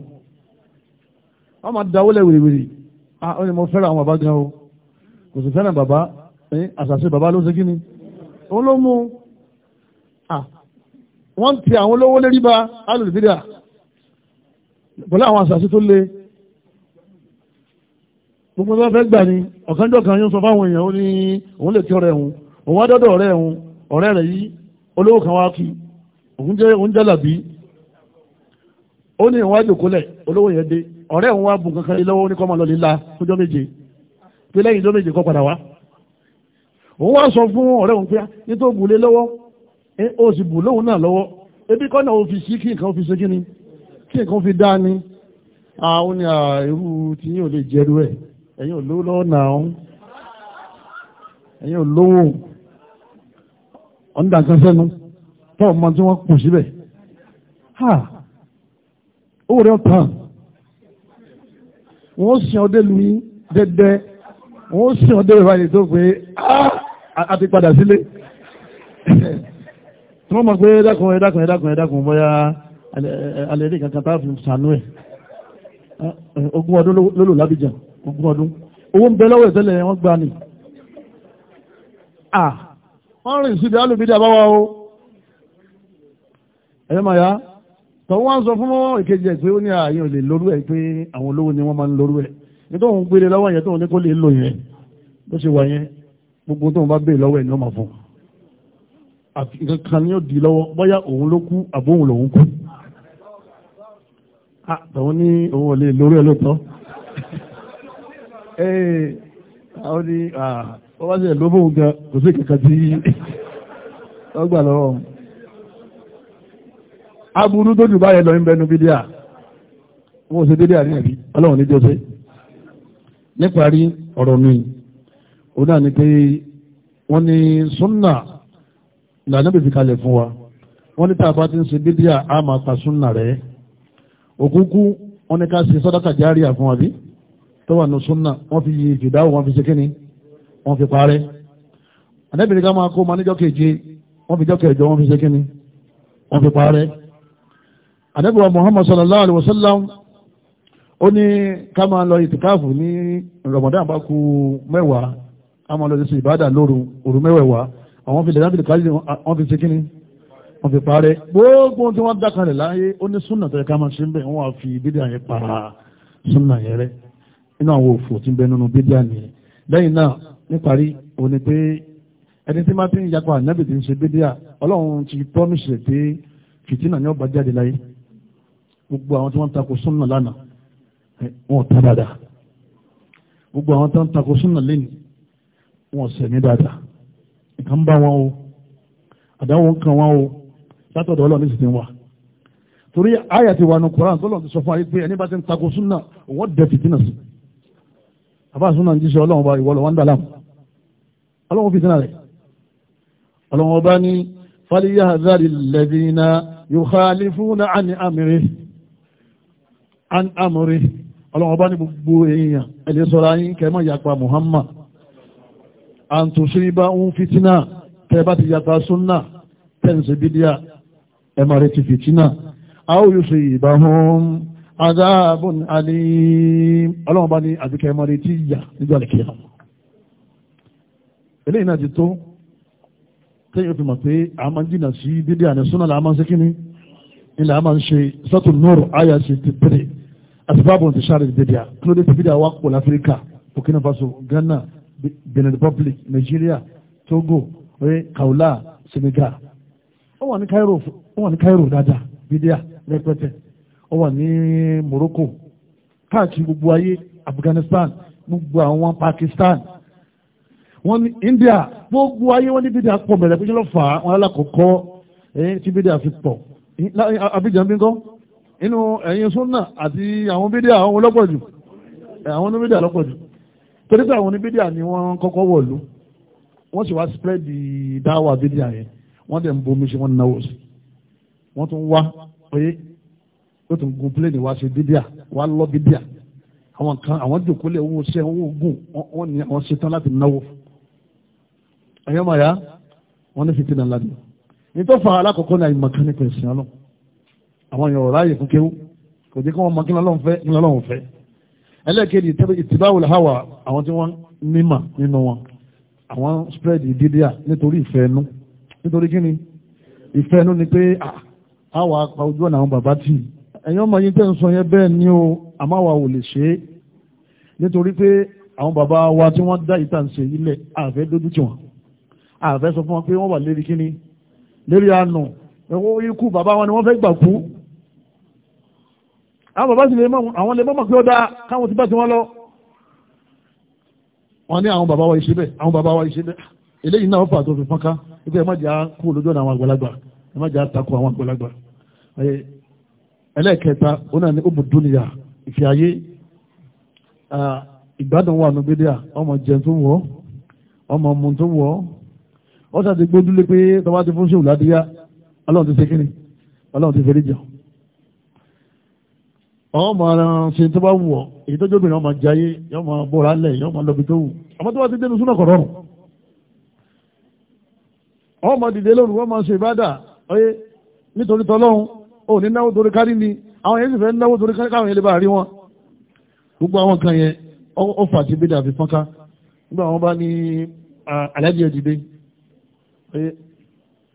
wọ́n máa dáwọ́ lẹ̀ wìrìwìrì ah ó ní mo fẹ́ràn àwọn bàbá gan o kò sì fẹ́ràn bàbá eh, àṣàṣe bàbá ló ṣe kí ni òun ló mú ah, wọ́n ti àwọn olówó lérí ba alùpùpù pẹ̀lú àwọn àṣàṣe tó le gbogbo bá fẹ́ gbà ní ọ̀kánjọ́ kan yóò sọ fáwọn èèyàn ó ní òun lè kí ọ̀rẹ́ òun òun wá dọ́dọ̀ ọ̀rẹ́ òun ọ̀rẹ́ rẹ̀ yìí olówó kan wá kí òun jẹ́ òun jálàbí ó ní ìwádìí òkúlẹ̀ olówó yẹn dé ọ̀rẹ́ òun wá bùn kankan lọ́wọ́ ní kọ́mọ lọ lílá fúnjọ́ méje pé lẹ́yìn ìjọ́ méje kọ́ padà wá òun wá sọ fún ọ̀rẹ́ òun pé ní tó bùlé lọ́wọ́ ó sì bù lóhun náà lọ́wọ́ ebi kọ́nà ó fi sí kí nǹkan fi ṣe kí ni kí nǹkan fi dá ni àwọn irú ẹ̀yin olówó lọ́wọ́ náà ẹ̀yin olówó ọ̀ndà kan sẹ́nu tọ́ ọmọ tí wọ́n kù síbẹ̀ ha owó rẹ̀ tán wọ́n sìn ọdẹ lu yín dẹ́dẹ́ wọ́n sìn ọdẹ ìwádìí tó pé ah! a ti padà sílé tí wọ́n mọ̀ pé ẹ̀dákun ẹ̀dákun ẹ̀dákun ẹ̀dákun bóyá alẹ́ rí kankan tá a fi sànú ẹ̀ ogún ọdún lólò lábìjà ogún ọdún owó ń bẹ lọ́wọ́ ìtẹ́lẹ̀ wọ́n gbà ní à wọ́n rìn sí ìdálùbí dà báwa o ẹ̀yẹ́ màá yá tọ́ wọ́n sọ fún ìkejì ẹ̀ pé ó ní ààyè ò lè lórú ẹ̀ pé àwọn olówó ni wọ́n máa ń lórú ẹ̀ nítorí òun gbére lọ́wọ́ yẹn tóun ní kó lè lò yẹn bó ṣe wà yẹn gbogbo tóun bá béè lọ́wọ́ ẹ̀ ni wọ́n máa fún un kan ni ó di lọ́wọ́ bóyá òun ló kú àbóhùn lòun kú àtọ̀hún ní òun ò lè lórú ẹ̀ lóòótọ́ ee eh, àwọn ni wọ́n bá ṣe ló bóun gan kò sí kankan tí wọ́n gbà lọ́wọ́ wọn. tó dùn báyẹn lọ ń bẹnu bídíà wọn ò ṣe dédé àríyàn bí ọlọ́run ní jọ́sẹ́ níparí ọ̀rọ̀ mi ó náà ni pé wọ́n ní súnà ìlànà bèbí kalẹ̀ fún wa wọ́n ní tàbá ti ń ṣe bídíà á máa ta súnà rẹ̀ òkúkú wọ́n ní ká ṣe sọ́dáka járíà fún wa bí tó wà ní súnà wọ́n fi yí fìdáwò wọ́n fi ṣe kíni wọ́n fi parẹ́ àdẹ́bìnrin ká máa kó ma níjọ́ keje wọ́n fi jọ́ kẹjọ wọ́n fi ṣe kíni wọ́n fi parẹ́ àdẹ́bìnrin Muhammad sallallahu alaihi wasallam ó ní ká máa lọ ìtìkáàfù ní Ramadan bá kù mẹ́wàá ká máa lọ sí ìbádà lóru òru mẹ́wàá àwọn fi lẹ́yìn àbìlẹ̀kálì wọ́n fi ṣe kíni wọ́n fi parẹ́ gbogbo tí wọ́n dákanlẹ̀ láyé ó ní súnà tó ká máa ṣe ń bẹ̀ wọ́n wá fi bídà yẹn pa súnà yẹn rẹ̀ inú àwọn òfò tí ń bẹ nínú bídíà nìyẹn lẹ́yìn náà níparí òun ni pé ẹni tí máa ti ń yapa ànábì tí ń ṣe bídíà ọlọ́run ti promise rẹ̀ pé fìtínà ni ó bá jáde láyé gbogbo àwọn tí wọ́n ń takò súnà lánàá wọn ò tán dáadáa gbogbo àwọn tó ń takò súnà lẹ́nu wọn ò sẹ̀mí dáadáa nǹkan bá wọn o àdáwọn ń kan wọn o látọ̀dọ̀ ọlọ́run ní sì ti wà torí àyà ti wà nù Kùránì tó lọ́n ti sọ fún ayé pé ẹni bá ti ń takò súnà òun dẹ fìtínà sí i àbá súnà ń jíṣẹ́ ọlọ́run ọba ìwọlọ̀ wọn dàlám ọlọ́run fi sínà rẹ̀ ọlọ́run ọba ní fàlíyàzárì lẹ́dínà yukhalifuna àni àmìrí àni àmìrí ọlọ́run ọba ní gbogbo èèyàn ẹ̀lẹ́ sọ́ra yín kẹmọ́ yapa Muhammad àǹtòṣíríbá ń fitina tẹ́bá ti yapa súnà tẹ́ǹsì bídíà ẹ̀mà rẹ̀ ti fitina àwọn yóò ṣe ìbáhùn azabun alim ọlọ́run bá ní àdúkẹ́ mọ́rí tí yà níjọ́ lè kíyà eléyìí náà ti tó tẹ́yìn fi mọ̀ pé a máa ń jìnà sí dídí àní súnà là á máa ń ṣe kíní ilẹ̀ a máa ń ṣe sọ́tù nọ́ọ̀rù àyà sí ti pèrè àti báàbò ti sáré dídí à kí ló dé ti dídí àwa kò láfíríkà Burkina Faso Ghana Benin Republic Nigeria Togo eh, Kaula Senegal ó wà ní Cairo ó wà ní Cairo dáadáa dídí à rẹpẹtẹ ó wà ní Morocco káàkiri gbogbo ayé Afghanistan gbogbo àwọn Pakistan wọ́n ní India gbogbo ayé wọ́n ní bídà pọ̀ bẹ̀rẹ̀ pé kí ló fà á wọn alákọ̀ọ́kọ́ tí bídà fi pọ̀ Abidjan bí nǹkan inú ẹ̀yin súnà àti àwọn bídà àwọn lọ́pọ̀ jù àwọn oníbídà lọ́pọ̀ jù torí pé àwọn oníbídà ni wọ́n kọ́kọ́ wọ̀lú wọ́n sì wá spread dáwà bídà yẹn wọ́n dẹ̀ ń bomi ṣe wọ́n náwó sí wọ́n tún wá pé ó tún gun pílẹ̀nì wá sí bíbíà wá lọ bíbíà àwọn kan àwọn jòkólẹ̀ owó iṣẹ́ owó ogun wọ́n ní àwọn ṣetán láti náwó ẹ̀yọ́ máa yá wọ́n ní fìtínà ládì nítorí fa alákọ̀ọ́kọ́ ní àìmọ̀kan nípa ẹ̀sìn ọlọ́ àwọn èèyàn ọ̀rá yìí fún kéwú kò jẹ́ kí wọ́n mọ kí lọ́lọ́run fẹ́ kí lọ́lọ́run fẹ́ ẹlẹ́ẹ̀kejì ìtìbáwò làwà àwọn tí wọ́n nímà nínú wọn àwọn spread ìdídíà nítorí ìfẹ́ ẹnu nítorí kí ni ìfẹ́ ẹnu ni pé àwọn apá ojú ọ̀nà àwọn bàbá tì í ẹ̀yin ọmọ yín tẹ́ ń sọ yẹn bẹ́ẹ̀ ni o àmáwá ò lè ṣe é nítorí pé àwọn bàbá wa tí wọ́n dá ìta ń ṣe ilẹ̀ àfẹ́ dójú tì wọ́n àfẹ́ sọ fún wọn pé wọ́n wà lérí kíní lérí àánú ẹ̀wọ́ ikú bàbá wọn ni wọ́n fẹ́ gbà kú àwọn bàbá sì lè mọ̀ àwọn lè mọ̀ pé ó dáa káwọn ti bá ti wọ́n lọ wọ́n ní àwọn bàbá wa ìṣe bẹ́ẹ̀ àwọn bàbá wa ìṣe bẹ́ẹ̀ eléyìí náà fà tó fi fọ́nká wípé ẹ má jà kú lójú ọ̀nà àwọn àgbàlagbà ẹ má jà takò àwọn àgbàlagbà ẹlẹ́ẹ̀kẹta ó náà ní ó bù dúnìyà ìfẹ́ ayé ìgbádùn wà nùgbédé à ọmọ jẹun tó wọ́ ọmọ ọmọ tó wọ́ ọ sàti gbójúlé pé tọ́wá ti fún ṣèwùlá díyà ọlọ́run ti ṣe kíni ọlọ́run ti fẹ́rí jẹun ọmọ ara ṣe tó bá wù ọ èyí tó jóbìnrin ọmọ jayé yọmọ bóra lẹ yọmọ lọbi tó wù ọmọ tó bá ti dénú súnà kọ̀rọ̀rùn ọmọ dìde lóru wọn máa ṣe ìbádà ọyẹ nítorí tọlọ́run ò ní náwó torí kárí ni àwọn yẹn sì fẹ́ náwó torí kárí káwọn yẹn lè bá rí wọn gbogbo àwọn kan yẹn ó fà sí bídà fi fọ́nká nígbà wọn bá ní aláàjì ẹ̀ dìde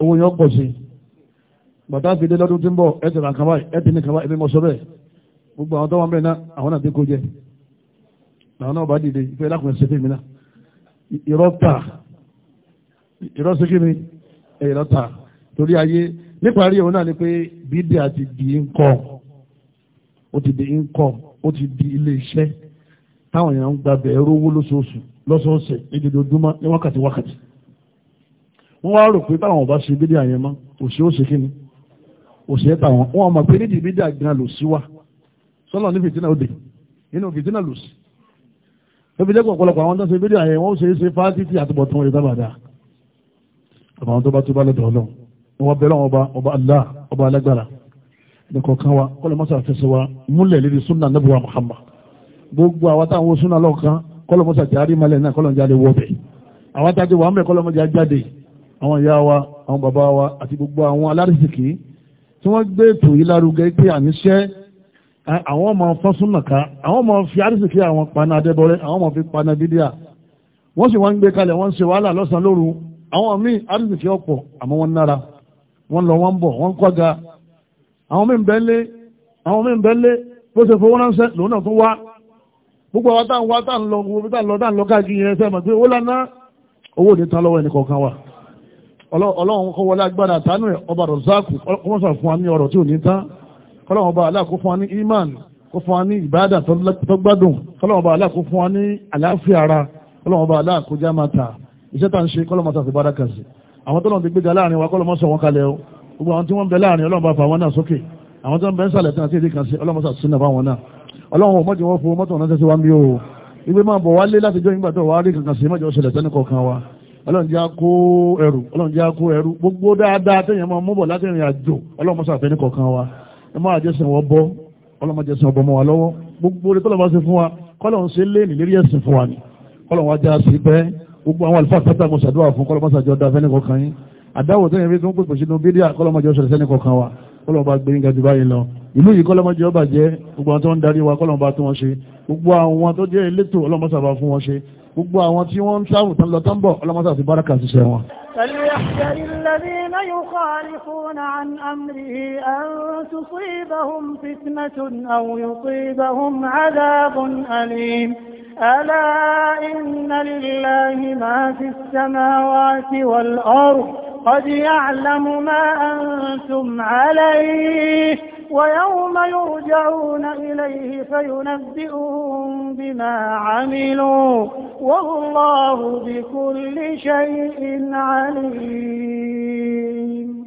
owó yẹn pọ̀ sí bàtà fi dé lọ́dún tí ń bọ̀ ẹ̀ tẹ̀lé àkàbà ẹ̀ tẹ̀lé àkàbà ẹ̀mí mọ̀ṣọ́ bẹ́ẹ̀ gbogbo àwọn tọ́wọ́n bẹ́ẹ̀ náà àwọn náà ti kó jẹ làwọn náà bá dìde ìfẹ́ lákùnrin ṣe fèmí náà ìrọ́ ìrọ́ ni ìrọ́ ta níparí òun náà ni pé bídí àti di income ó ti di income ó ti di ilé iṣẹ́ táwọn èèyàn ń gbàbẹ̀ rówó lóṣooṣù lọ́sọ̀ọ̀sẹ̀ lójoojúmọ́ ní wákàtí wákàtí wọ́n wá rò pé táwọn ọba ṣe bídí àyẹn mọ́ òṣè ó ṣe kí ni òṣè ẹ̀ táwọn wọn mọ̀ pé nídìí bídí àgbà lò sí wa sọ́lọ̀ ní fìtínà òde nínú fìtínà lò sí ebi jẹ́ ọ̀pọ̀lọpọ̀ àwọn tó ṣe bídí àyẹn wọ́n ṣe é ṣe fásitì àtúbọ̀tán ìdábàdà àwọn tó bá tó bá lọ́dọ̀ ọlọ́run ìwọ̀n bẹ̀rẹ̀ ọba ọba Allah ọba alágbára nìkọ̀ọ̀kan wa kọ́lọ̀ mọ́sà fẹsẹ̀ wa múlẹ̀ lédi súnà nàbùwà Muhammad gbogbo àwọn súnà lọ́kàn kọ́lọ̀ mọ́sà jáde malẹ̀ náà kọ́lọ̀ jáde wọ́bẹ̀ àwọn tájẹ wà mẹ́ kọ́lọ̀ mọ́sà jáde àwọn ìyá wa àwọn bàbá wa àti gbogbo àwọn alárìsìkì tí wọ́n gbé ètò yìí lárugẹ pé àníṣẹ́ àwọn ọmọ fọ́n súnà ká àwọn ọmọ fi àrísìkì àwọn paná adẹ́bọrẹ́ àwọn ọmọ fi paná bídíà wọ́n sì wọ́n ń gbé kalẹ̀ wọ́n ń ṣe wàhálà lọ́sàn-án lóru àwọn wọ́n lọ wọ́n bọ̀ wọ́n kọ́ga àwọn mí bẹ́lé àwọn mí bẹ́lé bó ṣe fowó ránṣẹ́ lòun náà tún wá gbogbo àwọn táwọn wá táwọn lọ gbogbo táwọn lọ táwọn lọ káàkiri yẹn sẹ́mọ̀ pé ó lánà owó òde tán lọ́wọ́ ẹnì kọ̀ọ̀kan wa ọlọ́run kọ́ wọlé agbára àtànú ẹ̀ ọba rọ̀záàkù wọ́n sàn fún wa ní ọ̀rọ̀ tí ò ní tán kọ́lọ́wọ́n ọba aláàkó fún wa ní iman kó fún wa ní ìbáàdà tó gbádùn kọ́lọ́wọ́n ọba aláàkó fún wa ní àlàáfíà ara kọ́lọ́wọ́n ọba aláàkó já iṣẹ́ tá ń ṣe kọ́lọ́wọ́n ọba aláàkó àwọn tọ́lọ̀ ti gbéga láàrin wa kọ́lọ̀ mọ́sọ̀ wọn kalẹ̀ o gbogbo àwọn tí wọ́n ń bẹ láàrin ọlọ́run bá fà wọn náà sókè àwọn tó ń bẹ ń sàlẹ̀ tán sí èdè kan sí ọlọ́run sà sínú àwọn náà ọlọ́run mọ́jọ wọn fún mọ́tò ránṣẹ́ sí wa ń bí o ibi máa bọ̀ wálé láti jọ ìgbà tó wà rí kankan sí mọ́jọ ṣẹlẹ̀ tẹ́ni kọ̀ọ̀kan wa ọlọ́run já kó ẹrù ọlọ́run já kó ẹrù gbogbo dáadáa tẹ́yìn máa mú bọ̀ láti rìn àjò ọlọ́run mọ́sà fẹ́ ní wa ẹ máa jẹ́ wọ́n bọ́ ọlọ́run máa jẹ́ ọbọ̀ mọ́ wa lọ́wọ́ gbogbo rẹ̀ tọ́lọ́ bá ṣe fún wa kọ́lọ́run ṣe lé nílérí ẹ̀sìn fún wa ni kọ́lọ́run wá já sí gbogbo àwọn àlùfáà pátá mo ṣàdúrà fún kọ́lọ́mọ́sàjọ́ da fẹ́ni kọ̀ọ̀kan yín àdáwò tó yẹn fi tó ń pèpè sínú bídíà kọ́lọ́mọ́jọ́ sọ̀rọ̀ sẹ́ni kọ̀ọ̀kan wa kọ́lọ́mọba gbé yín gàdúrà yín lọ ìlú yìí kọ́lọ́mọ́jọ́ bàjẹ́ gbogbo àwọn tó ń darí wa kọ́lọ́mọba tó wọ́n ṣe gbogbo àwọn tó jẹ́ elétò ọlọ́mọ́sàbà fún wọn ṣe gbogbo àwọn tí wọ́n ń sáàrùn tán lọ tán bọ̀ ọlọ́mọ́sá àti báràkà ṣiṣẹ́ wọn. فليحذر الذين يخالفون عن أمره أن تصيبهم فتنة أو يصيبهم عذاب أليم ألا إن لله ما في السماوات والأرض قد يعلم ما أنتم عليه ويوم يرجعون إليه فينبئهم بما عملوا والله بكل شيء عليم